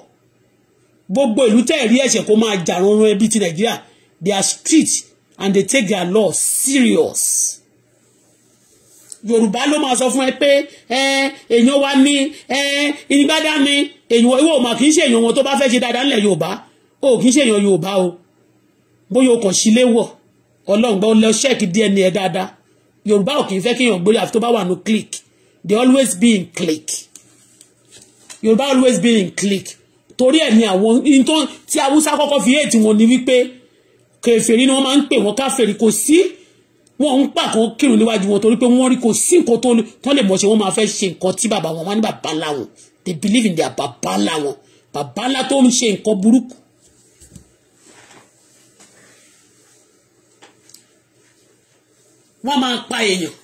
gbogbo ìlú tẹ̀ rí ẹ̀ṣẹ̀ kó máa jà rọrùn ẹbí ti Nàìjíríà their street and they take their law serious. Yorùbá ló máa sọ fún ẹ pé èèyàn wa ni ìnigbádá ni èèyàn ìwọ mà kì í ṣe èèyàn wọn tó bá fẹ́ ṣe dáadáa nílẹ̀ Yorùbá o kì í ṣe èèyàn Yorùbá o bóyá o kàn sí léwọ̀ ọlọ́run gbọ́ lọ ṣẹ́ẹ̀kì díẹ̀ ní ẹ dáadáa Yorùbá ò kì í fẹ́ kí èèyàn gbóyà tó bá wà ní click they always be in click Yorùbá always be in click torí ẹ̀ ni àwọn tí Haúsá kọ́kọ́ fi hate wọn ni wípé kèfèrí ni wọ́n máa ń pè wọ́n káfèrí kò sí wọn ń pa kan kírun níwájú wọn torí pé wọ́n rí kò sí nǹkan tó tán lè mọ̀ ṣe máa fẹ́ ṣe nǹkan tí bàbá wọn wá ní bàbá láwọn they believe in their bàbá láwọn bàbá ńlá tó ń ṣe nǹkan burúkú. wọ́n máa pa èèyàn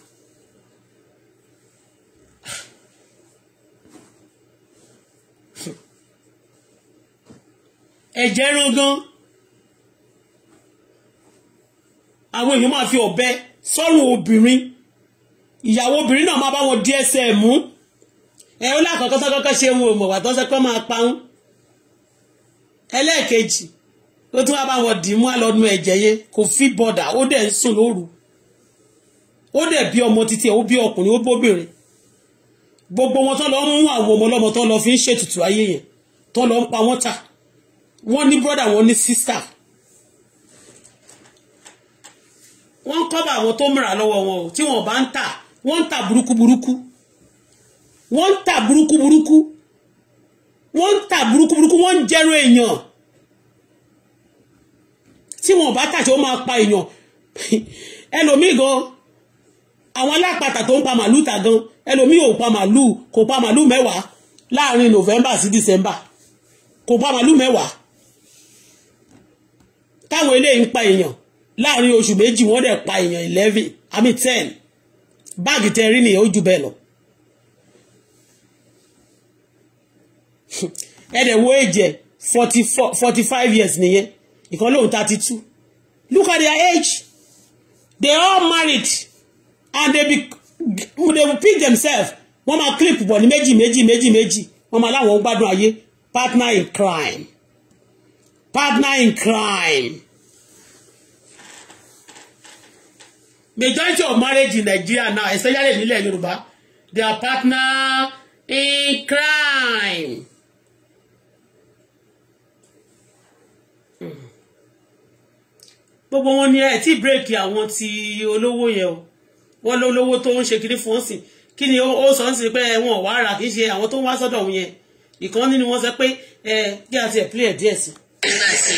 ẹ̀jẹ̀ rangan. àwọn èèyàn máa fi ọ̀bẹ sọ́rùn obìnrin ìyàwó obìnrin náà máa bá wọn díẹ̀ sẹ́ ẹ̀ mú ẹ ó lákọ̀ọ́kọ́ sọ́kọ́kọ́ ṣe wọn ò mọ̀ wà tó sọ pé máa pa wọn ẹlẹ́ẹ̀kejì ó tún wá bá wọn dì í mú àlọ́nu ẹ̀jẹ̀ yẹn kò fi bọ̀dà ó dẹ̀ ń sùn lóru ó dẹ̀ bí ọmọ títí ẹ̀ ó bí ọkùnrin ó bóbìnrin gbogbo wọn tó lọ mú àwọn ọmọ ọlọ́mọ tó lọ fi ń ṣètùtù ayé yẹn tó lọ ń pa wọ́n tà wọ́n ní brọ́dà wọ́n ní sísà wọ́n kọ́bà àwọn tó múra lọ́wọ́ wọn o tí wọ́n bá ń tà wọ́n ń tà burúkú burúkú wọ́n ń tà burúkú burúkú wọ́n ń tà burúkú burúkú wọ́n ń jẹ́rọ èèyàn tí wọ́n bá tàṣe ó máa pa èèyàn ẹlòmíì gan àwọn alápatà tó ń pa màálù ta gan ẹlòmíì ò pa màálù kò pa màálù mẹ́wàá láàrin November sí December kò pa màálù mẹ́wàá táwọn eléyìí ń pa èèyàn láàrin oṣù méjì wọ́n dẹ̀ pa èèyàn eleven i mean ten báàgì tẹ rí nìyẹn ó ju bẹ́ẹ̀ lọ. ẹ̀dẹ̀ wo forty four forty five years nìyẹn ìkan lóhùn thirty two look at their age they all married and they be they will pick themselves wọ́n máa clip bọ̀ ní méjì méjì méjì méjì wọ́n máa láwọn gbádùn ayé partner in crime partner in crime majority of marriage in Nigeria now especially in Yorùbá they are partner in crime. gbogbo wọn ni ẹ tí bírèkì àwọn ti olówó yẹn o wọn lólówó tó ń ṣe kiri fún ọsìn kí ni ó sọ ń sìn pé wọn ò wá rà kì í ṣe àwọn tó ń wá sọ́dọ̀ òun yẹn ìkan nínú wọn sọ pé ẹ kí a ti ẹ pílẹ díẹ̀ sí i nígbà tí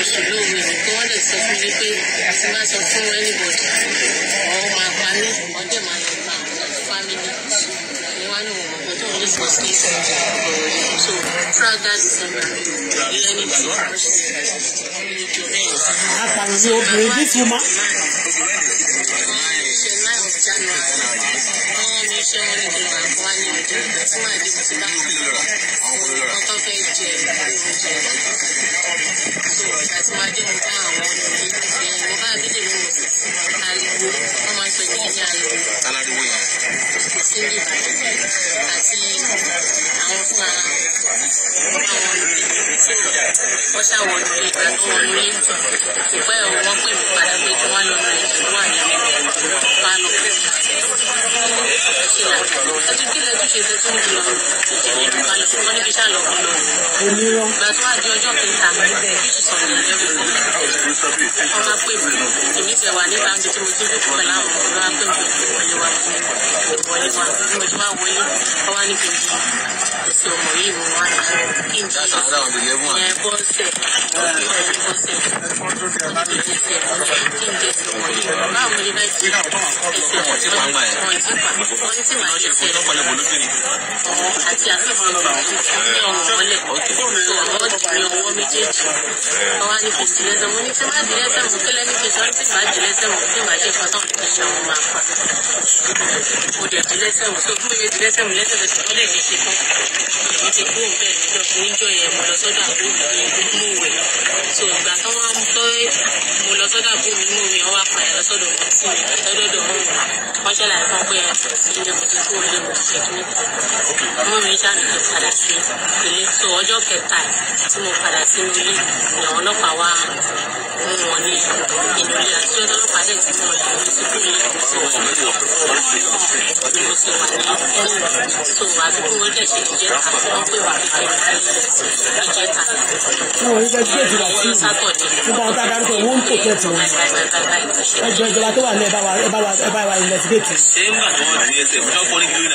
oṣù lóore mi kí wọ́n lè sọ fún mi pé tí bá sọ fún anybody ọ̀hún máa pa mí ọjọ́ máa lọ gba àwọn family ni wọ́n ní òun ọ̀gbọ́n tó ń lè sọ sí so throughout that December fẹ́ ṣe wọn lóde àbọ̀ wá ní òde tí màá dé tí bá wọn tó fẹ́ jẹ oúnjẹ so àti máa dé mo bá àwọn ọmọ mi lóde mo bá abídè mi mo sì ariwo wọn máa ń pè mí ní ariwo kò sí mi àti àwọn fún ara àwọn olùdíje so wọ́n ṣàwọ̀ olùdíje ìgbà tó wọn lóye kò pẹ́ ò wọ́n pè mí padà pé kí wọ́n lọ rẹ̀ ṣùgbọ́n àyẹ̀wò wọn lọ onírọ́ gbàtú àjọ ọjọ́ kẹta bíbẹ̀ kí sì sọ̀rọ̀ ìyàlẹ́ òkú wọ́n máa pè mí èmi tẹ̀ wà nípa oúnjẹ tí mo ti dúkú pẹ̀lú àwọn ọmọ náà pè mí wọlé wa wọlé wa mo ti wá wọlé wọ́n wá ní kejì bọ́ọ̀sì ọmọ yìí mo wá ṣe kí n jí ìyẹn bọ́ọ̀sì pẹ̀lú bọ́ọ̀sì ìgbésẹ̀ kí n jẹ́sì ọmọ yìí báwo ni bá ti ẹsẹ̀ ọ̀hún jípa wọ́n ní tí màá ṣe sí ẹ̀ àti àtúntò ní ọ̀rùn mọ́lẹ̀ tó ọ̀rọ̀ ní ọwọ́ méjèèjì ọwọ́ ní kò sí lẹ́sẹ̀ mo ní tí má bí lẹ́sẹ̀ mo kẹ́lẹ́ ní kí n sọ ní tí màá jẹ lẹ́sẹ̀ mo tí màá jẹ kọ́tọ̀ ní ṣe àwọn máa pa mo dẹ̀ jẹ lẹ́sẹ̀ mo so fún mi yẹ jẹ lẹ́sẹ̀ mo lẹ́sẹ̀ lẹ́sẹ̀ mo lẹ́sẹ̀ lẹ́sẹ̀ èmi ti kúrò bẹ́ẹ̀ nílò tó ń jọ yẹn mo lọ sọ́dọ̀ àbúrò mi ní mòwe so ìgbà tó wá ń tọ́ mo lọ sọ́dọ̀ àbúrò mi ní mòwe wọ́n wá padà lọ sọ́dọ̀ sí mi lọ́dọ̀dọ̀ wọn wọ́n ṣẹlẹ̀ fún pé ẹ̀sìn sí ilé mo ti kúrò lé mo ti ṣe mo mi ṣàmì kí padà sí ilé so ọjọ́ kẹta tí mo padà sí mi ilé ni àwọn ọlọ́pàá wá mú wọn ní inú ilé àti ọlọ́pàá dẹ̀ ti mú wọn lẹ́yìn mo ti kúrò mo ti wà ní ọ̀hún mo ti wà ní ẹ̀yìn so àbí bí wọ́n dẹ̀ ṣe wọ́n pè wá pé ìjẹta náà wọ́n fẹ́ gbé tá a dárúkọ wọ́n ń pòkẹ́tì wọn ẹjọ́ ìjọba tó wà ní ẹ̀bá wa ẹ̀bá wa ẹ̀bá wa investigate. ṣé ń gbà tí wọ́n dùn yẹn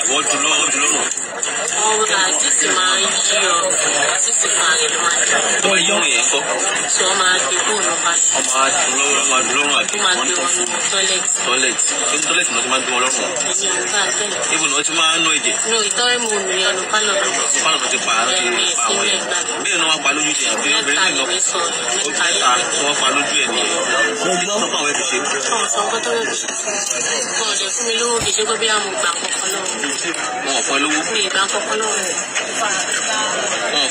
ti fáwọn ti pa àwọn ti pa àwọn yẹn bẹ́ẹ̀ náà wọ́n pa lójú tiẹ̀ bẹ́ẹ̀ bẹ́ẹ̀ lọ ó tẹ́ta wọ́n pa lójú ẹ̀ nìyẹn kí ló sọ́kàn wẹ́ẹ́ fi ṣe. ṣe wọn ò fọ lówó. wọn ò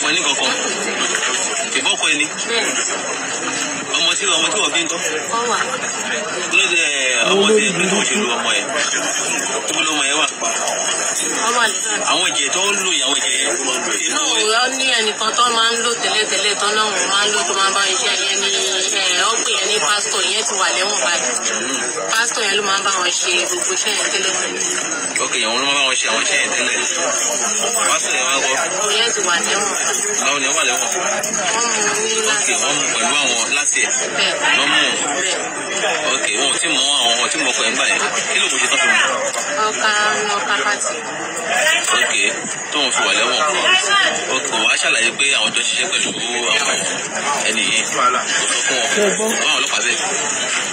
fọ ní kankan ìbọ̀kọ̀ ẹni. bẹ́ẹ̀ ọmọ tí ọmọ tí wọ́n bí ń kọ́. ọmọ lóde ọmọ tí ìlú tó ṣèlú ọmọ yẹn tó lọmọ yẹn wà. àwọn ìjẹ tó ń lò yẹn àwọn ìjẹ yẹn. inú òwúrọ̀ ní ẹnìkan tó máa ń lò tẹ́lẹ̀tẹ́lẹ̀ tó náà wọ́n máa ń lò tó máa bá iṣẹ́ yẹn ní ọ̀pẹ̀ yẹn ní pásítọ̀ yẹn ti wà lẹ́wọ̀n báyìí pásítọ̀ yẹn ló máa ń bá wọn ṣe gbogbo iṣẹ́ yẹn tẹ́lẹ̀tẹ́lẹ̀. ok àwọn ló máa bá wọn ṣe àwọn iṣẹ́ yẹn tẹ́lẹ̀ pásítọ̀ yẹn wá gbọ́. òun ti wà lẹ́wọ̀n. báwo ni wọ́n wà lẹ́wọ̀n. wọ́n mú un ní láti. ok wọ́n mú pẹ̀lú àwọn láti wọ́n mú ok wọn ò tí mọ àwọn ọtí mọ ọkọ ẹ̀ ń gbà yẹn kí ló mú ṣe tán fi mú. ọkà lọ kápátì. ok tó ń fi wà lẹ́wọ̀n ok wàá ṣàlàyé pé àwọn jọ ṣiṣẹ́ pẹ̀lú àwọn ẹni yìí kò sọ fún wọn kò báwọn ọlọ́pàá bẹ́ẹ̀.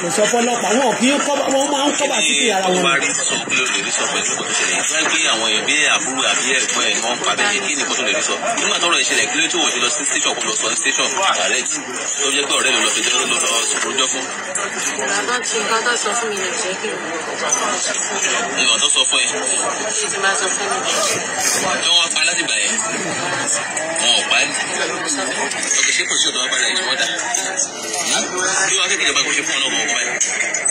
kò sọ fún ọlọ́pàá wọn kì í kọ́ wọn máa ń kọ́bà títí ara wọn. ìbárí sọ pé o lè rí sọ pẹ̀lú kò tó ṣẹlẹ̀ yìí fẹ́ gbé àwọn èèyàn bí àbúrò àbí ẹ̀gbọ́n ẹ̀ wọn pa bẹ́ẹ̀ kí ni kò tó lè rí sọ nígbà tọ́rọ̀ ìṣẹ̀lẹ̀ kí ló tó wò ṣe lọ sí station kò lọ sọ station direct tó jẹ́ pé ọ̀rẹ́ mi lọ sí ìdílé tó lọ ṣègbọ́jọ́ fún. bàbá tí nǹkan tó sọ fún mi lè jẹ́ kí n mọ̀. tó sọ fún ẹ. tí máa sọ fún mi. tí wọ́n pa láti gbà yẹn. wọn ò pa ẹ́. ọkọ̀ kò sí ọ̀dọ́ agbára ìṣòwò bí wọ́n á kékeré bá ṣe fún ọ náà mọ̀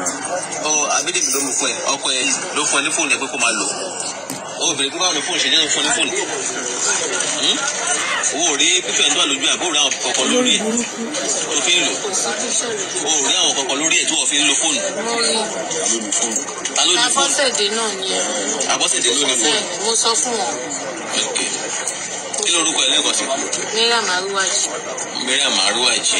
abídèmí ló mú fún ẹ ọkọ ẹ ló fún ẹ ní fóònù ẹ pé kó máa lò ó bèrè pé báwo ni fóònù ṣe ní fún ẹ ní fóònù hmm? owó rí pípẹ́ ń dọ́ lójú ẹ̀ bóòrò àwọn kọ̀ọ̀kan lórí ẹ̀ tó fi ń lò owó rí àwọn kọ̀ọ̀kan lórí ẹ̀ tó wọ́n fi ń lo fóònù. ta ló ní fóònù abọ́sẹ̀dé náà ni ẹ̀. abọ́sẹ̀dé ló ní fóònù. mo sọ fún wọn. kí lorúkọ ẹ lẹ́kọ̀ọ́ sí. Mariam Aruwaji. Mariam Aruwaji.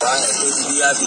báyìí tó ti bí ábí.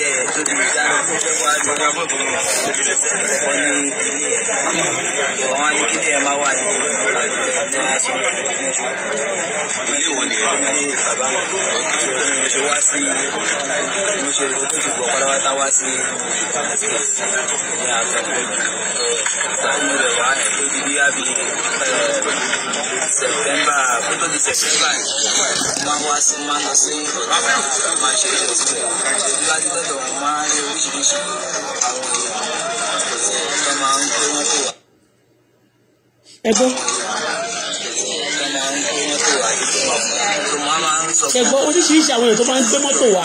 wọ́n ní kílé ẹ̀ máa wà ní ẹ̀sìn ilé wọn ni ilé bàbá mo ṣe wá sí mo ṣe tó ti gbọ́ pátápátá wá sí ní àtọ́kùn ìgbà tí mo rẹ̀ wá tó di bí àbí sẹ̀tẹ́mbà di ẹ gbọ́. ṣẹ̀gbọ́n oríṣiríṣi àwọn èèyàn tó máa ń gbé mọ́tò wá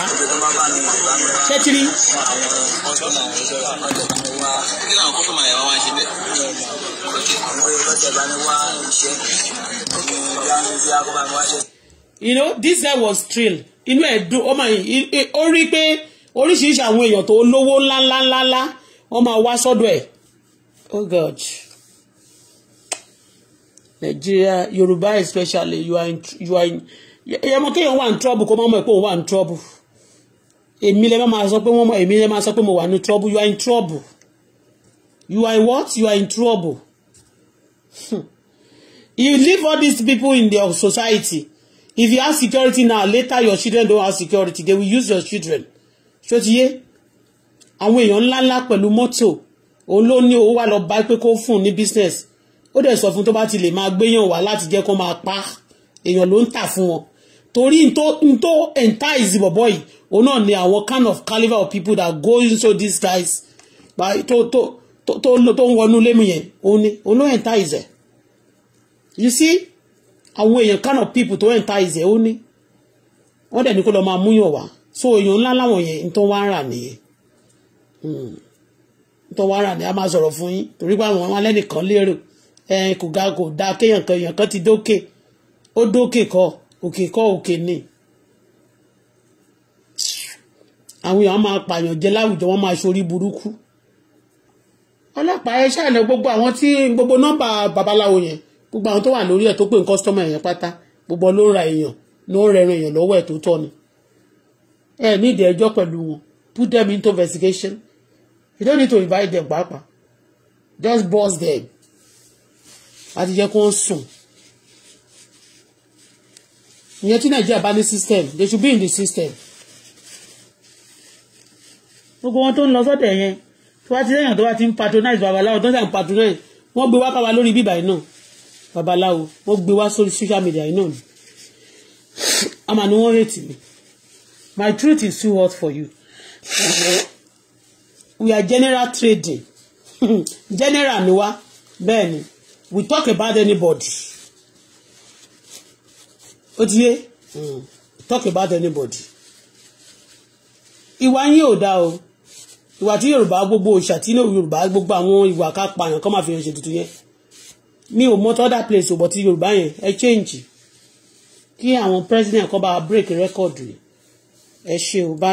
ṣẹ́tírí. you know this guy was thrilled inú ẹ̀ dùn ọmọ yìí ó rí pé oríṣiríṣi àwọn èèyàn tó lówó ńláńláńlá wọ́n máa wá sọ́dọ̀ ẹ̀ oh god. Nigeria, Yoruba especially, you are in, you are in, ẹmọ kéèyàn wà ní trọ́bù kó má mọ̀ pé òun wà ní trọ́bù èmi lè máa sọ pé wọ́n èmi lè máa sọ pé mo wà ní trọ́bù you are in trouble you are what you are in trouble hmm. you leave all these people in their society if you have security now later your children don't have security they will use your children ṣó ti yé àwọn èèyàn ńláńlá pẹ̀lú mọ́tò òun ló ní owó wà lọ bá pé kó fún un ní business ó dẹ̀ sọ fún tó bá ti lè máa gbéyàn wá láti jẹ́ kó máa pa èèyàn ló ń tà fún wọn torí n tó n tó entice bọ̀bọ̀ yìí òun náà ni àwọn kind of caliber of people that go into these guys tó tó tó tó ń wọnú lémi yẹn òun ni òun you see àwọn èèyàn kind of people tó entice ẹ̀ o ni wọ́n dẹ̀ ní kó lọ máa wá so èèyàn ńlá láwọn yẹn n tó wá rà nìyẹn hmm. n tó wá fún yín torí pé àwọn nìkan lérò kò ga kò da ti dókè ó dókè kọ́ òkè kọ́ òkè ni àwọn èèyàn máa pààyàn jẹ láwùjọ wọn máa ṣorí burúkú ọlọ́pàá ẹ ṣàlẹ̀ gbogbo àwọn tí gbogbo nọ́mbà babaláwo yẹn gbogbo àwọn tó wà lórí ẹ̀ tó pè ń kọ́sítọ́mù yẹn pátá gbogbo ló ń ra èèyàn ló ń rẹran èèyàn lọ́wọ́ ẹ̀ tó tọ́ ni ẹ ní ìdí ẹjọ́ pẹ̀lú wọn put them into investigation you don't need to invite them pàápàá just boss them àti jẹ́ kó ń sùn ìyẹn tí nàìjíríà bá ní system they should be in the system. gbogbo wọn tó ń lọ sọ́tẹ̀ yẹn tí wọ́n ti sẹ́yìn tó wá ti ń patronize babaláwo tó ń sàn patronize wọ́n gbé wá bá wa lórí bíbà yìí náà babaláwo wọ́n gbé wá sórí social media yìí náà ni àmà ni wọ́n hate me my truth is too hot for you we are general trading general ni wa bẹ́ẹ̀ we talk about anybody ó ti hmm. talk about anybody ìwà yín ò dáa o ìwà tí yorùbá gbogbo òṣà tí yorùbá gbogbo àwọn ìwà ká pààyàn kọ́ máa fi hàn ṣe tuntun yẹn mi ò mọ tọ́dà place ò bọ̀ tí yorùbá yẹn ẹ change kí àwọn president kọ́ bá break record ẹ ṣe ò bá.